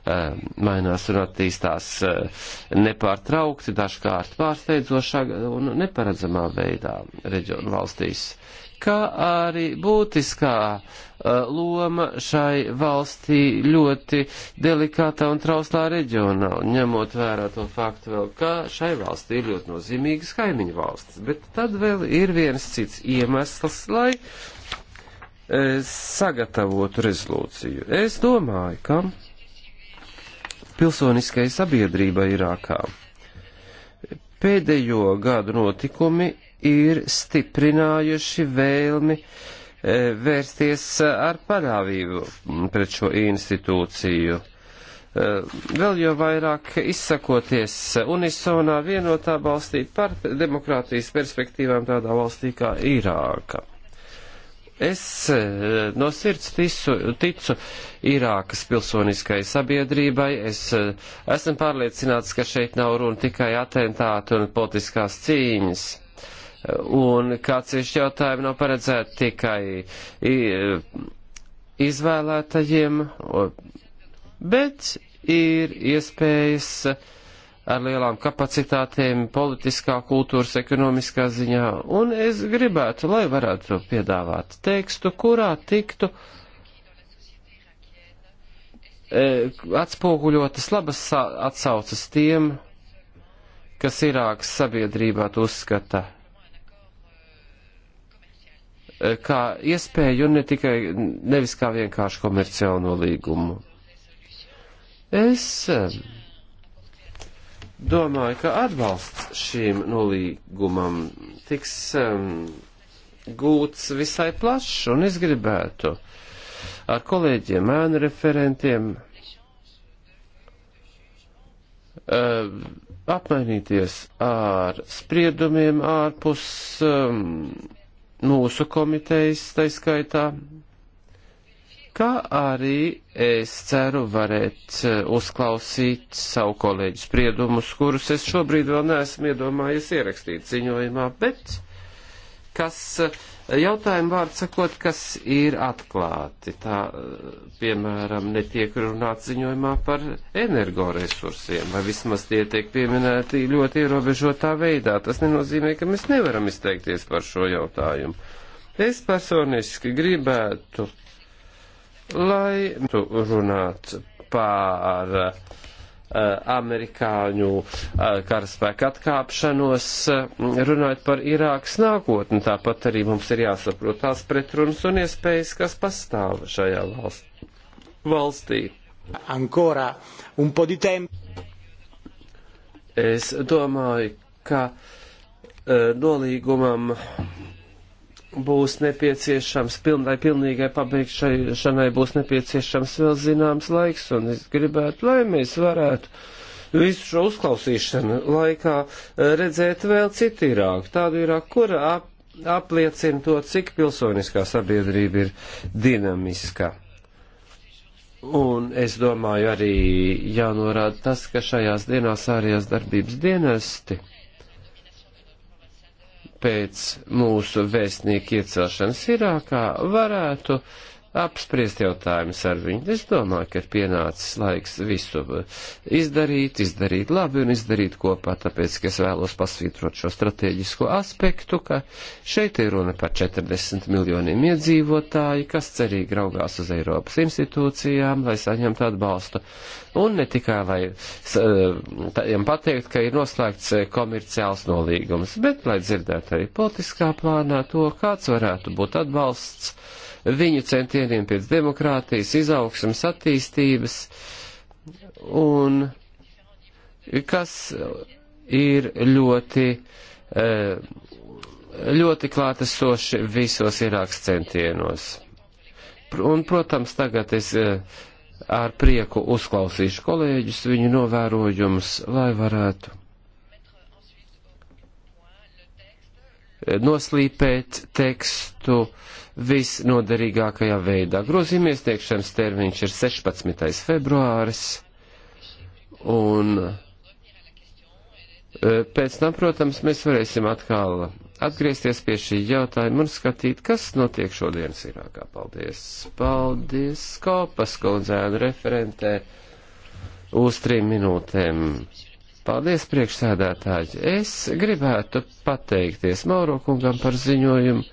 Eh, mainās un attīstās eh, nepārtraukti, dažkārt pārsteidzošā un neparedzamā veidā reģionu valstīs, kā arī būtiskā eh, loma šai valstī ļoti delikātā un trauslā reģionā, ņemot vērā to faktu vēl, ka šai valstī ir ļoti nozīmīgas kaimiņu valstis, bet tad vēl ir viens cits iemesls, lai sagatavotu rezolūciju. Es domāju, ka pilsoniskai sabiedrībai Irākā. Pēdējo gadu notikumi ir stiprinājuši vēlmi e, vērsties ar paļāvību pret šo institūciju. E, vēl jau vairāk izsakoties unisonā vienotā balstī par demokrātijas perspektīvām tādā valstī kā Irāka. Es eh, no sirds ticu, ticu Irākas pilsoniskai sabiedrībai. Es eh, esmu pārliecināts, ka šeit nav runa tikai atentātu un politiskās cīņas. Eh, un kāds ir jautājumi nav paredzēti tikai izvēlētajiem, bet ir iespējas ar lielām kapacitātēm politiskā, kultūras, ekonomiskā ziņā, un es gribētu, lai varētu piedāvāt tekstu, kurā tiktu e, atspoguļotas labas atsaucas tiem, kas Irākas sabiedrībā uzskata e, kā iespēju un ne tikai nevis kā vienkārši komerciālo nolīgumu. Es e, Domāju, ka atbalsts šim nolīgumam tiks um, gūts visai plašs, un es gribētu ar kolēģiem, ēnu referentiem uh, apmainīties ar spriedumiem ārpus um, mūsu komitejas taiskaitā. skaitā kā arī es ceru varēt eh, uzklausīt savu kolēģu spriedumus, kurus es šobrīd vēl neesmu iedomājies ierakstīt ziņojumā, bet kas eh, jautājumu vārdu sakot, kas ir atklāti. Tā, eh, piemēram, netiek runāts ziņojumā par energoresursiem, vai vismaz tie tiek pieminēti ļoti ierobežotā veidā. Tas nenozīmē, ka mēs nevaram izteikties par šo jautājumu. Es personiski gribētu lai runāt par uh, amerikāņu uh, eh, karaspēku atkāpšanos, uh, runājot par Irākas nākotni. Tāpat arī mums ir jāsaprot tās pretrunas un iespējas, kas pastāv šajā valst, valstī. Ancora un po di tempo. Es domāju, ka uh, nolīgumam būs nepieciešams, pilnai, pilnīgai pabeigšanai būs nepieciešams vēl zināms laiks, un es gribētu, lai mēs varētu visu šo uzklausīšanu laikā eh, redzēt vēl citu Irāku, tādu Irāku, kura ap, apliecina to, cik pilsoniskā sabiedrība ir dinamiska. Un es domāju arī jānorāda tas, ka šajās dienās ārējās darbības dienesti pēc mūsu vēstnieku iecelšanas Irākā varētu uh, apspriest jautājumus ar viņu. Es domāju, ka ir pienācis laiks visu izdarīt, izdarīt labi un izdarīt kopā, tāpēc, ka es vēlos pasvītrot šo strateģisko aspektu, ka šeit ir runa par 40 miljoniem iedzīvotāju, kas cerīgi raugās uz Eiropas institūcijām, lai saņemtu atbalstu. Un ne tikai, lai eh, tiem pateikt, ka ir noslēgts eh, komerciāls nolīgums, bet, lai dzirdētu arī politiskā plānā to, kāds varētu būt atbalsts viņu centieniem pēc demokrātijas, izaugsmas, attīstības, un kas ir ļoti, e, ļoti klātesoši visos Irākas centienos. Un, protams, tagad es e, ar prieku uzklausīšu kolēģus viņu novērojumus, lai varētu noslīpēt tekstu visnoderīgākajā veidā. Grozījuma iesniegšanas termiņš ir 16. februāris, un e, pēc tam, protams, mēs varēsim atkal atgriezties pie šī jautājuma un skatīt, kas notiek šodienas Irākā. Paldies! Paldies, Kopas kundzēna referentē uz trim minūtēm. Paldies, priekšsēdētāji! Es gribētu pateikties Mauro kungam par ziņojumu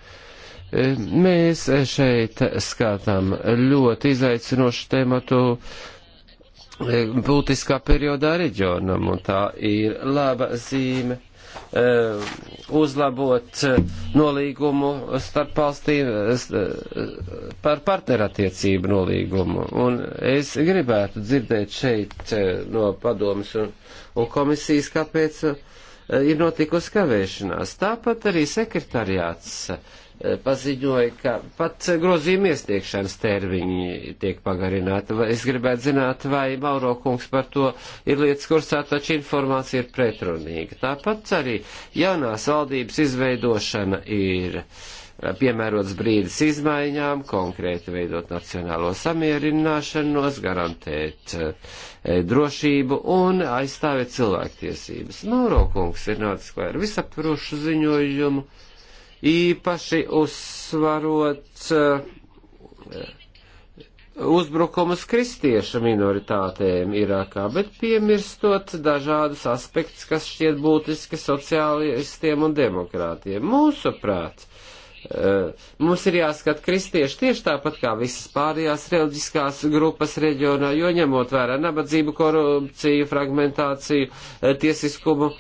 Mēs šeit skatām ļoti izaicinošu tematu būtiskā periodā reģionam, un tā ir laba zīme e, uzlabot nolīgumu starp valstīm e, par partnerattiecību nolīgumu. Un es gribētu dzirdēt šeit e, no padomas un, un komisijas, kāpēc ir notikusi kavēšanās. Tāpat arī sekretariāts Eh, paziņoja, ka pat grozījuma iesniegšanas termiņi tiek pagarināti. Es gribētu zināt, vai Mauro kungs par to ir lietas kursā, taču informācija ir pretrunīga. Tāpat arī jaunās valdības izveidošana ir eh, piemērots brīdis izmaiņām, konkrēti veidot nacionālo samierināšanos, garantēt eh, drošību un aizstāvēt cilvēktiesības. Mauro kungs ir nācis klāt ar visaptvarošu ziņojumu īpaši uzsvarot eh, uzbrukumus kristiešu minoritātēm Irākā, bet piemirstot dažādus aspektus, kas šķiet būtiski sociālistiem un demokrātiem. Mūsuprāt, eh, mums ir jāskat kristieši tieši tāpat kā visas pārējās reliģiskās grupas reģionā, jo ņemot vērā nabadzību, korupciju, fragmentāciju, eh, tiesiskumu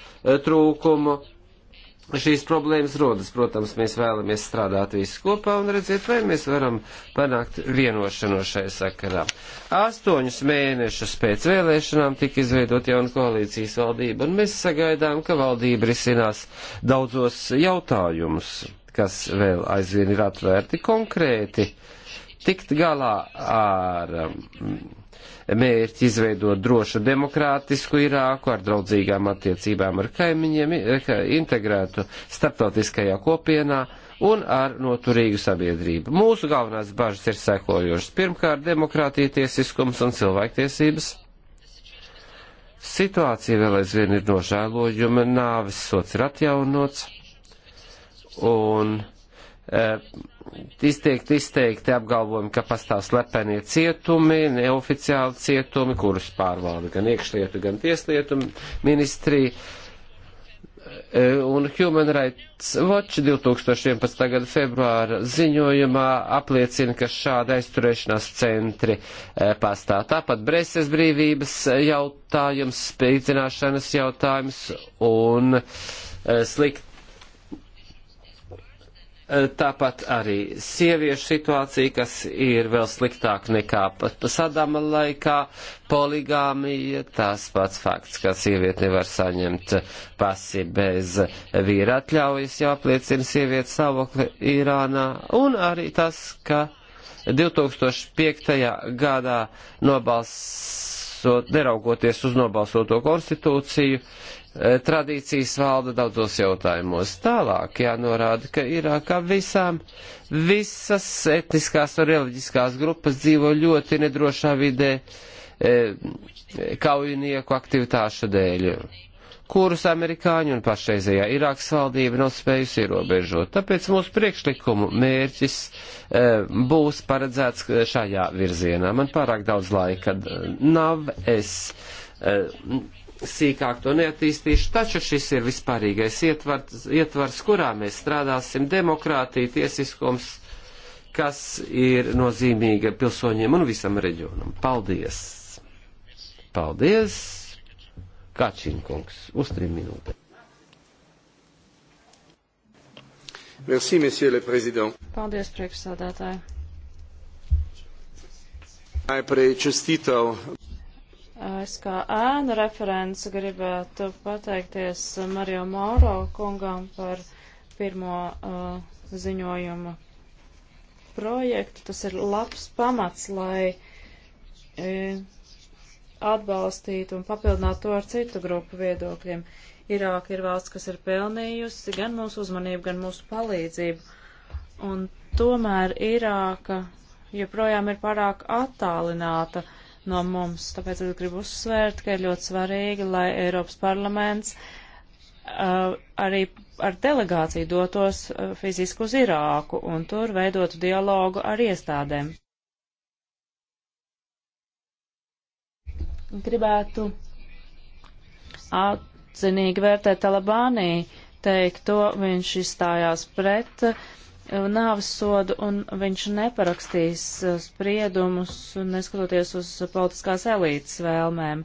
trūkumu šīs problēmas rodas. Protams, mēs vēlamies strādāt visi kopā un redzēt, vai mēs varam panākt vienošanos šai sakarā. Astoņus mēnešus pēc vēlēšanām tika izveidot jauna koalīcijas valdība, un mēs sagaidām, ka valdība risinās daudzos jautājumus, kas vēl aizvien ir atvērti konkrēti, tikt galā ar. Um, mērķi izveidot drošu demokrātisku Irāku ar draudzīgām attiecībām ar kaimiņiem, integrētu starptautiskajā kopienā un ar noturīgu sabiedrību. Mūsu galvenās bažas ir sekojošas. Pirmkārt, demokrātija, tiesiskums un cilvēktiesības. Situācija vēl aizvien ir nožēlojuma, nāves sots ir atjaunots, un Eh, izteikt, izteikti apgalvojumi, ka pastāv slepenie cietumi, neoficiāli cietumi, kurus pārvalda gan iekšlietu, gan tieslietu ministrija. Eh, un Human Rights Watch 2011. gada februāra ziņojumā apliecina, ka šāda aizturēšanās centri eh, pastāv. Tāpat breses brīvības jautājums, spīdzināšanas jautājums un slikt Eh, tāpat arī sieviešu situācija, kas ir vēl sliktāk nekā pat sadama laikā, poligāmija, tās pats fakts, ka sieviete nevar saņemt pasi bez vīra atļaujas, jāpliecina sievietes savokli Irānā, un arī tas, ka 2005. gadā nobalsot, neraugoties uz nobalsoto konstitūciju, uh, Eh, tradīcijas valda daudzos jautājumos. Tālāk jānorāda, ka Irākā visām, visas etniskās un reliģiskās grupas dzīvo ļoti nedrošā vidē eh, kaujinieku aktivitāšu dēļ, kurus amerikāņu un pašreizējā Irākas valdība nav spējusi ierobežot. Tāpēc mūsu priekšlikumu mērķis e, būs paredzēts šajā virzienā. Man pārāk daudz laika nav. Es e, sīkāk to neattīstīšu, taču šis ir vispārīgais ietvars, ietvars kurā mēs strādāsim demokrātija, tiesiskums, kas ir nozīmīga pilsoņiem un visam reģionam. Paldies! Paldies! Kačinkungs, uz trim minūtēm. Merci, monsieur le président. Paldies, priekšsādātāji. Najprej čestitev Es kā ēnu referents gribētu pateikties Mario Mauro kungam par pirmo uh, ziņojuma projektu. Tas ir labs pamats, lai uh, atbalstītu un papildinātu to ar citu grupu viedokļiem. Irāka ir valsts, kas ir pelnījusi gan mūsu uzmanību, gan mūsu palīdzību. Un tomēr Irāka joprojām ir pārāk attālināta uh, no mums. Tāpēc es gribu uzsvērt, ka ir ļoti svarīgi, lai Eiropas parlaments uh, arī ar delegāciju dotos uh, fiziski uz Irāku un tur veidotu dialogu ar iestādēm. Gribētu atzinīgi vērtēt Talabānī teikto, viņš izstājās pret uh, Uh, nāves sodu un viņš neparakstīs uh, spriedumus, neskatoties uz politiskās elītes vēlmēm.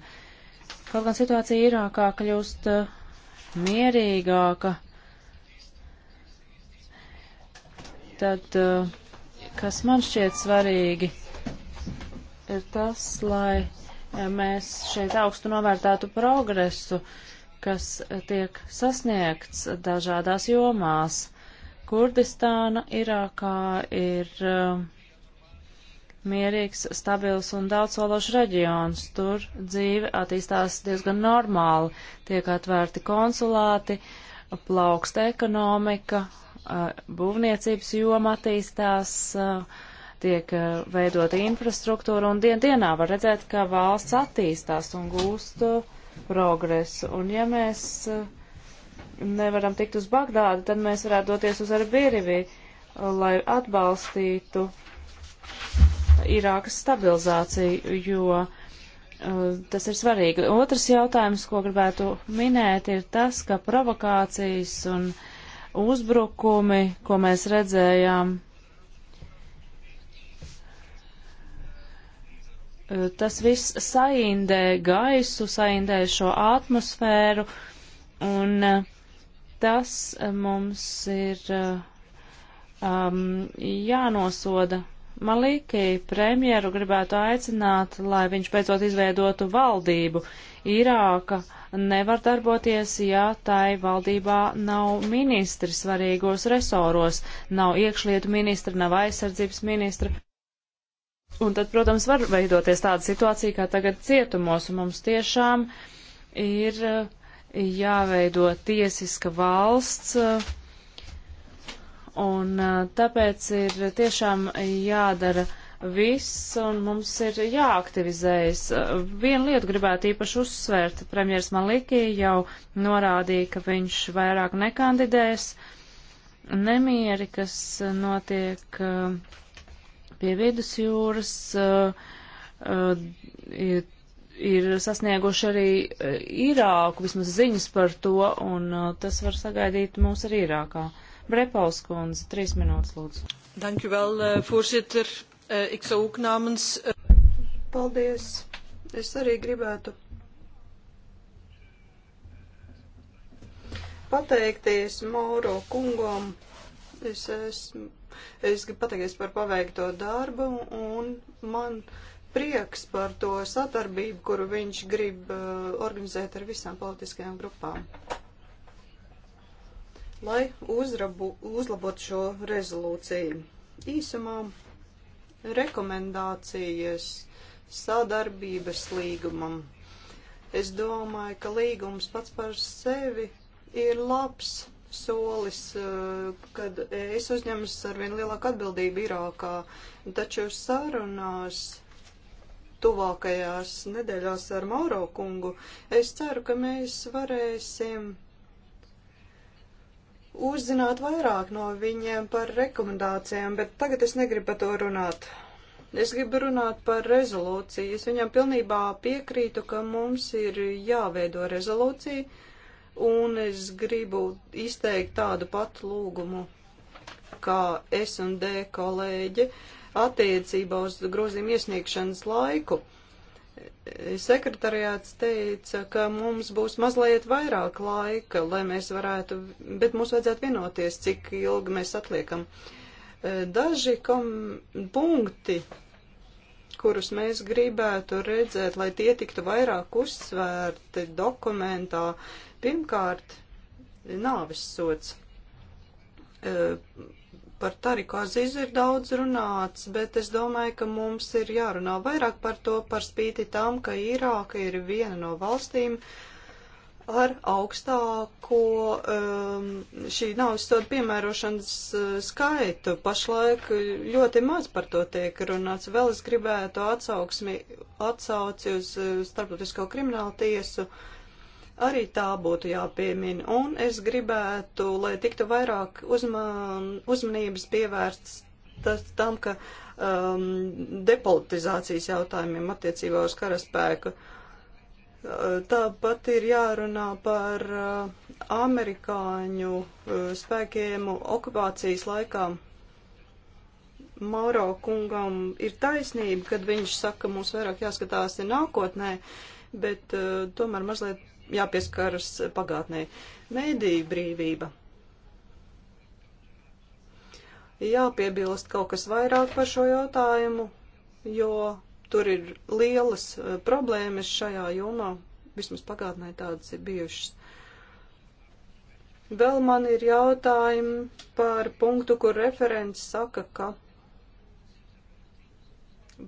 Kaut gan situācija Irākā kļūst uh, mierīgāka, tad, kas man šķiet svarīgi, ir tas, lai mēs šeit augstu novērtētu progresu, kas tiek sasniegts dažādās jomās Kurdistāna Irākā ir uh, mierīgs, stabils un daudzsološs reģions. Tur dzīve attīstās diezgan normāli. Tiek atvērti konsulāti, plauksta ekonomika, uh, būvniecības joma attīstās, uh, tiek uh, veidota infrastruktūra un dien dienā var redzēt, ka valsts attīstās un gūst progresu. Un ja mēs uh, nevaram tikt uz Bagdādu, tad mēs varētu doties uz Arbīrivi, lai atbalstītu Irākas stabilizāciju, jo uh, tas ir svarīgi. Otrs jautājums, ko gribētu minēt, ir tas, ka provokācijas un uzbrukumi, ko mēs redzējām, uh, tas viss saindē gaisu, saindē šo atmosfēru, un uh, tas eh, mums ir eh, um, jānosoda. Maliki premjeru gribētu aicināt, lai viņš beidzot izveidotu valdību. Irāka nevar darboties, ja tai valdībā nav ministri svarīgos resoros, nav iekšlietu ministra, nav aizsardzības ministra. Un tad, protams, var veidoties tāda situācija, kā tagad cietumos, un mums tiešām ir uh, jāveido tiesiska valsts, un tāpēc ir tiešām jādara viss, un mums ir jāaktivizējas. Vienu lietu gribētu īpaši uzsvērt. Premjers Maliki jau norādīja, ka viņš vairāk nekandidēs. Nemieri, kas notiek pie vidusjūras, ir ir sasnieguši arī e, Irāku, vismaz ziņas par to, un e, tas var sagaidīt mūs arī Irākā. Brepaus kundze, trīs minūtes lūdzu. Danku vēl, eh, voorzitter. Eh, ik zou ook namens. Eh, Paldies. Es arī gribētu pateikties Mauro kungam. Es esmu, es gribu pateikties par paveikto darbu un man. Uh, prieks par to sadarbību, kuru viņš grib uh, organizēt ar visām politiskajām grupām. Lai uzrabu, uzlabot šo rezolūciju, īsumā rekomendācijas sadarbības līgumam. Es domāju, ka līgums pats par sevi ir labs solis, uh, kad es uzņemas arvien lielāku atbildību Irākā, taču sarunās tuvākajās nedēļās ar Mauro kungu. Es ceru, ka mēs varēsim uzzināt vairāk no viņiem par rekomendācijām, bet tagad es negribu par to runāt. Es gribu runāt par rezolūciju. Es viņam pilnībā piekrītu, ka mums ir jāveido rezolūcija, un es gribu izteikt tādu pat lūgumu, kā es un D kolēģi. Uh, attiecībā uz grozījumu iesniegšanas laiku. Sekretariāts teica, ka mums būs mazliet vairāk laika, lai mēs varētu, bet mums vajadzētu vienoties, cik ilgi mēs atliekam. Daži kom, punkti, kurus mēs gribētu redzēt, lai tie tiktu vairāk uzsvērti dokumentā, pirmkārt, nāves sots Par Tariku Azizu ir daudz runāts, bet es domāju, ka mums ir jārunā vairāk par to, par spīti tam, ka Irāka ir viena no valstīm ar augstāko um, šī naudas sodu piemērošanas uh, skaitu. Pašlaik ļoti maz par to tiek runāts. Vēl es gribētu atsauksmi, atsauci uz uh, starptautisko kriminālu tiesu. Uh, Arī tā būtu jāpiemina, un es gribētu, lai tiktu vairāk uzman, uzmanības pievērsts tas, tam, ka um, depolitizācijas jautājumiem attiecībā uz karaspēku. Uh, tāpat ir jārunā par uh, amerikāņu uh, spēkiem okupācijas laikā. Mauro kungam ir taisnība, kad viņš saka, ka mums vairāk jāskatās nākotnē, bet uh, tomēr mazliet jāpieskaras pagātnē. Mēdīju brīvība. Jāpiebilst kaut kas vairāk par šo jautājumu, jo tur ir lielas eh, problēmas šajā jomā, vismaz pagātnē tādas ir bijušas. Vēl man ir jautājumi par punktu, kur referents saka, ka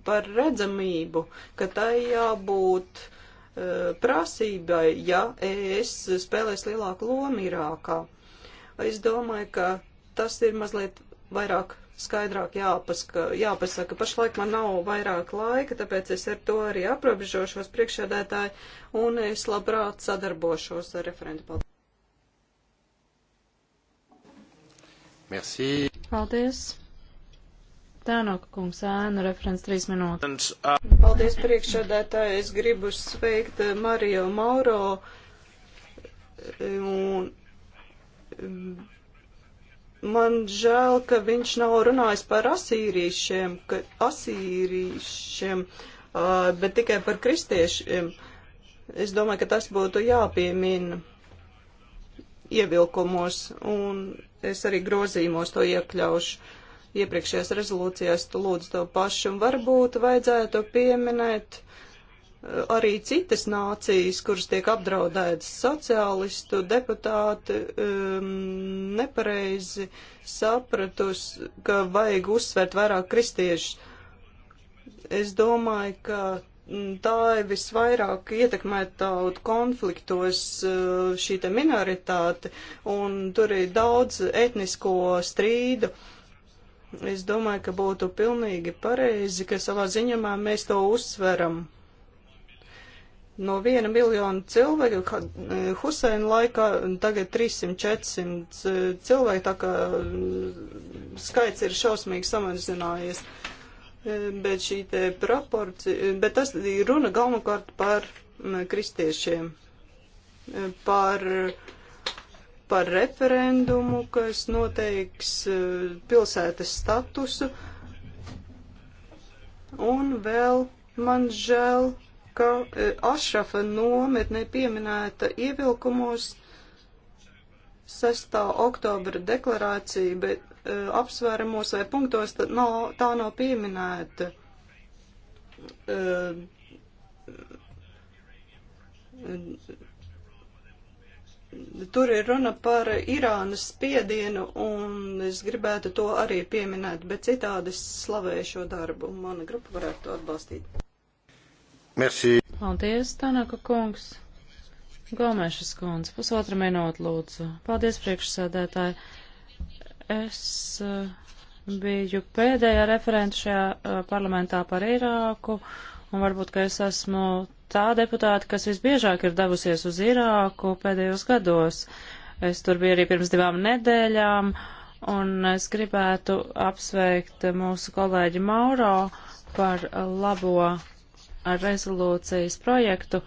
par redzamību, ka tai jābūt prasībai, ja ES spēlēs lielāku lomu Irākā. Es domāju, ka tas ir mazliet vairāk skaidrāk jāpaska, jāpasaka. Pašlaik man nav vairāk laika, tāpēc es ar to arī aprobežošos priekšsēdētāji un es labprāt sadarbošos ar referentu. Paldies! Merci. Paldies! Tānoka kungs, ēnu referents trīs minūtes. Paldies priekšsēdētāji, es gribu sveikt Mario Mauro un man žēl, ka viņš nav runājis par asīriešiem, ka asīriešiem, bet tikai par kristiešiem. Es domāju, ka tas būtu jāpiemina ievilkumos un es arī grozījumos to iekļaušu iepriekšējās rezolūcijās tu lūdzu to pašu, un varbūt vajadzētu pieminēt eh, arī citas nācijas, kuras tiek apdraudētas sociālistu deputāti, um, nepareizi sapratus, ka vajag uzsvērt vairāk kristiešus. Es domāju, ka mm, tā ir visvairāk ietekmēta tautu konfliktos eh, šī minoritāte, un tur ir daudz etnisko strīdu. Uh, Es domāju, ka būtu pilnīgi pareizi, ka savā ziņamā mēs to uzsveram. No viena miljona cilvēku e, Huseina laikā tagad 300-400 e, cilvēki, tā kā mm, skaits ir šausmīgi samazinājies. E, bet šī te proporcija, bet tas runa galvenokārt par mm, kristiešiem, par uh, par referendumu, kas noteiks eh, pilsētas statusu. Un vēl man žēl, ka eh, Ašrafa nometne pieminēta ievilkumos 6. oktobra deklarācija, bet eh, apsvērumos vai punktos tā nav, tā nav pieminēta. Uh, Tur ir runa par Irānas spiedienu, un es gribētu to arī pieminēt, bet citādi es slavēju šo darbu, un mana grupa varētu to atbalstīt. Merci. Paldies, Tanaka kungs. Gomešas kundze, pusotra minūte lūdzu. Paldies, priekšsēdētāji. Es eh, biju pēdējā referenta šajā eh, parlamentā par Irāku, un varbūt, ka es esmu tā deputāte, kas visbiežāk ir devusies uz Irāku pēdējos gados. Es tur biju arī pirms divām nedēļām, un es gribētu apsveikt mūsu kolēģi Mauro par labo rezolūcijas projektu,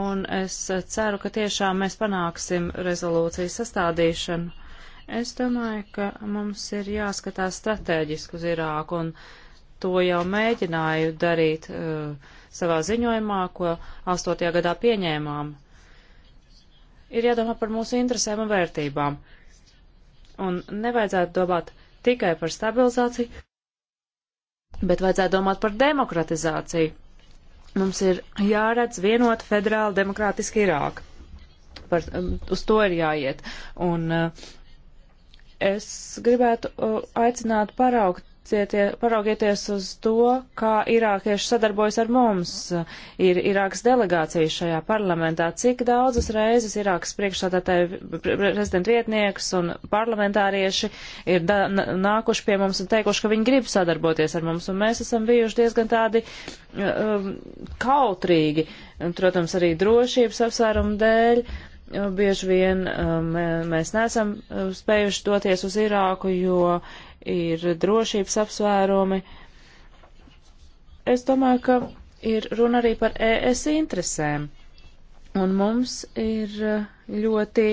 un es ceru, ka tiešām mēs panāksim rezolūcijas sastādīšanu. Es domāju, ka mums ir jāskatās strateģiski uz Irāku, un to jau mēģināju darīt. Uh, savā ziņojumā, ko 8. gadā pieņēmām. Ir jādomā par mūsu interesēm un vērtībām. Un nevajadzētu domāt tikai par stabilizāciju, bet vajadzētu domāt par demokratizāciju. Mums ir jāredz vienot federāli demokrātiski Irāku. Par, um, uz to ir jāiet. Un uh, es gribētu uh, aicināt paraugt Cietie, paraugieties uz to, kā irākieši sadarbojas ar mums. Ir Irākas delegācija šajā parlamentā. Cik daudzas reizes Irākas priekšsādātāji prezidenta vietnieks un parlamentārieši ir da, nākuši pie mums un teikuši, ka viņi grib sadarboties ar mums. Un mēs esam bijuši diezgan tādi um, kautrīgi, un, protams, arī drošības apsvērumu dēļ. Uh, bieži vien um, mēs nesam uh, spējuši doties uz Irāku, jo ir drošības apsvērumi. Es domāju, ka ir runa arī par ES interesēm. Un mums ir eh, ļoti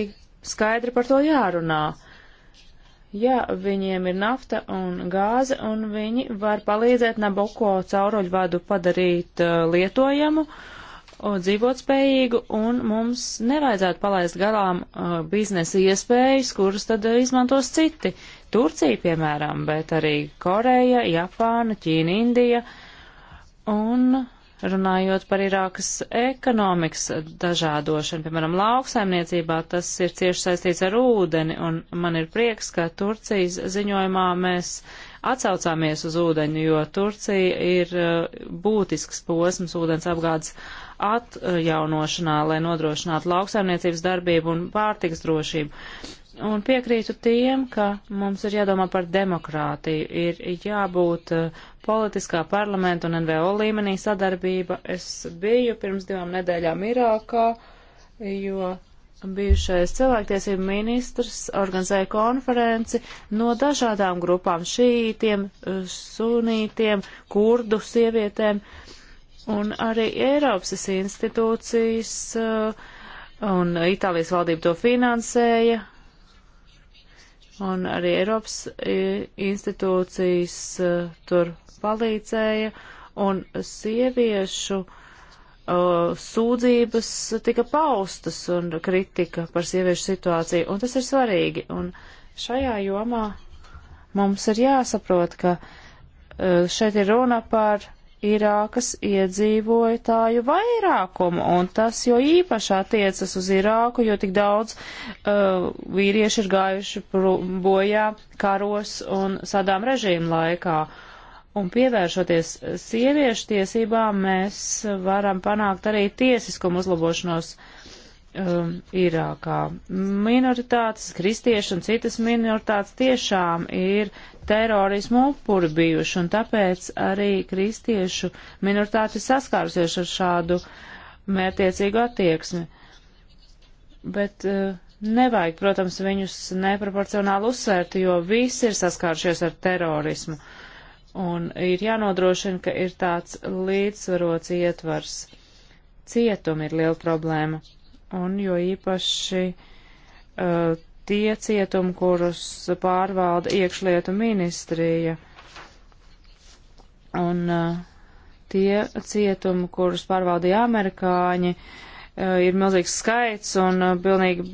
skaidri par to jārunā. Ja viņiem ir nafta un gāze, un viņi var palīdzēt Naboko cauroļvadu padarīt uh, lietojamu, uh, dzīvotspējīgu, un mums nevajadzētu palaist garām uh, eh, biznesa iespējas, kuras tad izmantos citi. Turcija, piemēram, bet arī Koreja, Japāna, Ķīna, Indija. Un runājot par Irākas ekonomikas dažādošanu, piemēram, lauksaimniecībā, tas ir cieši saistīts ar ūdeni, un man ir prieks, ka Turcijas ziņojumā mēs atsaucāmies uz ūdeni, jo Turcija ir uh, būtisks posms ūdens apgādes atjaunošanā, lai nodrošinātu lauksaimniecības darbību un pārtiks drošību. Un piekrītu tiem, ka mums ir jādomā par demokrātiju, ir jābūt uh, politiskā parlamenta un NVO līmenī sadarbība. Es biju pirms divām nedēļām Irākā, jo bijušais cilvēktiesību ministrs organizēja konferenci no dažādām grupām - šītiem, sunītiem, kurdu sievietēm. Un arī Eiropas institūcijas uh, un Itālijas valdība to finansēja, un arī Eiropas e, institūcijas e, tur palīdzēja, un sieviešu uh, sūdzības tika paustas un kritika par sieviešu situāciju, un tas ir svarīgi. Un šajā jomā mums ir jāsaprot, ka uh, šeit ir runa par Irākas iedzīvotāju vairākumu, un tas jo īpaši attiecas uz Irāku, jo tik daudz uh, vīrieši ir gājuši bojā karos un sadām režīmu laikā. Un pievēršoties sieviešu tiesībām, mēs varam panākt arī tiesiskumu uzlabošanos uh, um, Irākā. Uh, minoritātes, kristieši un citas minoritātes tiešām ir terorismu upuri bijuši, un tāpēc arī kristiešu minoritāte saskārusies ar šādu mērtiecīgu attieksmi. Bet uh, nevajag, protams, viņus neproporcionāli uzsvērt, jo visi ir saskārušies ar terorismu. Un ir jānodrošina, ka ir tāds līdzsvarots ietvars. Cietumi ir liela problēma un jo īpaši uh, tie cietumi, kurus pārvalda iekšlietu ministrija. Un uh, tie cietumi, kurus pārvaldīja amerikāņi, uh, ir milzīgs skaits un uh, pilnīgi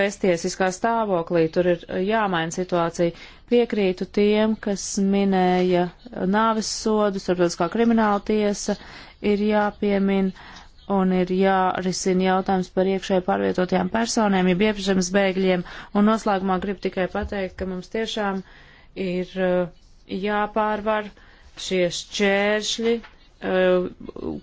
beztiesiskā stāvoklī. Tur ir uh, jāmaina situācija. Piekrītu tiem, kas minēja nāves sodu, starptautiskā krimināla tiesa ir jāpiemina un ir jārisina jautājums par iekšēji pārvietotajām personēm, jeb iepazemes bēgļiem. Un noslēgumā gribu tikai pateikt, ka mums tiešām ir uh, jāpārvar šie šķēršļi, uh,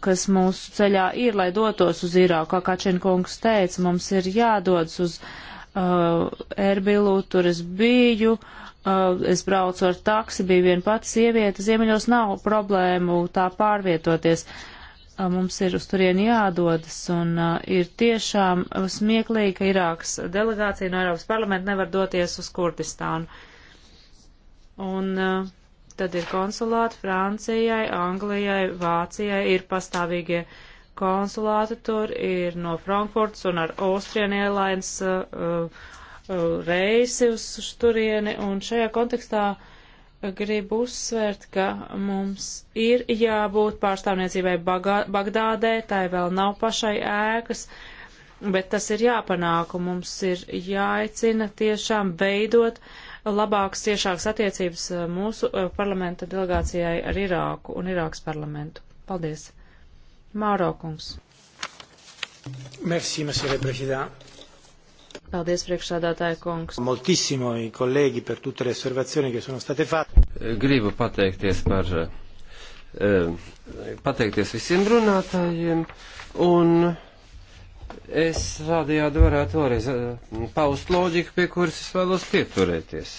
kas mūsu ceļā ir, lai dotos uz Irāku. Kā Kačenkungs teica, mums ir jādodas uz uh, Erbilu, tur es biju, uh, es braucu ar taksi, bija viena pati sieviete, ziemeļos nav problēmu tā pārvietoties. Uh, mums ir uz turieni jādodas, un uh, ir tiešām smieklīgi, ka Irākas delegācija no Eiropas parlamenta nevar doties uz Kurdistānu. Un uh, tad ir konsulāti Francijai, Anglijai, Vācijai, ir pastāvīgie konsulāti tur, ir no Frankfurts un ar Austrian Airlines uh, uh, reisi uz turieni, un šajā kontekstā uh, gribu uzsvērt, ka mums ir jābūt pārstāvniecībai Bagā Bagdādē, tai vēl nav pašai ēkas, bet tas ir jāpanāk, un mums ir jāicina tiešām veidot labākas, ciešākas attiecības uh, mūsu uh, parlamenta delegācijai ar Irāku un Irākas parlamentu. Paldies! Māro kungs. Merci, monsieur le président. Paldies, priekšsādātāja kungs. Moltissimo i kolēģi par tutte le osservazioni, kas sono state fatte. Gribu pateikties par, eh, pateikties visiem runātājiem un. Es rādījādi varētu vēlreiz eh, paust loģiku, pie kuras es vēlos pieturēties.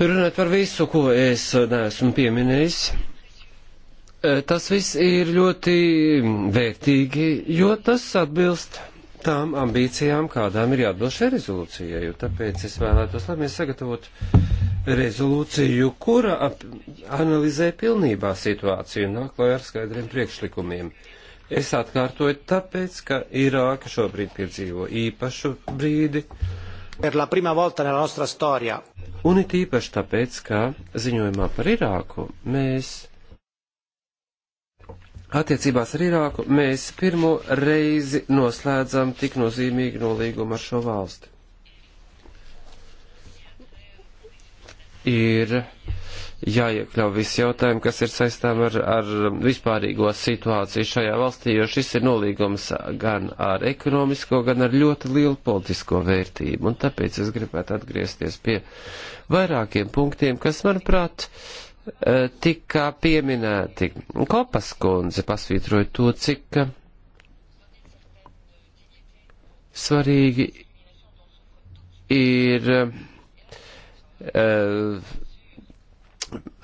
Runāt par visu, ko es neesmu pieminējis, eh, tas viss ir ļoti mm, vērtīgi, jo tas atbilst tām ambīcijām, kādām ir jāatbilst šai rezolūcijai. Tāpēc es vēlētos, lai mēs sagatavotu rezolūciju, kura ap, analizē pilnībā situāciju un nāk klajā ar skaidriem priekšlikumiem. Es atkārtoju tāpēc, ka Irāka šobrīd piedzīvo īpašu brīdi. Un it īpaši tāpēc, ka ziņojumā par Irāku mēs Attiecībās ar Irāku mēs pirmo reizi noslēdzam tik nozīmīgu nolīgumu ar šo valsti. Ir jāiekļau visi jautājumi, kas ir saistām ar, ar vispārīgo situāciju šajā valstī, jo šis ir nolīgums gan ar ekonomisko, gan ar ļoti lielu politisko vērtību. Un tāpēc es gribētu atgriezties pie vairākiem punktiem, kas, manuprāt, uh, Eh, tika pieminēti. Kopas kundze pasvītroja to, cik eh, svarīgi ir uh,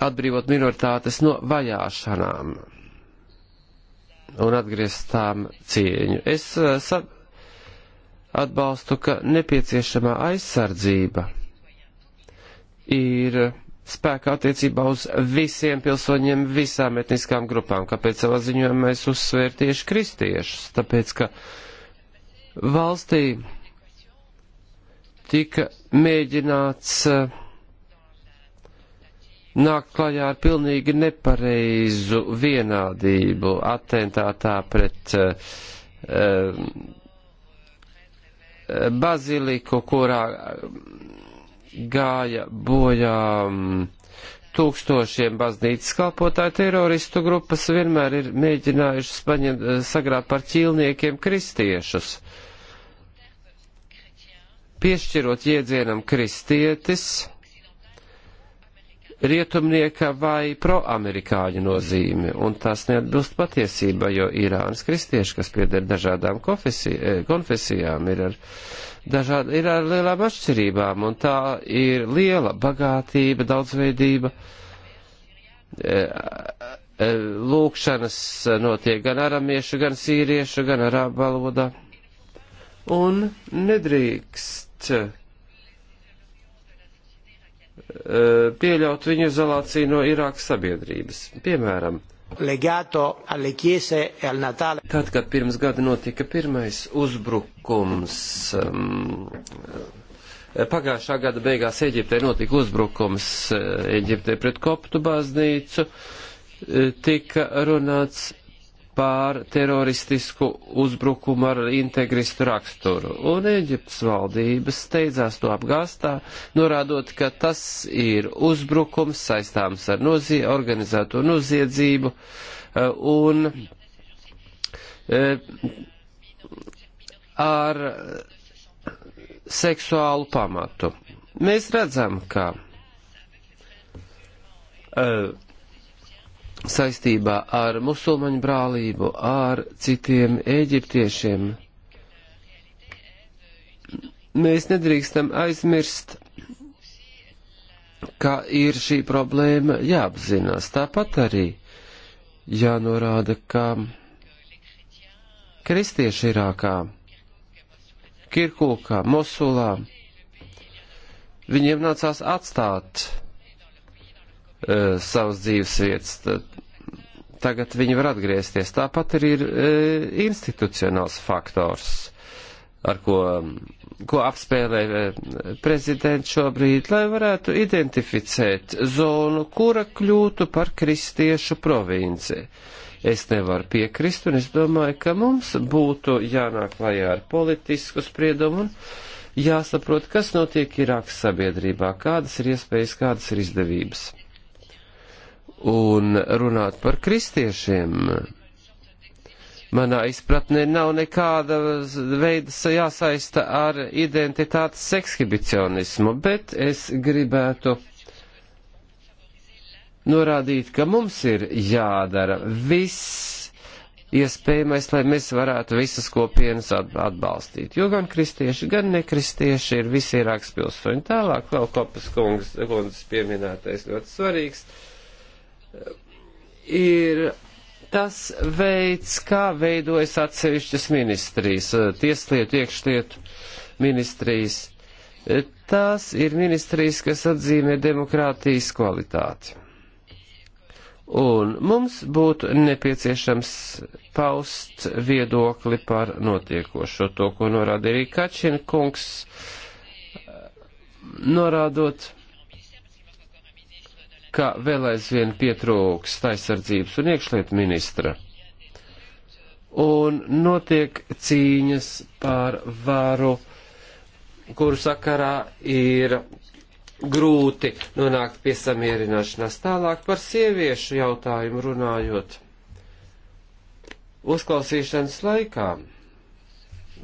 atbrīvot minoritātes no vajāšanām un atgriezt tām cieņu. Es uh, atbalstu, ka nepieciešamā aizsardzība ir uh, spēkā attiecībā uz visiem pilsoņiem, visām etniskām grupām. Kāpēc savā ziņojumā es uzsvēru tieši kristiešus? Tāpēc, ka valstī tika mēģināts eh, nākt klajā ar pilnīgi nepareizu vienādību atentātā pret uh, baziliku, kurā gāja bojām mm, tūkstošiem baznīcas kalpotāju teroristu grupas vienmēr ir mēģinājušas paņemt, eh, sagrāt par ķīlniekiem kristiešus. Piešķirot jēdzienam kristietis, rietumnieka vai proamerikāņu nozīmi, un tās neatbilst patiesībā, jo Irānas kristieši, kas pieder dažādām eh, konfesijām, ir ar dažādi, ir ar lielām atšķirībām, un tā ir liela bagātība, daudzveidība. E, e, lūkšanas notiek gan aramiešu, gan sīriešu, gan arābu valodā. Un nedrīkst e, pieļaut viņu izolāciju no Irākas sabiedrības. Piemēram, E Tad, kad pirms gada notika pirmais uzbrukums, um, pagājušā gada beigās Eģiptē notika uzbrukums uh, Eģiptē pret koptu baznīcu, uh, tika runāts pār teroristisku uzbrukumu ar integristu raksturu, un Eģiptes valdības steidzās to apgāstā, norādot, ka tas ir uzbrukums saistāms ar nozie, organizēto noziedzību, eh, un eh, ar seksuālu pamatu. Mēs redzam, ka uh, saistībā ar musulmaņu brālību, ar citiem eģiptiešiem. Mēs nedrīkstam aizmirst, ka ir šī problēma jāapzinās. Tāpat arī jānorāda, ka kristieši Irākā, Kirkūkā, Mosulā, viņiem nācās atstāt Eh, savas dzīves vietas, tad tagad viņi var atgriezties. Tāpat arī ir eh, institucionāls faktors, ar ko, ko apspēlē eh, prezidents šobrīd, lai varētu identificēt zonu, kura kļūtu par kristiešu provinci. Es nevaru piekrist, un es domāju, ka mums būtu jānāk klajā ar politisku spriedumu un jāsaprot, kas notiek Irākas sabiedrībā, kādas ir iespējas, kādas ir izdevības un runāt par kristiešiem. Manā izpratnē nav nekāda veida jāsaista ar identitātes ekskibicionismu, bet es gribētu norādīt, ka mums ir jādara viss iespējamais, lai mēs varētu visas kopienas atbalstīt. Jo gan kristieši, gan nekristieši ir visi Irāks pilsoņi. Tālāk vēl kopas kungas, kundas pieminētais ļoti svarīgs. Uh, ir tas veids, kā veidojas atsevišķas ministrijas, eh, tieslietu, iekšlietu ministrijas. Eh, tās ir ministrijas, kas atzīmē demokrātijas kvalitāti. Un mums būtu nepieciešams paust viedokli par notiekošo, to, ko norādīja arī Kačina kungs, norādot ka vēl aizvien pietrūks taisardzības un iekšlietu ministra. Un notiek cīņas par varu, kuru sakarā ir grūti nonākt pie samierināšanās. Tālāk par sieviešu jautājumu runājot. Uzklausīšanas laikā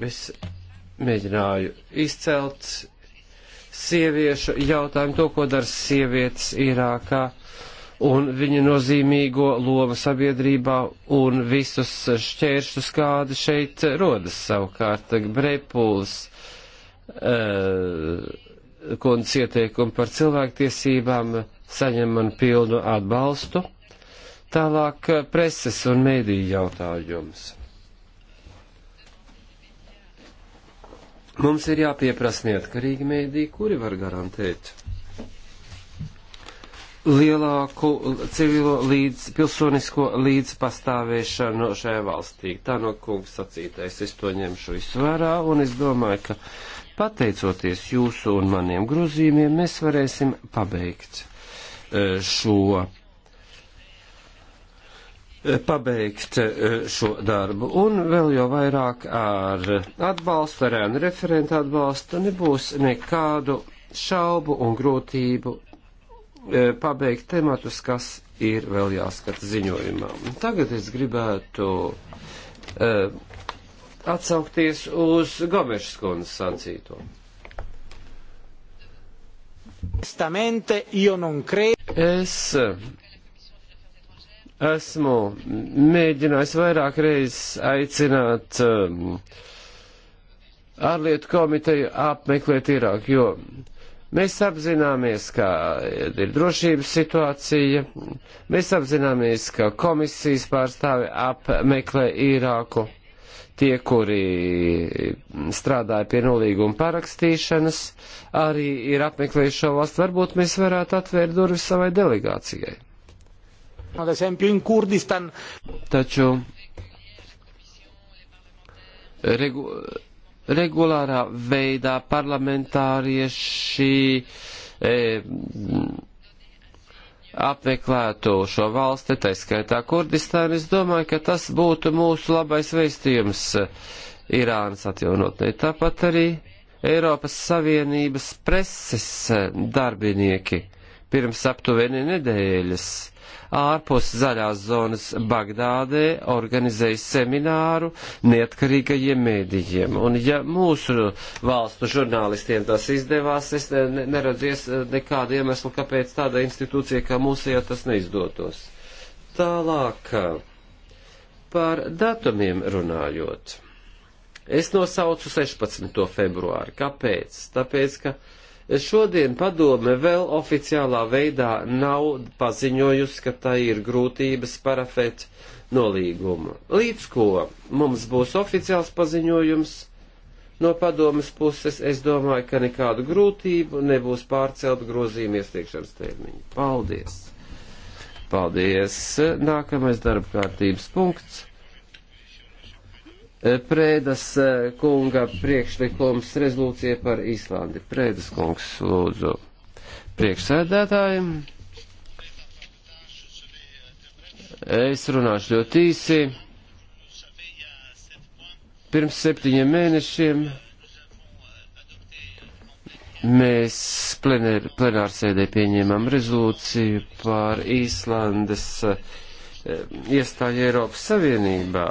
es mēģināju izcelt sieviešu jautājumu, to, ko dara sievietes Irākā un viņa nozīmīgo lomu sabiedrībā un visus šķēršļus, kādi šeit rodas savukārt. Brepuls, uh, eh, kundas ieteikumi par cilvēktiesībām saņem man pilnu atbalstu. Tālāk eh, preses un mēdīju jautājums. Mums ir jāpieprasa neatkarīgi mēdī, kuri var garantēt lielāku civilo līdz, pilsonisko līdzpastāvēšanu šajā valstī. Tā no kungs sacītais, es to ņemšu visu vērā, un es domāju, ka pateicoties jūsu un maniem grozījumiem, mēs varēsim pabeigt eh, šo pabeigt eh, šo darbu. Un vēl jau vairāk ar atbalstu, ar ēnu referentu atbalstu nebūs nekādu šaubu un grūtību eh, pabeigt tematus, kas ir vēl jāskata ziņojumā. Tagad es gribētu uh, atsaukties uz Gomešas kundzes sancīto. Es Esmu mēģinājis vairāk reizes aicināt um, ārlietu komiteju apmeklēt Irāku, jo Mēs apzināmies, ka ir drošības situācija, mēs apzināmies, ka komisijas pārstāvi apmeklē Īrāku, tie, kuri strādāja pie nolīguma parakstīšanas, arī ir apmeklējuši šo valstu. Varbūt mēs varētu atvērt durvis savai delegācijai. Taču regu, regulārā veidā parlamentārieši e, apmeklētu šo valsti, tā skaitā Kurdistānu, es domāju, ka tas būtu mūsu labais veistījums Irānas atjaunotnē. Tāpat arī Eiropas Savienības preses darbinieki pirms aptuveni nedēļas ārpus zaļās zonas Bagdādē organizēja semināru neatkarīgajiem mēdījiem. Un ja mūsu valstu žurnālistiem tas izdevās, es neredzies eh, nekādu iemeslu, kāpēc tāda institūcija kā mūsējā tas neizdotos. Tālāk par datumiem runājot. Es nosaucu 16. februāri. Kāpēc? Tāpēc, ka Šodien padome vēl oficiālā veidā nav paziņojusi, ka tā ir grūtības parafēt nolīgumu. Līdz ko mums būs oficiāls paziņojums no padomas puses, es domāju, ka nekādu grūtību nebūs pārcelt grozījumu iestiekšanas termiņu. Paldies! Paldies! Nākamais darba kārtības punkts Prēdas eh, kunga priekšlikums rezolūcija par Īslandi. Prēdas kungs lūdzu priekšsēdētājiem. Es runāšu ļoti īsi. Pirms septiņiem mēnešiem mēs plenārsēdē pieņēmām rezolūciju par Īslandes uh, Eh, iestāja Eiropas Savienībā.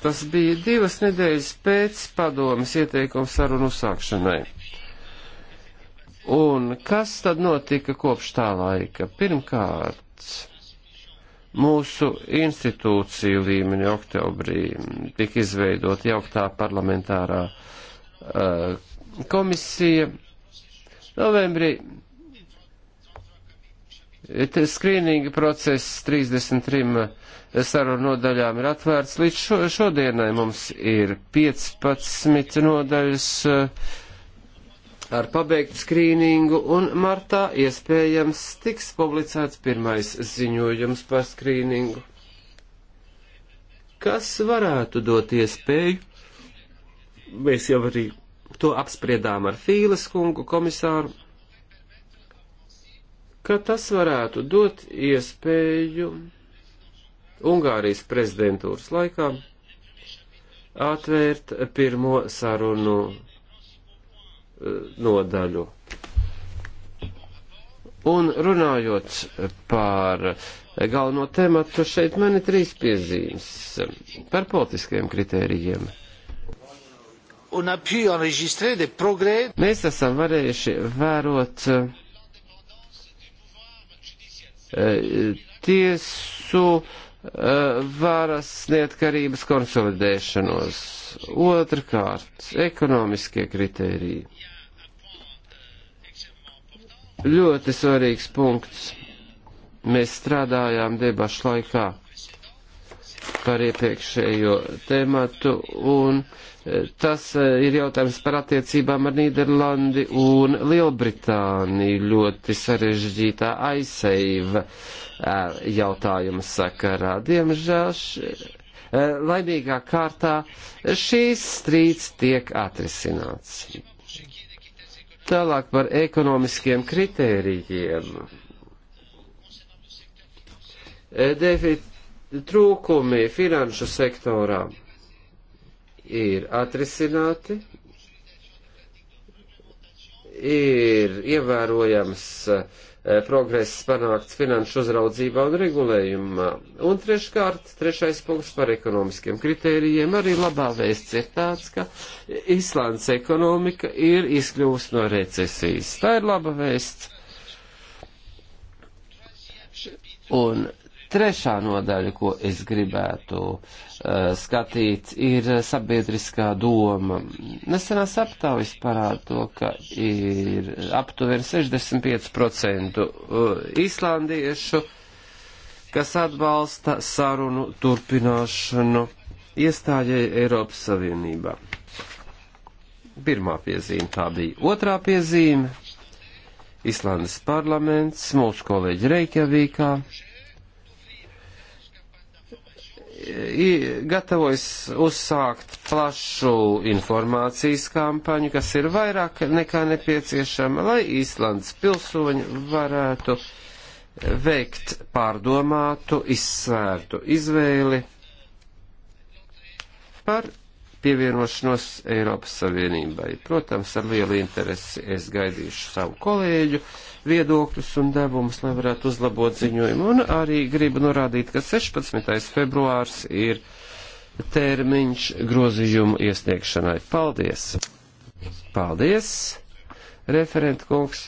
Tas bija divas nedēļas pēc padomas ieteikuma sarunu sākšanai. Un kas tad notika kopš tā laika? Pirmkārt, mūsu institūciju līmeņa oktobrī tika izveidot jauktā parlamentārā uh, komisija. Novembrī Skrīninga process 33 sarunu nodaļām ir atvērts. Līdz šo, šodienai mums ir 15 nodaļas eh, ar pabeigtu skrīningu, un martā iespējams tiks publicēts pirmais ziņojums par skrīningu, kas varētu dot iespēju. Mēs jau arī to apspriedām ar Fīles kungu komisāru ka tas varētu dot iespēju Ungārijas prezidentūras laikā atvērt pirmo sarunu eh, nodaļu. Un runājot par galveno tēmatu, šeit man ir trīs piezīmes par politiskiem kritērijiem. Mēs esam varējuši vērot uh, tiesu eh, varas neatkarības konsolidēšanos. Otrakārt, ekonomiskie kritēriji. Ļoti svarīgs punkts. Mēs strādājām debašu laikā par iepriekšējo tēmatu, un e, tas e, ir jautājums par attiecībām ar Nīderlandi un Lielbritāniju ļoti sarežģītā aizseiva e, jautājuma sakarā. Diemžēl š... laimīgā kārtā šīs strīds tiek atrisināts. Tālāk par ekonomiskiem kritērijiem. Deficīts trūkumi finanšu sektorā ir atrisināti, ir ievērojams eh, progress panākts finanšu uzraudzībā un regulējumā. Un treškārt, trešais punkts par ekonomiskiem kritērijiem. Arī labā vēsts ir tāds, ka Islands ekonomika ir izkļūst no recesijas. Tā ir laba vēsts. Un Trešā nodaļa, ko es gribētu uh, skatīt, ir sabiedriskā doma. Nesenās aptaujas parāda to, ka ir aptuveni 65% uh, islandiešu, kas atbalsta sarunu turpināšanu iestājai Eiropas Savienībā. Pirmā piezīme tā bija. Otrā piezīme Islandes parlaments, mūsu kolēģi Reikjavīkā, gatavojas uzsākt plašu informācijas kampaņu, kas ir vairāk nekā nepieciešama, lai Īslandes pilsoņi varētu veikt pārdomātu, izsvērtu izvēli par pievienošanos Eiropas Savienībai. Protams, ar lielu interesi es gaidīšu savu kolēģu viedokļus un devumus, lai varētu uzlabot ziņojumu. Un arī gribu norādīt, ka 16. februārs ir termiņš grozījumu iesniegšanai. Paldies! Paldies, referent kungs!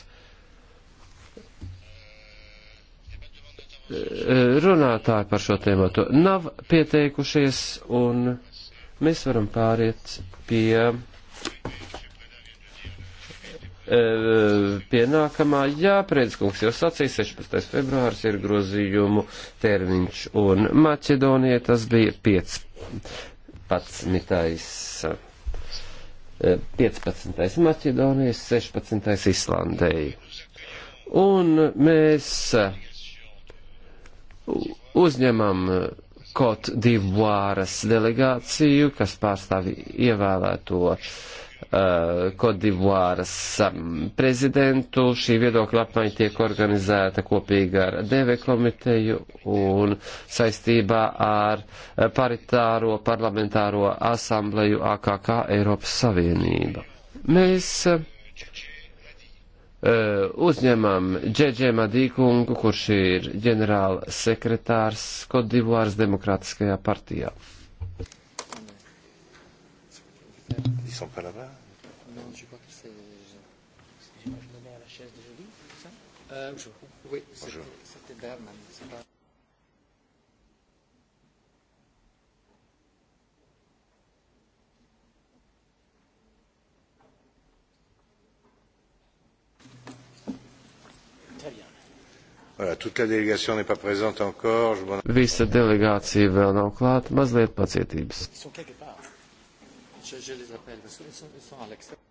Runātāji par šo tēmu nav pieteikušies, un mēs varam pāriet pie E, pie nākamā. Jā, Prēdskungs jau sacīja, 16. februāris ir grozījumu termiņš, un Maķedonija tas bija 15. 15. E, Maķedonijas, 16. Islandēji. Un mēs uzņemam Kot Divuāras delegāciju, kas pārstāvi ievēlēto uh, Kodivāras eh, prezidentu. Šī viedokļa apmaiņa tiek organizēta kopīgi ar DV komiteju un saistībā ar eh, paritāro parlamentāro asambleju AKK Eiropas Savienība. Mēs eh, uzņemam Džedžē Madīkungu, kurš ir ģenerāla sekretārs Kodivāras Demokrātiskajā partijā. Ils sont pas là-bas. là où je... Oui, c'était Berman. Pas... Visa delegācija vēl nav klāta, mazliet pacietības. Ils sont quelque part. Je, je les appelle parce qu'ils sont, ils sont à l'extérieur.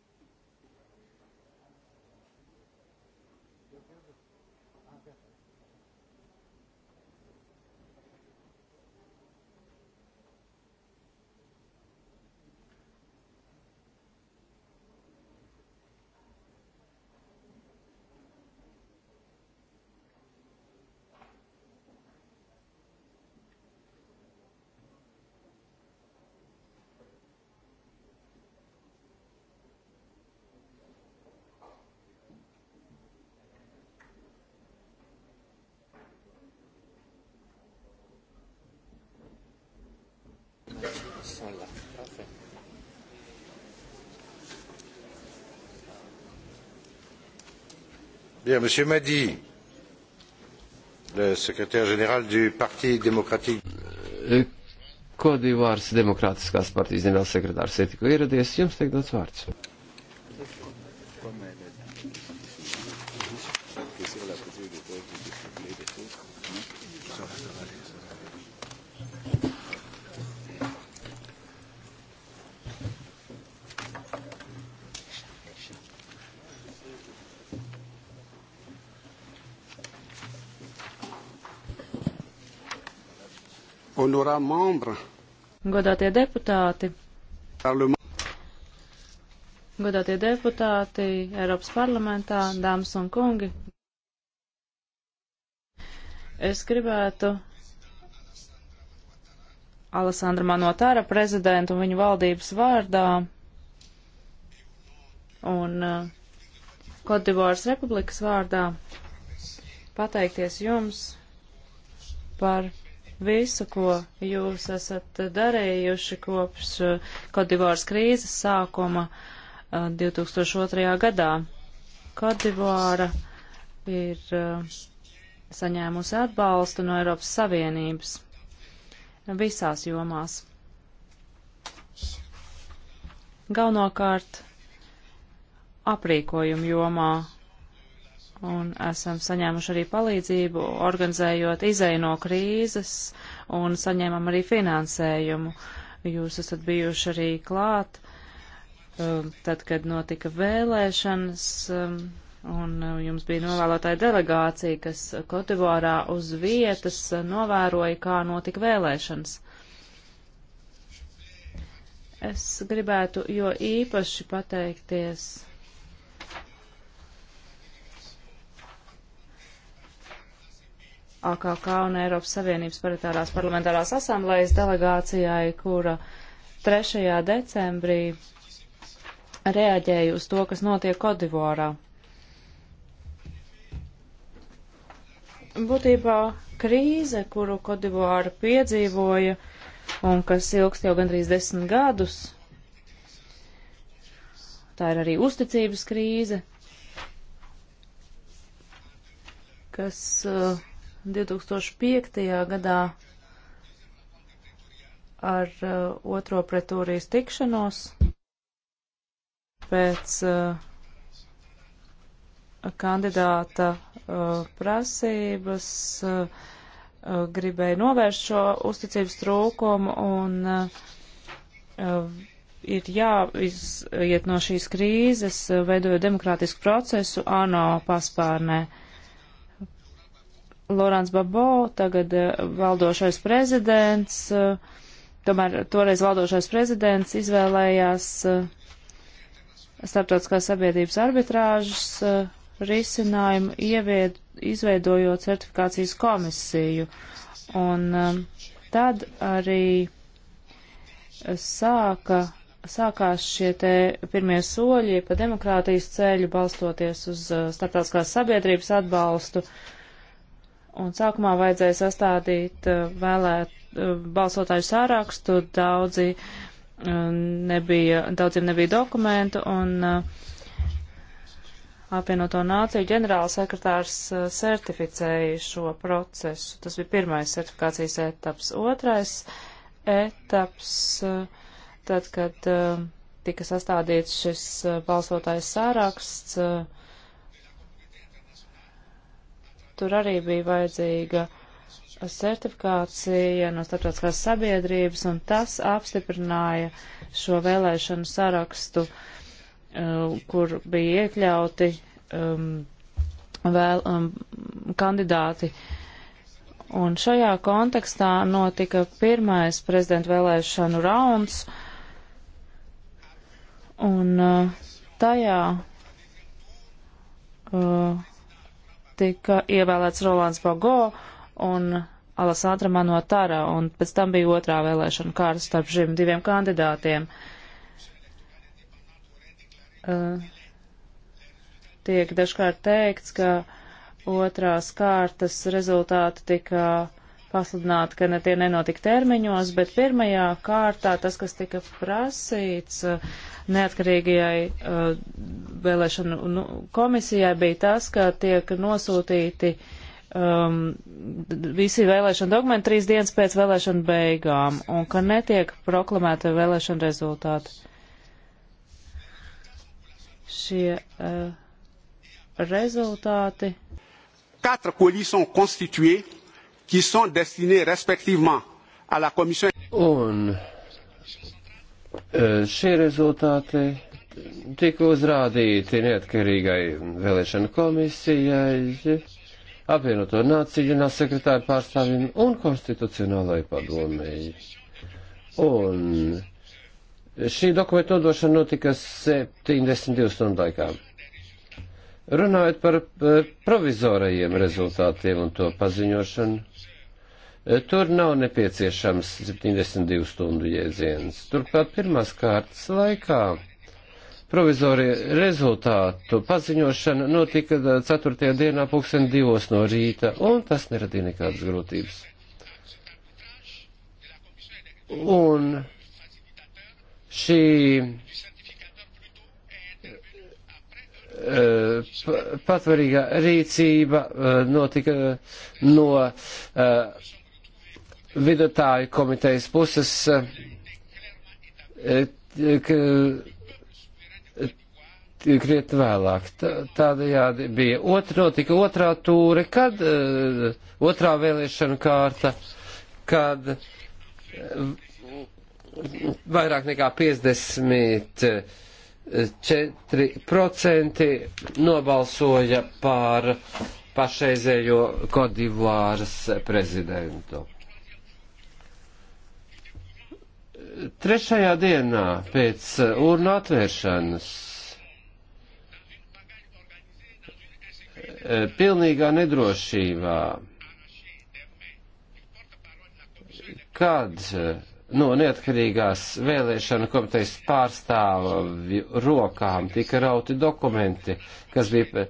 Bien, Monsieur Madi, le secrétaire général du Parti démocratique. E, Kodivārs Demokrātiskās partijas ģenerālsekretārs ir tikko ieradies, jums tiek dots vārds. Godātie deputāti! Godātie deputāti Eiropas parlamentā, dāmas un kungi! Es gribētu Alessandra Manotāra prezidentu un viņu valdības vārdā un Kodivāras uh, republikas vārdā pateikties jums par visu, ko jūs esat darījuši kopš uh, Kodivāras krīzes sākuma 2002. Uh, gadā. Kodivāra ir uh, saņēmusi atbalstu no Eiropas Savienības visās jomās. Galvenokārt aprīkojumu jomā un esam saņēmuši arī palīdzību, organizējot izēju no krīzes un saņēmam arī finansējumu. Jūs esat bijuši arī klāt, um, tad, kad notika vēlēšanas, um, un uh, jums bija novēlotāja delegācija, kas Kotivārā uz vietas novēroja, kā notika vēlēšanas. Es gribētu jo īpaši pateikties AKK un Eiropas Savienības paritārās parlamentārās asamblējas delegācijai, kura 3. decembrī reaģēja uz to, kas notiek Kodivorā. Būtībā krīze, kuru Kodivora piedzīvoja un kas ilgst jau gandrīz desmit gadus, tā ir arī uzticības krīze, kas uh, 2005. gadā ar uh, otro pretorijas tikšanos pēc uh, kandidāta uh, prasības uh, uh, gribēja novērst šo uzticības trūkumu un uh, uh ir jāiet no šīs krīzes, uh, veidojot demokrātisku procesu ANO paspārnē. Uh, Lorāns Babo, tagad eh, valdošais prezidents, eh, tomēr toreiz valdošais prezidents izvēlējās eh, starptautiskās sabiedrības arbitrāžas risinājumu ievied, izveidojot certifikācijas komisiju. Un tad arī sāka, sākās šie te pirmie soļi pa demokrātijas ceļu, balstoties uz starptautiskās sabiedrības atbalstu. Uh, Un sākumā vajadzēja sastādīt uh, vēlēt uh, balsotāju sārakstu, daudzi uh, nebija, daudziem nebija dokumentu, un apvienoto nāciju ģenerāla sekretārs certificēja šo procesu. Tas bija pirmais certifikācijas etaps. Otrais etaps, tad, kad tika sastādīts šis balsotājs sāraksts, tur arī bija vajadzīga certifikācija no starptautiskās sabiedrības, un tas apstiprināja šo vēlēšanu sarakstu, uh, kur bija iekļauti um, vēl, um, kandidāti. Un šajā kontekstā notika pirmais prezidenta vēlēšanu rauns, un uh, tajā uh, tika ievēlēts Rolands Bogo un Alasandra Manotara, un pēc tam bija otrā vēlēšana kāra starp šiem diviem kandidātiem. Uh, tiek dažkārt teikts, ka otrās kārtas rezultāti tika uh, pasludināt, ka ne tie nenotika termiņos, bet pirmajā kārtā tas, kas tika prasīts eh, neatkarīgajai uh, vēlēšanu nu, komisijai, bija tas, ka tiek nosūtīti um, visi vēlēšana dokumenti trīs dienas pēc vēlēšana beigām un ka netiek proklamēta vēlēšana rezultāti. Šie uh, rezultāti. Quatre colis sont constitués qui sont destinés respectivement à la Commission. Un eh, šie rezultāti tika uzrādīti neatkarīgai vēlēšana komisijai, apvienoto nāciju ģenerālsekretāru pārstāvjiem un konstitucionālajai padomēji. Un šī dokumenta nodošana notika 72 stundu laikā. Runājot par eh, provizorajiem rezultātiem un to paziņošanu, Tur nav nepieciešams 72 stundu jēdziens. Turklāt pirmās kārtas laikā provizorija rezultātu paziņošana notika 4. dienā pulksten 2 no rīta, un tas neradīja nekādas grūtības. Un šī eh, patvarīga rīcība eh, notika eh, no vidutāju komitejas puses eh, krietni vēlāk. Tādējādi bija otra, notika otrā tūre, kad eh, otrā vēlēšana kārta, kad eh, vairāk nekā 54% nobalsoja pār pašreizējo Kodivāras prezidentu. Trešajā dienā pēc uh, urnu atvēršanas uh, pilnīgā nedrošībā, kad uh, no neatkarīgās vēlēšana komitejas pārstāvju rokām tika rauti dokumenti, kas bija,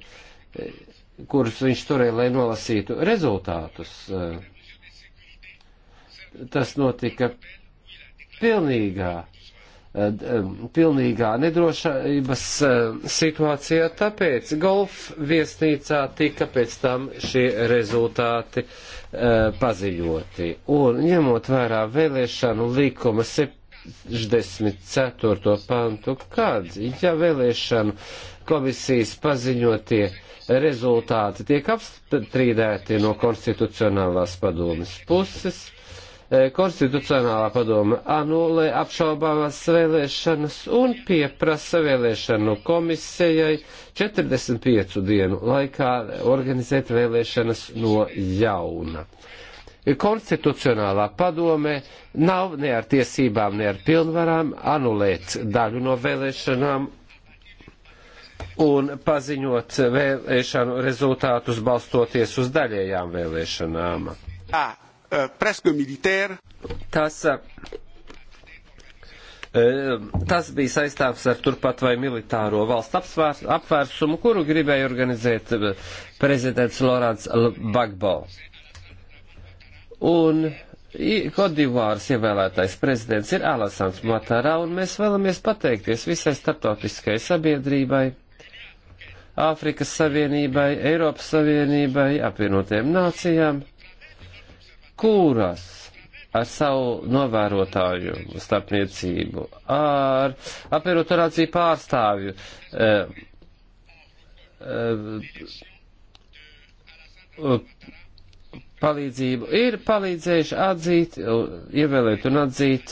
kurus viņš turēja, lai nolasītu rezultātus. Tas notika pilnīgā, eh, eh, pilnīgā nedrošības eh, situācijā, tāpēc golf viesnīcā tika pēc tam šie rezultāti paziņoti. Un ņemot vērā vēlēšanu likuma 64. pantu, kad, ja vēlēšanu komisijas paziņotie rezultāti tiek apstrīdēti no konstitucionālās padomas puses, E, konstitucionālā padoma anulē apšaubāmās vēlēšanas un pieprasa vēlēšanu komisijai 45 dienu laikā organizēt vēlēšanas no jauna. Konstitucionālā padome nav ne ar tiesībām, ne ar pilnvarām anulēt daļu no vēlēšanām un paziņot vēlēšanu rezultātus balstoties uz daļējām vēlēšanām. À ah euh, presque militaire. Tas, Tas bija saistāms ar turpat vai militāro valsts apvērsumu, kuru gribēja organizēt prezidents Lorāns Bagbo. Un Kodivāras ievēlētais prezidents ir Alasans Matarā, un mēs vēlamies pateikties visai starptautiskajai sabiedrībai, Āfrikas Savienībai, Eiropas Savienībai, apvienotiem nācijām kuras ar savu novērotāju starpniecību, ar aperotorāciju pārstāvju, eh, eh, palīdzību ir palīdzējuši atzīt, ievēlēt un atzīt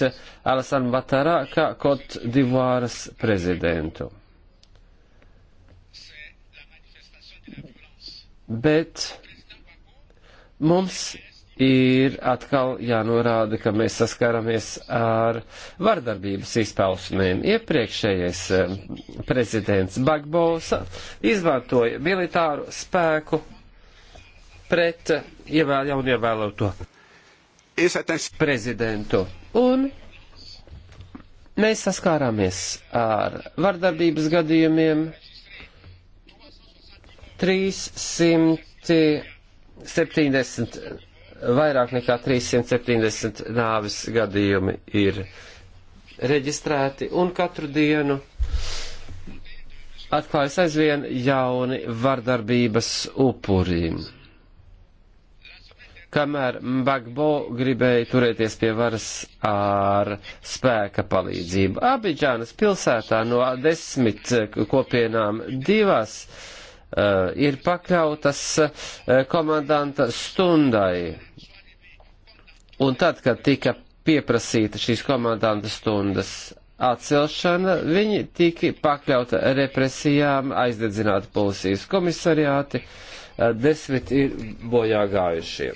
Alasan Batarā kā Kot Divāras prezidentu. Bet mums ir atkal jānorāda, ka mēs saskaramies ar vardarbības izpausmēm. Iepriekšējais eh, prezidents Bagbaus izmantoja militāru spēku pret ievēl, jaunievēloto prezidentu. Un mēs saskārāmies ar vardarbības gadījumiem 370 vairāk nekā 370 nāvis gadījumi ir reģistrēti un katru dienu atklājas aizvien jauni vardarbības upurī. Kamēr Mbagbo gribēja turēties pie varas ar spēka palīdzību. Abidžānas pilsētā no desmit kopienām divas uh, ir pakļautas uh, komandanta stundai Un tad, kad tika pieprasīta šīs komandanta stundas atcelšana, viņi tika pakļauta represijām, aizdedzināti policijas komisariāti, eh, desmit ir bojā gājušie.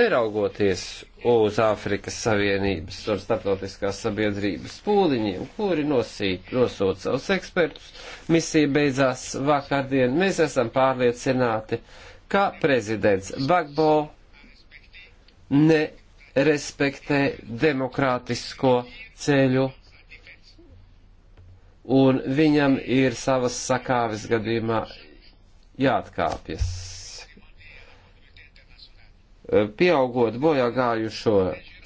Neraugoties uz Āfrikas Savienības un starptautiskās sabiedrības pūliņiem, kuri nosīt, nosūt savus ekspertus, misija beidzās vakardien. Mēs esam pārliecināti, ka prezidents Bagbo ne respektē demokrātisko ceļu, un viņam ir savas sakāves gadījumā jāatkāpjas. Pieaugot bojā gājušo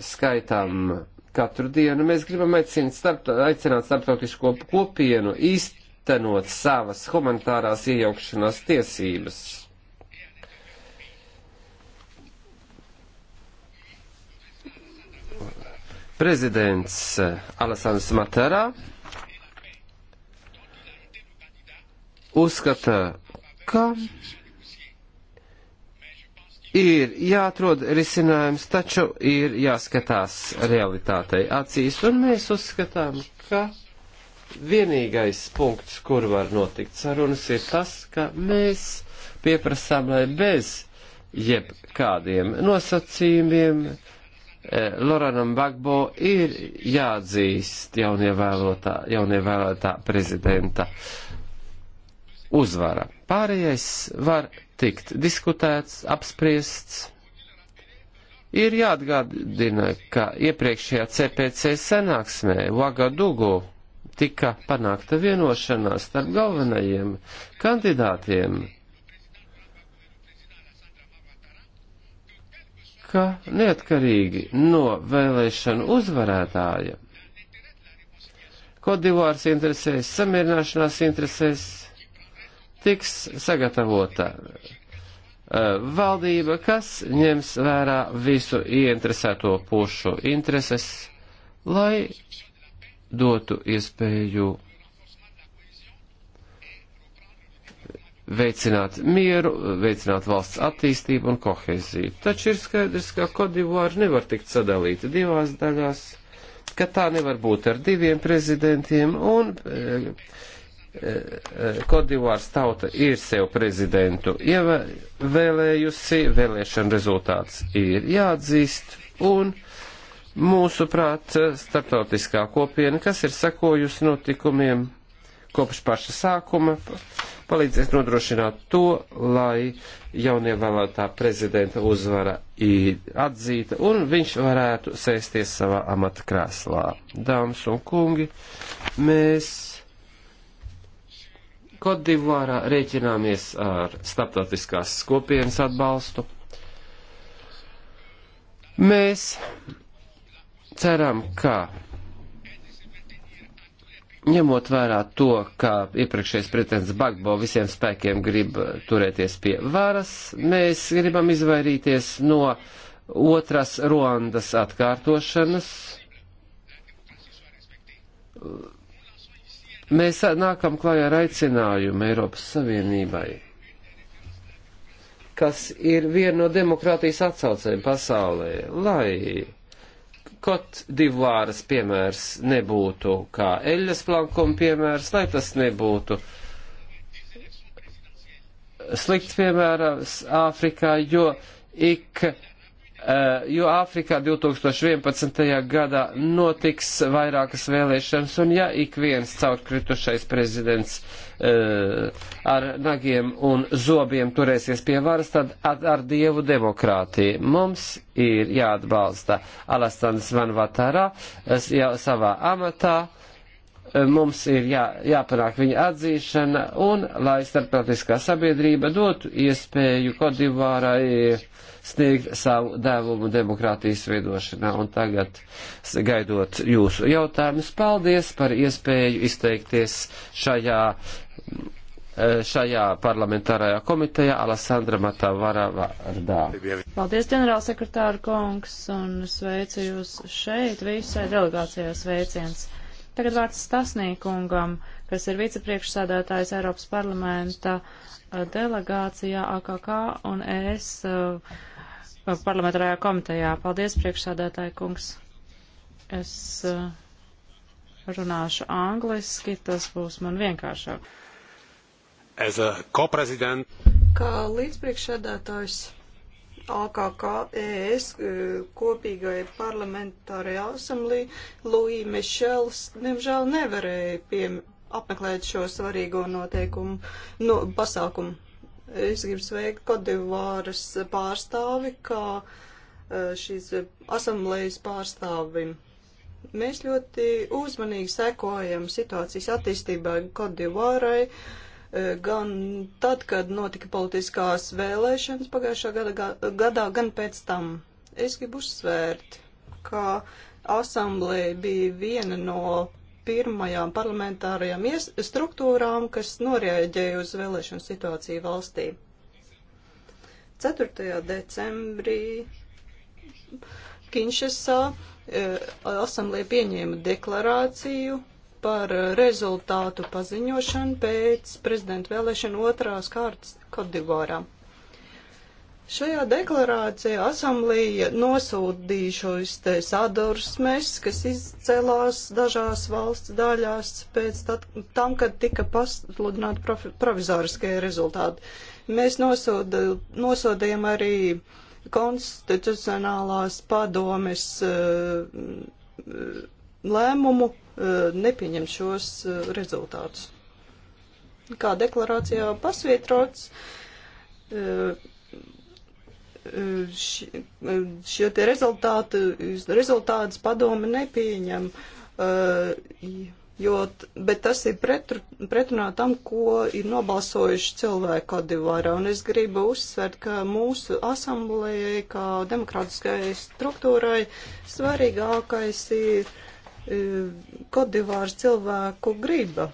skaitām katru dienu, mēs gribam aicināt, starp, aicināt starptautisko kopienu īstenot savas humanitārās iejaukšanās tiesības prezidents eh, Alasans Matera uzskata, ka ir jāatrod risinājums, taču ir jāskatās realitātei acīs, un mēs uzskatām, ka vienīgais punkts, kur var notikt sarunas, ir tas, ka mēs pieprasām, lai bez jebkādiem nosacījumiem Eh, Loranam Bagbo ir jāatzīst jaunievēlotā, jaunievēlētā prezidenta uzvara. Pārējais var tikt diskutēts, apspriests. Ir jāatgādina, ka iepriekšējā CPC sanāksmē Vagadugu tika panākta vienošanās starp galvenajiem kandidātiem ka neatkarīgi no vēlēšanu uzvarētāja, Kodivārs interesēs, samierināšanās interesēs, tiks sagatavota e, valdība, kas ņems vērā visu ieinteresēto pušu intereses, lai dotu iespēju veicināt mieru, veicināt valsts attīstību un koheziju. Taču ir skaidrs, ka Kodivāra nevar tikt sadalīta divās daļās, ka tā nevar būt ar diviem prezidentiem, un e, eh, e, eh, Kodivārs eh, tauta ir sev prezidentu ievēlējusi, vēlēšana rezultāts ir jāatzīst, un mūsuprāt, starptautiskā kopiena, kas ir sakojusi notikumiem kopš paša sākuma, palīdzēs nodrošināt to, lai jaunievēlētā prezidenta uzvara ir atzīta un viņš varētu sēsties savā amata krēslā. Dāmas un kungi, mēs Kodivārā rēķināmies ar starptautiskās kopienas atbalstu. Mēs ceram, ka ņemot vērā to, ka iepriekšējais pretends Bagbo visiem spēkiem grib turēties pie varas, mēs gribam izvairīties no otras Ruandas atkārtošanas. Mēs nākam klājā ar aicinājumu Eiropas Savienībai, kas ir viena no demokrātijas atsaucēm pasaulē, lai Kot divvāras piemērs nebūtu kā eļas plankuma piemērs, lai tas nebūtu slikts piemērs Āfrikā, jo ik Eh, jo Āfrikā 2011. gadā notiks vairākas vēlēšanas, un ja ik viens caurkritušais prezidents eh, ar nagiem un zobiem turēsies pie varas, tad ar, ar dievu demokrātiju. Mums ir jāatbalsta Alastanis Vanvatarā eh, savā amatā mums ir jā, jāpanāk viņa atzīšana un lai starptautiskā sabiedrība dotu iespēju Kodivārai sniegt savu devumu demokrātijas veidošanā. Un tagad, gaidot jūsu jautājumus, paldies par iespēju izteikties šajā eh, šajā parlamentārajā komitejā Alessandra Matavara vārdā. Paldies, ģenerālsekretāra kungs, un sveicu jūs šeit, visai delegācijai sveiciens. Tagad vārds Stasnīkungam, kas ir vicepriekšsādātājs Eiropas parlamenta eh, delegācijā AKK un ES eh, parlamentārajā komitejā. Paldies, priekšsādātāji kungs. Es eh, runāšu angliski, tas būs man vienkāršāk. As a co-president. Kā līdzpriekšsēdētājs AKK ES eh, kopīgai parlamentārajai asamblī Lūija Mišels nemžēl nevarēja pie, apmeklēt šo svarīgo noteikumu, no, pasākumu Es gribu sveikt Kodivāras pārstāvi, kā e, šīs asamblējas pārstāvim. Mēs ļoti uzmanīgi sekojam situācijas attīstībai Kodivārai, e, gan tad, kad notika politiskās vēlēšanas pagājušā gada, gadā, gan pēc tam. Es gribu uzsvērt, ka asamblēja bija viena no pirmajām parlamentārajām struktūrām, kas norēģēja uz vēlēšanu situāciju valstī. 4. decembrī Kinšesā e, asamblēja pieņēma deklarāciju par e, rezultātu paziņošanu pēc prezidenta vēlēšana otrās kārtas Kodivorā. Kārt Šajā deklarācijā asamblēja nosūtīja šos te sadursmes, kas izcēlās dažās valsts daļās pēc tad, tam, kad tika pasludināti provizoriskie rezultāti. Mēs nosūda, nosūdījām arī konstitucionālās padomes eh, lēmumu eh, nepieņemt šos eh, rezultātus. Kā deklarācijā pasvietrots, šie tie rezultāti, rezultātus padomi nepieņem, uh, jo, bet tas ir pretru, pretrunā tam, ko ir nobalsojuši cilvēki Kodivārā. Un es gribu uzsvērt, ka mūsu asamblējai, kā demokrātiskai struktūrai, svarīgākais ir uh, Kodivārs cilvēku griba.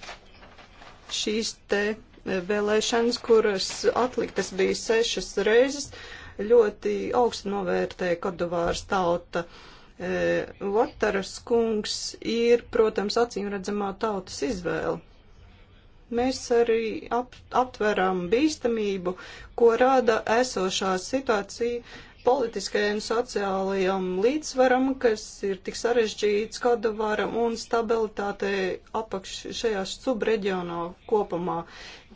Šīs te uh, vēlēšanas, kuras atliktas bija sešas reizes, uh, ļoti augstu novērtē Kodovāras tauta. E, Vataras kungs ir, protams, acīmredzamā tautas izvēle. Mēs arī ap, aptveram bīstamību, ko rada esošā situācija politiskajam un sociālajam līdzsvaram, kas ir tik sarežģīts Kodovāram un stabilitātei apakš šajā subreģionā kopumā.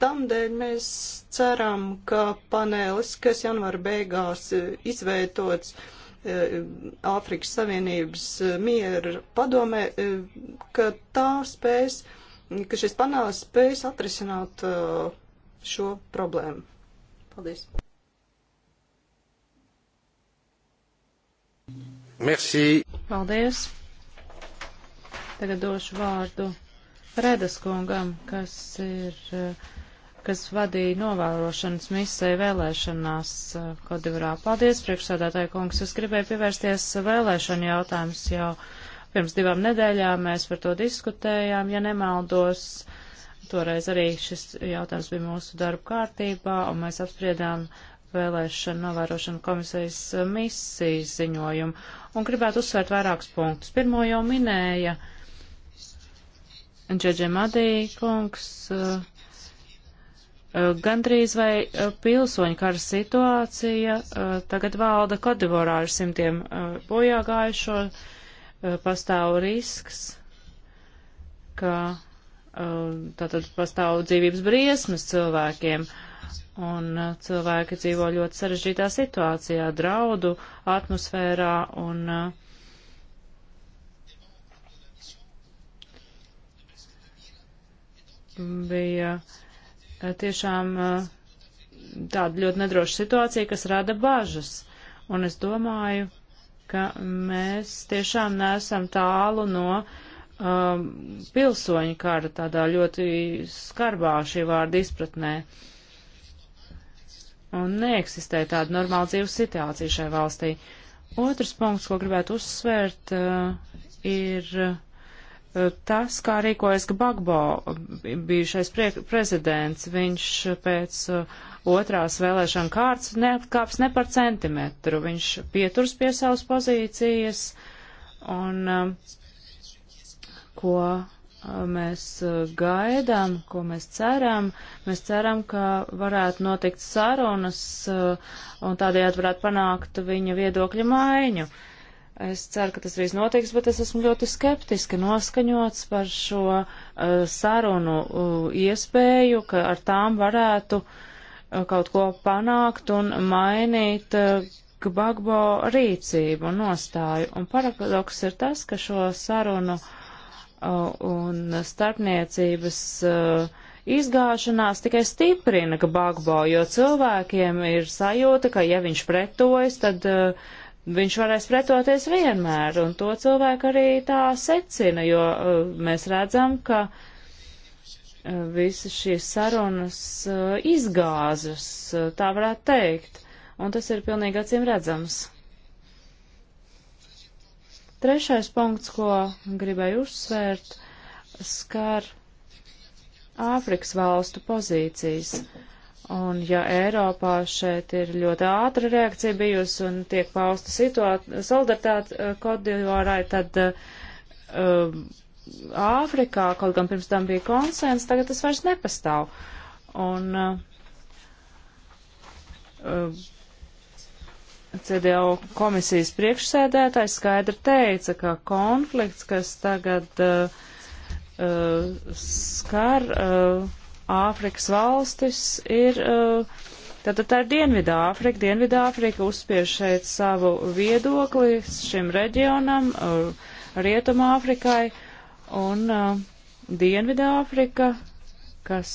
Tādēļ mēs ceram, ka panelis, kas janvāra beigās e, izveidots e, Āfrikas Savienības e, miera padomē, ka tā spēs, ka šis panāls spēs atrisināt šo problēmu. Paldies. Merci. Paldies. Tagad došu vārdu Redas kungam, kas ir uh, kas vadīja novērošanas misiju vēlēšanās Kodivarā. Eh, Paldies, priekšsādātāja kungs. Es gribēju pievērsties vēlēšanu jautājums jau pirms divām nedēļām. Mēs par to diskutējām, ja nemaldos. Toreiz arī šis jautājums bija mūsu darba kārtībā, un mēs apspriedām vēlēšana novērošana komisijas eh, misijas ziņojumu un gribētu uzsvērt vairākus punktus. Pirmo jau minēja Džedžemadī kungs, eh, Eh, gandrīz vai eh, pilsoņu kara situācija eh, tagad valda Kodivorā ar simtiem bojāgājušo, pastāv risks, ka tātad pastāv dzīvības briesmas cilvēkiem, un cilvēki dzīvo ļoti sarežģītā situācijā, draudu atmosfērā un uh, bija Eh, tiešām eh, tāda ļoti nedroša situācija, kas rada bažas. Un es domāju, ka mēs tiešām nesam tālu no um, pilsoņu kara tādā ļoti skarbā šī vārda izpratnē. Un neeksistē tāda normāla dzīves situācija šai valstī. Otrs punkts, ko gribētu uzsvērt, uh, ir. Uh, tas, kā rīkojas Gbagbo, bijušais prezidents, viņš pēc uh, otrās vēlēšana kārtas neatkāps ne par centimetru, viņš pieturs pie savas pozīcijas un uh, ko uh, mēs gaidām, ko mēs ceram. Mēs ceram, ka varētu notikt sarunas un tādējādi varētu panākt viņa viedokļa maiņu. Uh, Es ceru, ka tas drīz notiks, bet es esmu ļoti skeptiski noskaņots par šo uh, sarunu uh, iespēju, ka ar tām varētu uh, kaut ko panākt un mainīt uh, Gbagbo rīcību un nostāju. Un paradoks ir tas, ka šo sarunu uh, un starpniecības uh, izgāšanās tikai stiprina Gbagbo, jo cilvēkiem ir sajūta, ka ja viņš pretojas, tad. Uh, viņš varēs pretoties vienmēr, un to cilvēku arī tā secina, jo uh, mēs redzam, ka uh, visas šīs sarunas uh, izgāzas, uh, tā varētu teikt, un tas ir pilnīgi acīm redzams. Trešais punkts, ko gribēju uzsvērt, skar Āfrikas valstu pozīcijas. Uh, Un ja Eiropā šeit ir ļoti ātra reakcija bijusi un tiek pausta solidaritāte eh, Kodivārai, tad uh, Āfrikā, kaut gan pirms tam bija konsens, tagad tas vairs nepastāv. Un uh, eh, CDO komisijas priekšsēdētājs skaidri teica, ka konflikts, kas tagad uh, skar. Uh, Āfrikas valstis ir, eh, tātad tā ir Dienvidā Āfrika, Dienvidā Āfrika uzspiež šeit savu viedokli šim reģionam, eh, Rietumā Āfrikai, un eh, Dienvidā Āfrika, kas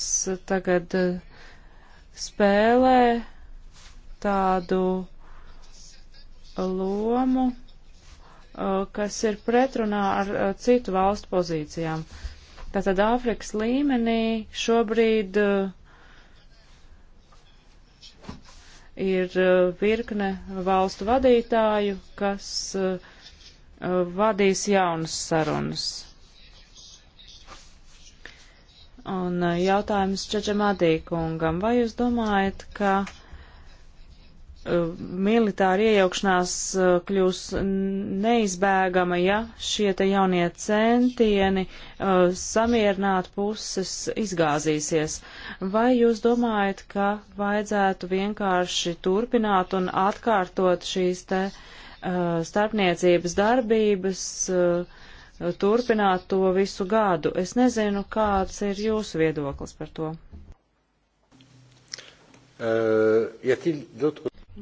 tagad spēlē tādu lomu, kas ir pretrunā ar citu valstu pozīcijām. Uh, Tātad Āfrikas līmenī šobrīd uh, ir uh, virkne valstu vadītāju, kas uh, vadīs jaunas sarunas. Un jautājums Čečemadī kungam, vai jūs domājat, ka Eh, militāra iejaukšanās eh, kļūs neizbēgama, ja šie te jaunie centieni eh, samierināt puses izgāzīsies. Vai jūs domājat, ka vajadzētu vienkārši turpināt un atkārtot šīs te starpniecības darbības, turpināt to visu gadu? Es nezinu, kāds ir jūsu viedoklis par to. Uh, ja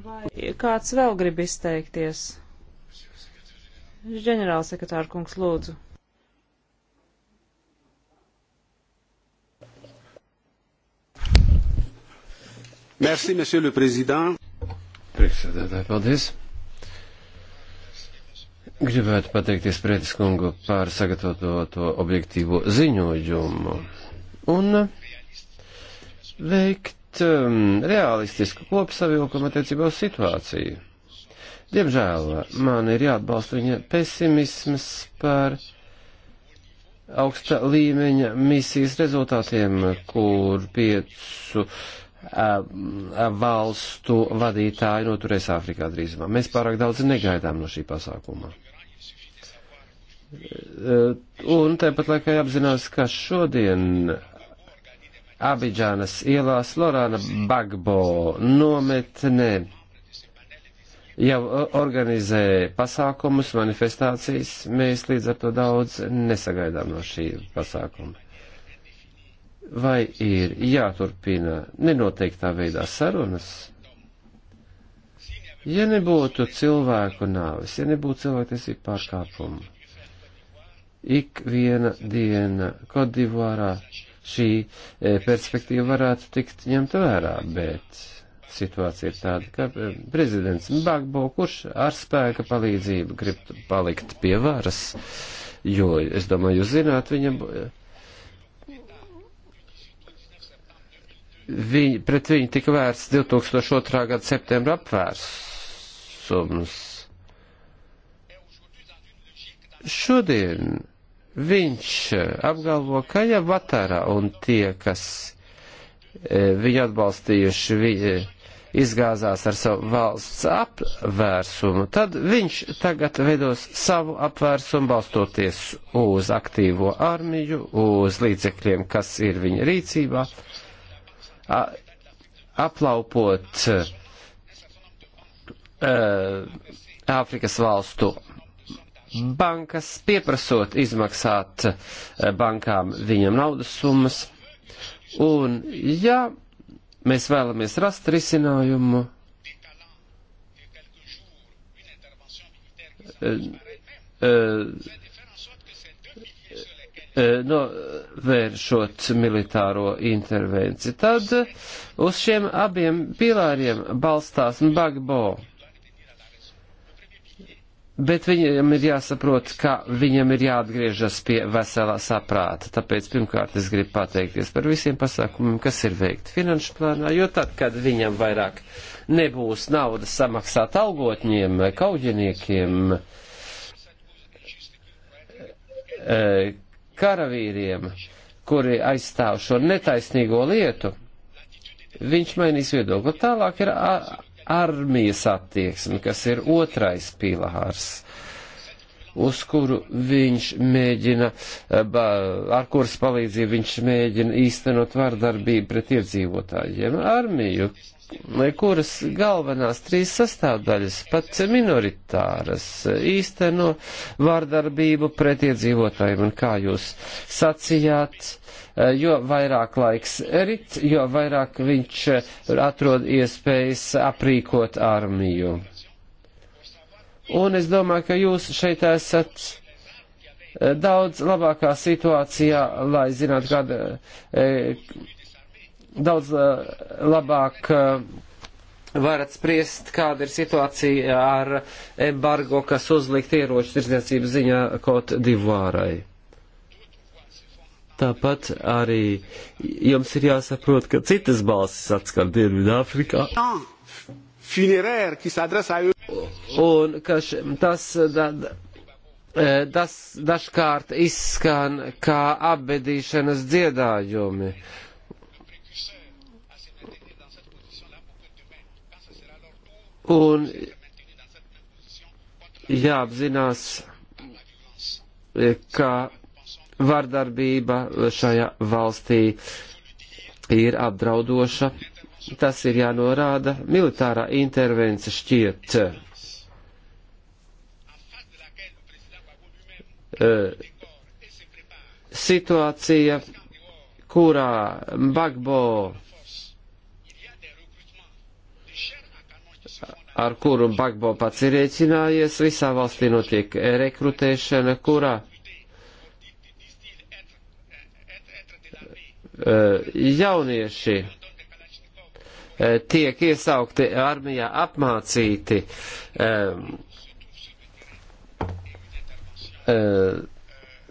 Vai kāds vēl grib izteikties? Ģenerālsekretāra kungs, lūdzu. Merci, monsieur le président. Priekšsēdētāji, paldies. Gribētu pateikties Prētis kungu par sagatavoto to objektīvo ziņojumu un veikt um, realistisku kopsavilkumu attiecībā uz situāciju. Diemžēl man ir jāatbalsta viņa pesimisms par augsta līmeņa misijas rezultātiem, kur piecu um, valstu vadītāji noturēs Āfrikā drīzumā. Mēs pārāk daudz negaidām no šī pasākuma. Uh, un tāpat laikā jāapzinās, ka šodien Abidžānas ielās Lorāna Bagbo nometnē jau organizē pasākumus, manifestācijas. Mēs līdz ar to daudz nesagaidām no šī pasākuma. Vai ir jāturpina nenoteiktā veidā sarunas? Ja nebūtu cilvēku nāvis, ja nebūtu cilvēktiesību pārkāpumu, ik viena diena Kodivārā šī e, perspektīva varētu tikt ņemta vērā, bet situācija ir tāda, ka e, prezidents Bagbo, kurš ar spēka palīdzību grib palikt pie varas, jo, es domāju, jūs zināt, viņam. E, Viņ, pret viņu tika vērsts 2002. gada septembra apvērsums. Šodien Viņš eh, apgalvo, ka ja Vatara un tie, kas eh, viņu atbalstījuši, viņi eh, izgāzās ar savu valsts apvērsumu, tad viņš tagad veidos savu apvērsumu balstoties uz aktīvo armiju, uz līdzekļiem, kas ir viņa rīcībā, aplaupot Āfrikas valstu bankas pieprasot izmaksāt eh, bankām viņam naudas summas. Un, ja mēs vēlamies rast risinājumu, eh, eh, novēršot militāro intervenciju. Tad uz šiem abiem pilāriem balstās Bagbo bet viņam ir jāsaprot, ka viņam ir jāatgriežas pie veselā saprāta. Tāpēc pirmkārt es gribu pateikties par visiem pasākumiem, kas ir veikti finanšu plānā, jo tad, kad viņam vairāk nebūs naudas samaksāt algotņiem, kauģiniekiem, e, karavīriem, kuri aizstāv šo netaisnīgo lietu, viņš mainīs viedokli. Tālāk ir armijas attieksmi, kas ir otrais pilārs, uz kuru viņš mēģina, ar kuras palīdzību viņš mēģina īstenot vārdarbību pret iedzīvotājiem. Armiju kuras galvenās trīs sastāvdaļas, pat minoritāras, īsteno vārdarbību pret iedzīvotājiem. Un kā jūs sacījāt, eh, jo vairāk laiks rit, jo vairāk viņš eh, atrod iespējas aprīkot armiju. Un es domāju, ka jūs šeit esat eh, daudz labākā situācijā, lai zinātu, kāda daudz eh, labāk eh, varat spriest, kāda ir situācija ar embargo, kas uzlikt ieroču tirdzniecības ziņā kaut divārai. Tāpat arī jums ir jāsaprot, ka citas balsis atskan Dienvidāfrikā. Un ka š, tas, da, eh, tas dažkārt izskan kā apbedīšanas dziedājumi. Uh, Un jāapzinās, e, ka vardarbība šajā valstī ir apdraudoša. Tas ir jānorāda. Militārā intervence šķiet e, situācija, kurā Bagbo ar kuru Bagbo pats ir rēķinājies, visā valstī notiek rekrutēšana, kurā eh, jaunieši eh, tiek iesaukti armijā, apmācīti eh,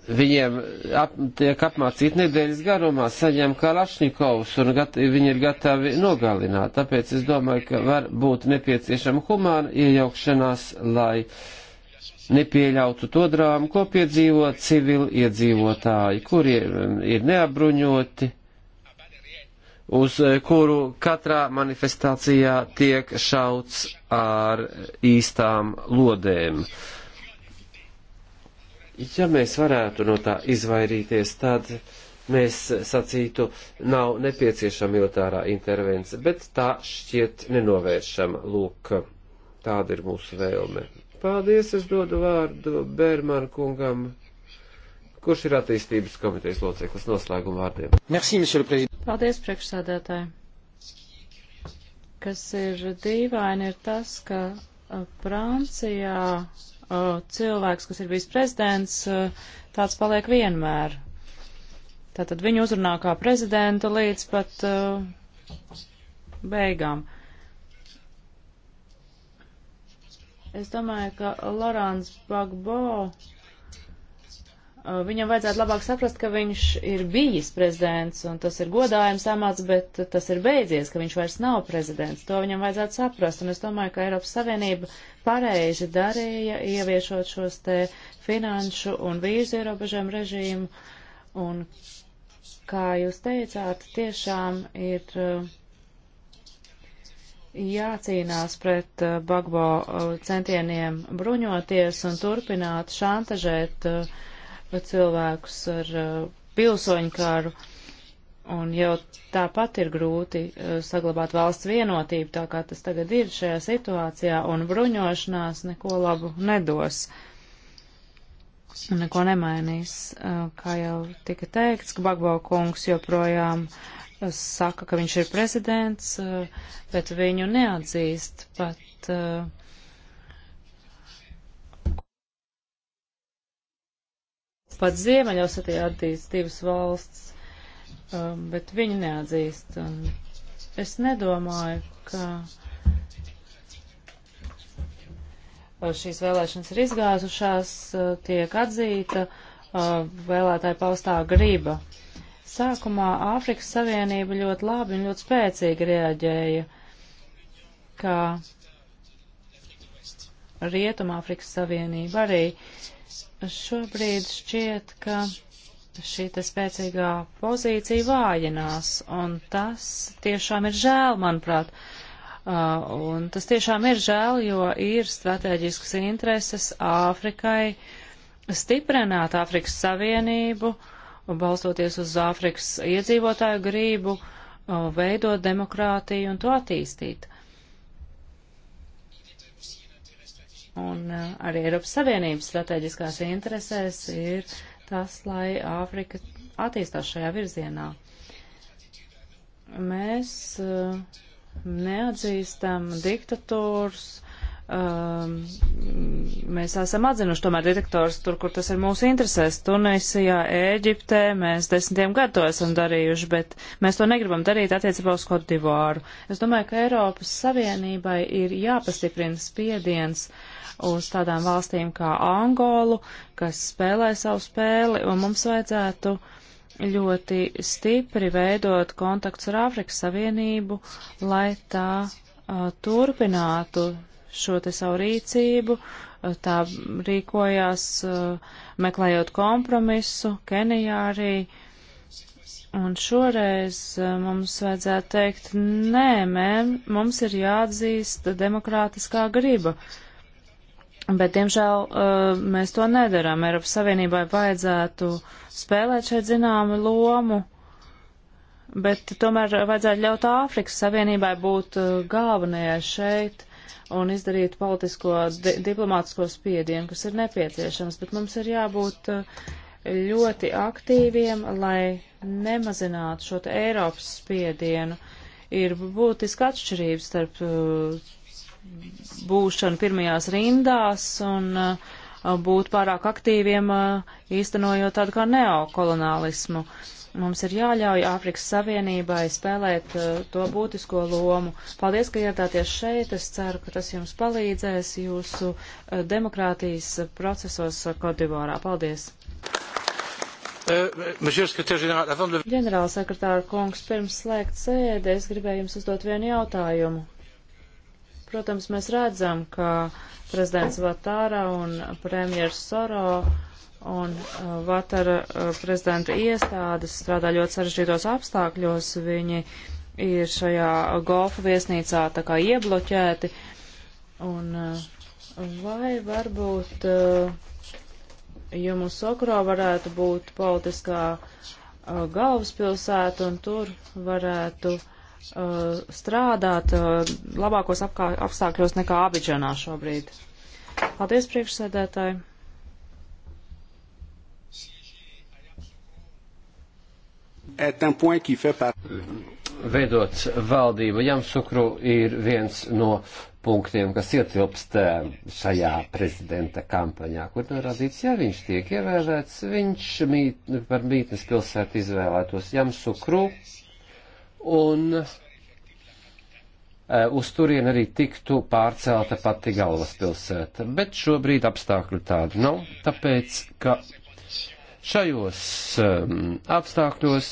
Viņiem ap, tiek apmācīti nedēļas garumā, saņem Kalašņikovs un gat, viņi ir gatavi nogalināt. Tāpēc es domāju, ka var būt nepieciešama humāna iejaukšanās, lai nepieļautu to drāmu, ko piedzīvo civili iedzīvotāji, kuriem um, ir neapbruņoti, uz eh, kuru katrā manifestācijā tiek šauts ar īstām lodēm. Uh, Ja mēs varētu no tā izvairīties, tad mēs sacītu, nav nepieciešama militārā intervence, bet tā šķiet nenovēršama. Lūk, tāda ir mūsu vēlme. Paldies, es dodu vārdu Bērmāra kungam, kurš ir attīstības komitejas loceklis noslēguma vārdiem. Merci, Paldies, priekšsēdētāji. Kas ir dīvaini, ir tas, ka Francijā Uh, cilvēks, kas ir bijis prezidents, uh, tāds paliek vienmēr. Tātad viņu uzrunā kā prezidentu līdz pat uh, beigām. Es domāju, ka Lorāns Bagbo Uh, viņam vajadzētu labāk saprast, ka viņš ir bijis prezidents, un tas ir godājums amats, bet tas ir beidzies, ka viņš vairs nav prezidents. To viņam vajadzētu saprast, un es domāju, ka Eiropas Savienība pareizi darīja, ieviešot šos te finanšu un vīzu ierobežojumu režīmu, un, kā jūs teicāt, tiešām ir uh, jācīnās pret uh, Bagbo centieniem bruņoties un turpināt šantažēt uh, cilvēkus ar uh, pilsoņu karu, un jau tāpat ir grūti uh, saglabāt valsts vienotību, tā kā tas tagad ir šajā situācijā, un bruņošanās neko labu nedos. Un neko nemainīs, uh, kā jau tika teikts, ka Bagbo kungs joprojām saka, ka viņš ir prezidents, bet viņu neatzīst pat uh, Pat ziemeļos arī atzīst divas valsts, um, bet viņi neatzīst. Un es nedomāju, ka uh, šīs vēlēšanas ir izgāzušās, uh, tiek atzīta uh, vēlētāja paustā griba. Sākumā Āfrikas Savienība ļoti labi un ļoti spēcīgi reaģēja, kā Rietumāfrikas Savienība arī uh, Šobrīd šķiet, ka šī spēcīgā pozīcija vājinās, un tas tiešām ir žēl, manuprāt. Uh, un tas tiešām ir žēl, jo ir strateģiskas intereses Āfrikai stiprināt Āfrikas Savienību, balstoties uz Āfrikas iedzīvotāju grību, uh, veidot demokrātiju un to attīstīt. Uh, Un eh, arī Eiropas Savienības strateģiskās interesēs ir tas, lai Āfrika attīstās šajā virzienā. Mēs eh, neatzīstam diktatūrus, um, ehm, mēs esam atzinuši tomēr diktators tur, kur tas ir mūsu interesēs. Tunisijā, Ēģiptē mēs desmitiem gadu to esam darījuši, bet mēs to negribam darīt attiecībā uz Kodivāru. Es domāju, ka Eiropas Savienībai ir jāpastiprina spiediens uz tādām valstīm kā Angolu, kas spēlē savu spēli, un mums vajadzētu ļoti stipri veidot kontaktus ar Āfrikas Savienību, lai tā uh, turpinātu šo te savu rīcību, uh, tā rīkojās uh, meklējot kompromisu Kenijā arī. Un šoreiz mums vajadzētu teikt, nē, mē, mums ir jāatzīst demokrātiskā griba. Uh, Bet, diemžēl, eh, mēs to nedaram. Eiropas Savienībai vajadzētu spēlēt šeit zināmu lomu, bet tomēr vajadzētu ļaut Āfrikas Savienībai būt eh, galvenajai šeit un izdarīt politisko, di diplomātisko spiedienu, kas ir nepieciešams. Bet mums ir jābūt eh, ļoti aktīviem, lai nemazinātu šo Eiropas spiedienu. Ir būtiska atšķirība starp būšanu pirmajās rindās un uh, būt pārāk aktīviem, uh, īstenojot tādu kā neokolonālismu. Mums ir jāļauj Āfrikas Savienībai spēlēt uh, to būtisko lomu. Paldies, ka ieradāties šeit. Es ceru, ka tas jums palīdzēs jūsu demokrātijas procesos Kodivārā. Paldies! Ģenerālsekretāra kungs, pirms slēgt sēdi, es gribēju jums uzdot vienu jautājumu. Protams, mēs redzam, ka prezidents Vatāra un premjers Soro un uh, Vatara uh, prezidenta iestādes strādā ļoti sarežģītos apstākļos. Viņi ir šajā golfa viesnīcā tā kā iebloķēti. Un uh, vai varbūt jums Sokro varētu būt politiskā galvaspilsēta un tur varētu uh, Uh, strādāt uh, labākos apkā, apstākļos nekā Abidžanā šobrīd. Paldies, priekšsēdētāji! Veidot valdību Jamsukru ir viens no punktiem, kas ietilpst eh, šajā prezidenta kampaņā, kur norādīts, ja viņš tiek ievēlēts, viņš mīt, par mītnes pilsētu izvēlētos Jamsukru un eh, uz turien arī tiktu pārcelta pati galvaspilsēta. Bet šobrīd apstākļu tādu nav, tāpēc, ka šajos um, apstākļos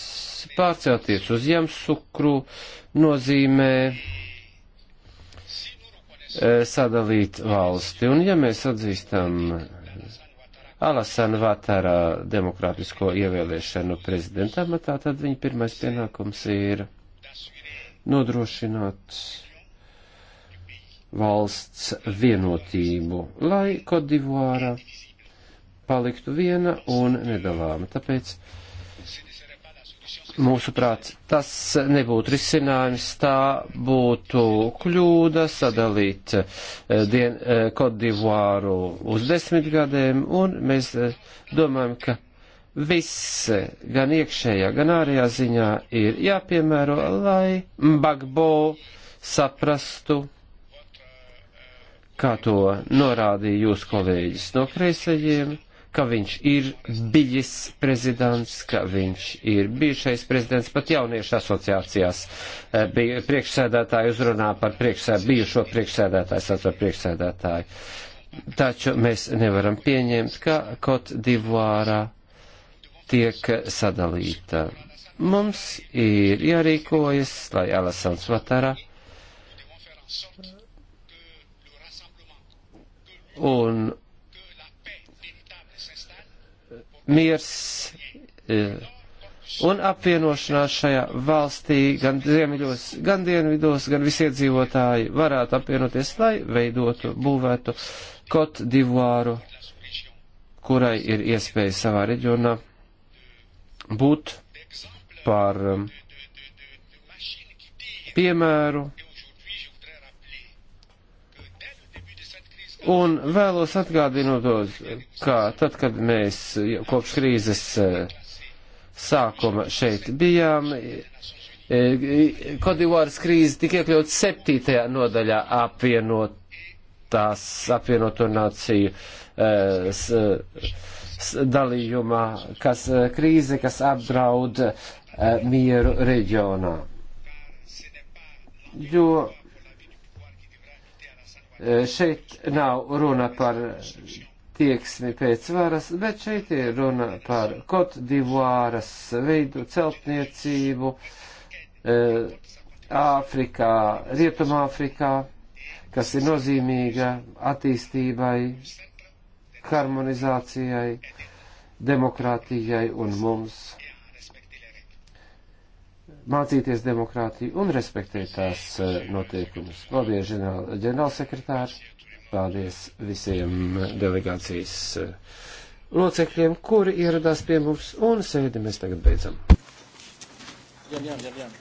pārcelties uz Jamsukru nozīmē uh, sadalīt valsti. Un ja mēs atzīstam eh, Alasana Vatara demokrātisko ievēlēšanu prezidentam, tā tad viņa pirmais pienākums ir nodrošināt valsts vienotību, lai Kodivāra paliktu viena un nedalāma. Tāpēc, mūsuprāt, tas nebūtu risinājums, tā būtu kļūda sadalīt Kodivāru eh, eh, uz desmit gadiem, un mēs eh, domājam, ka viss gan iekšējā, gan ārējā ziņā ir jāpiemēro, lai Bagbo saprastu, kā to norādīja jūs kolēģis no kreisajiem, ka viņš ir bijis prezidents, ka viņš ir bijušais prezidents, pat jauniešu asociācijās eh, bija priekšsēdētāji uzrunā par priekšsē, bijušo priekšsēdētāju, sauc par priekšsēdētāju. Taču mēs nevaram pieņemt, ka Kot Divuārā tiek sadalīta. Mums ir jārīkojas, lai Alasans Vatara un miers e, un apvienošanās šajā valstī gan ziemeļos, gan dienvidos, gan visi iedzīvotāji varētu apvienoties, lai veidotu, būvētu Kot Divuāru, kurai ir iespēja savā reģionā būt par um, piemēru. Un vēlos atgādināt, ka tad, kad mēs kopš krīzes uh, sākuma šeit bijām, Kodivāras eh, krīze tika iekļauts septītajā nodaļā apvienotās, apvienoto nāciju. Uh, dalījumā, kas eh, krīze, kas apdraud eh, mieru reģionā. Jo eh, šeit nav runa par tieksmi pēc varas, bet šeit ir runa par Kotdivāras veidu celtniecību Āfrikā, Rietumāfrikā, kas ir nozīmīga attīstībai harmonizācijai, demokrātijai un mums mācīties demokrātiju un respektēt tās eh, notiekumus. Paldies, ģenerālsekretārs, paldies visiem delegācijas eh, locekļiem, kuri ieradās pie mums, un sēdi mēs tagad beidzam. Jā, jā, jā, jā.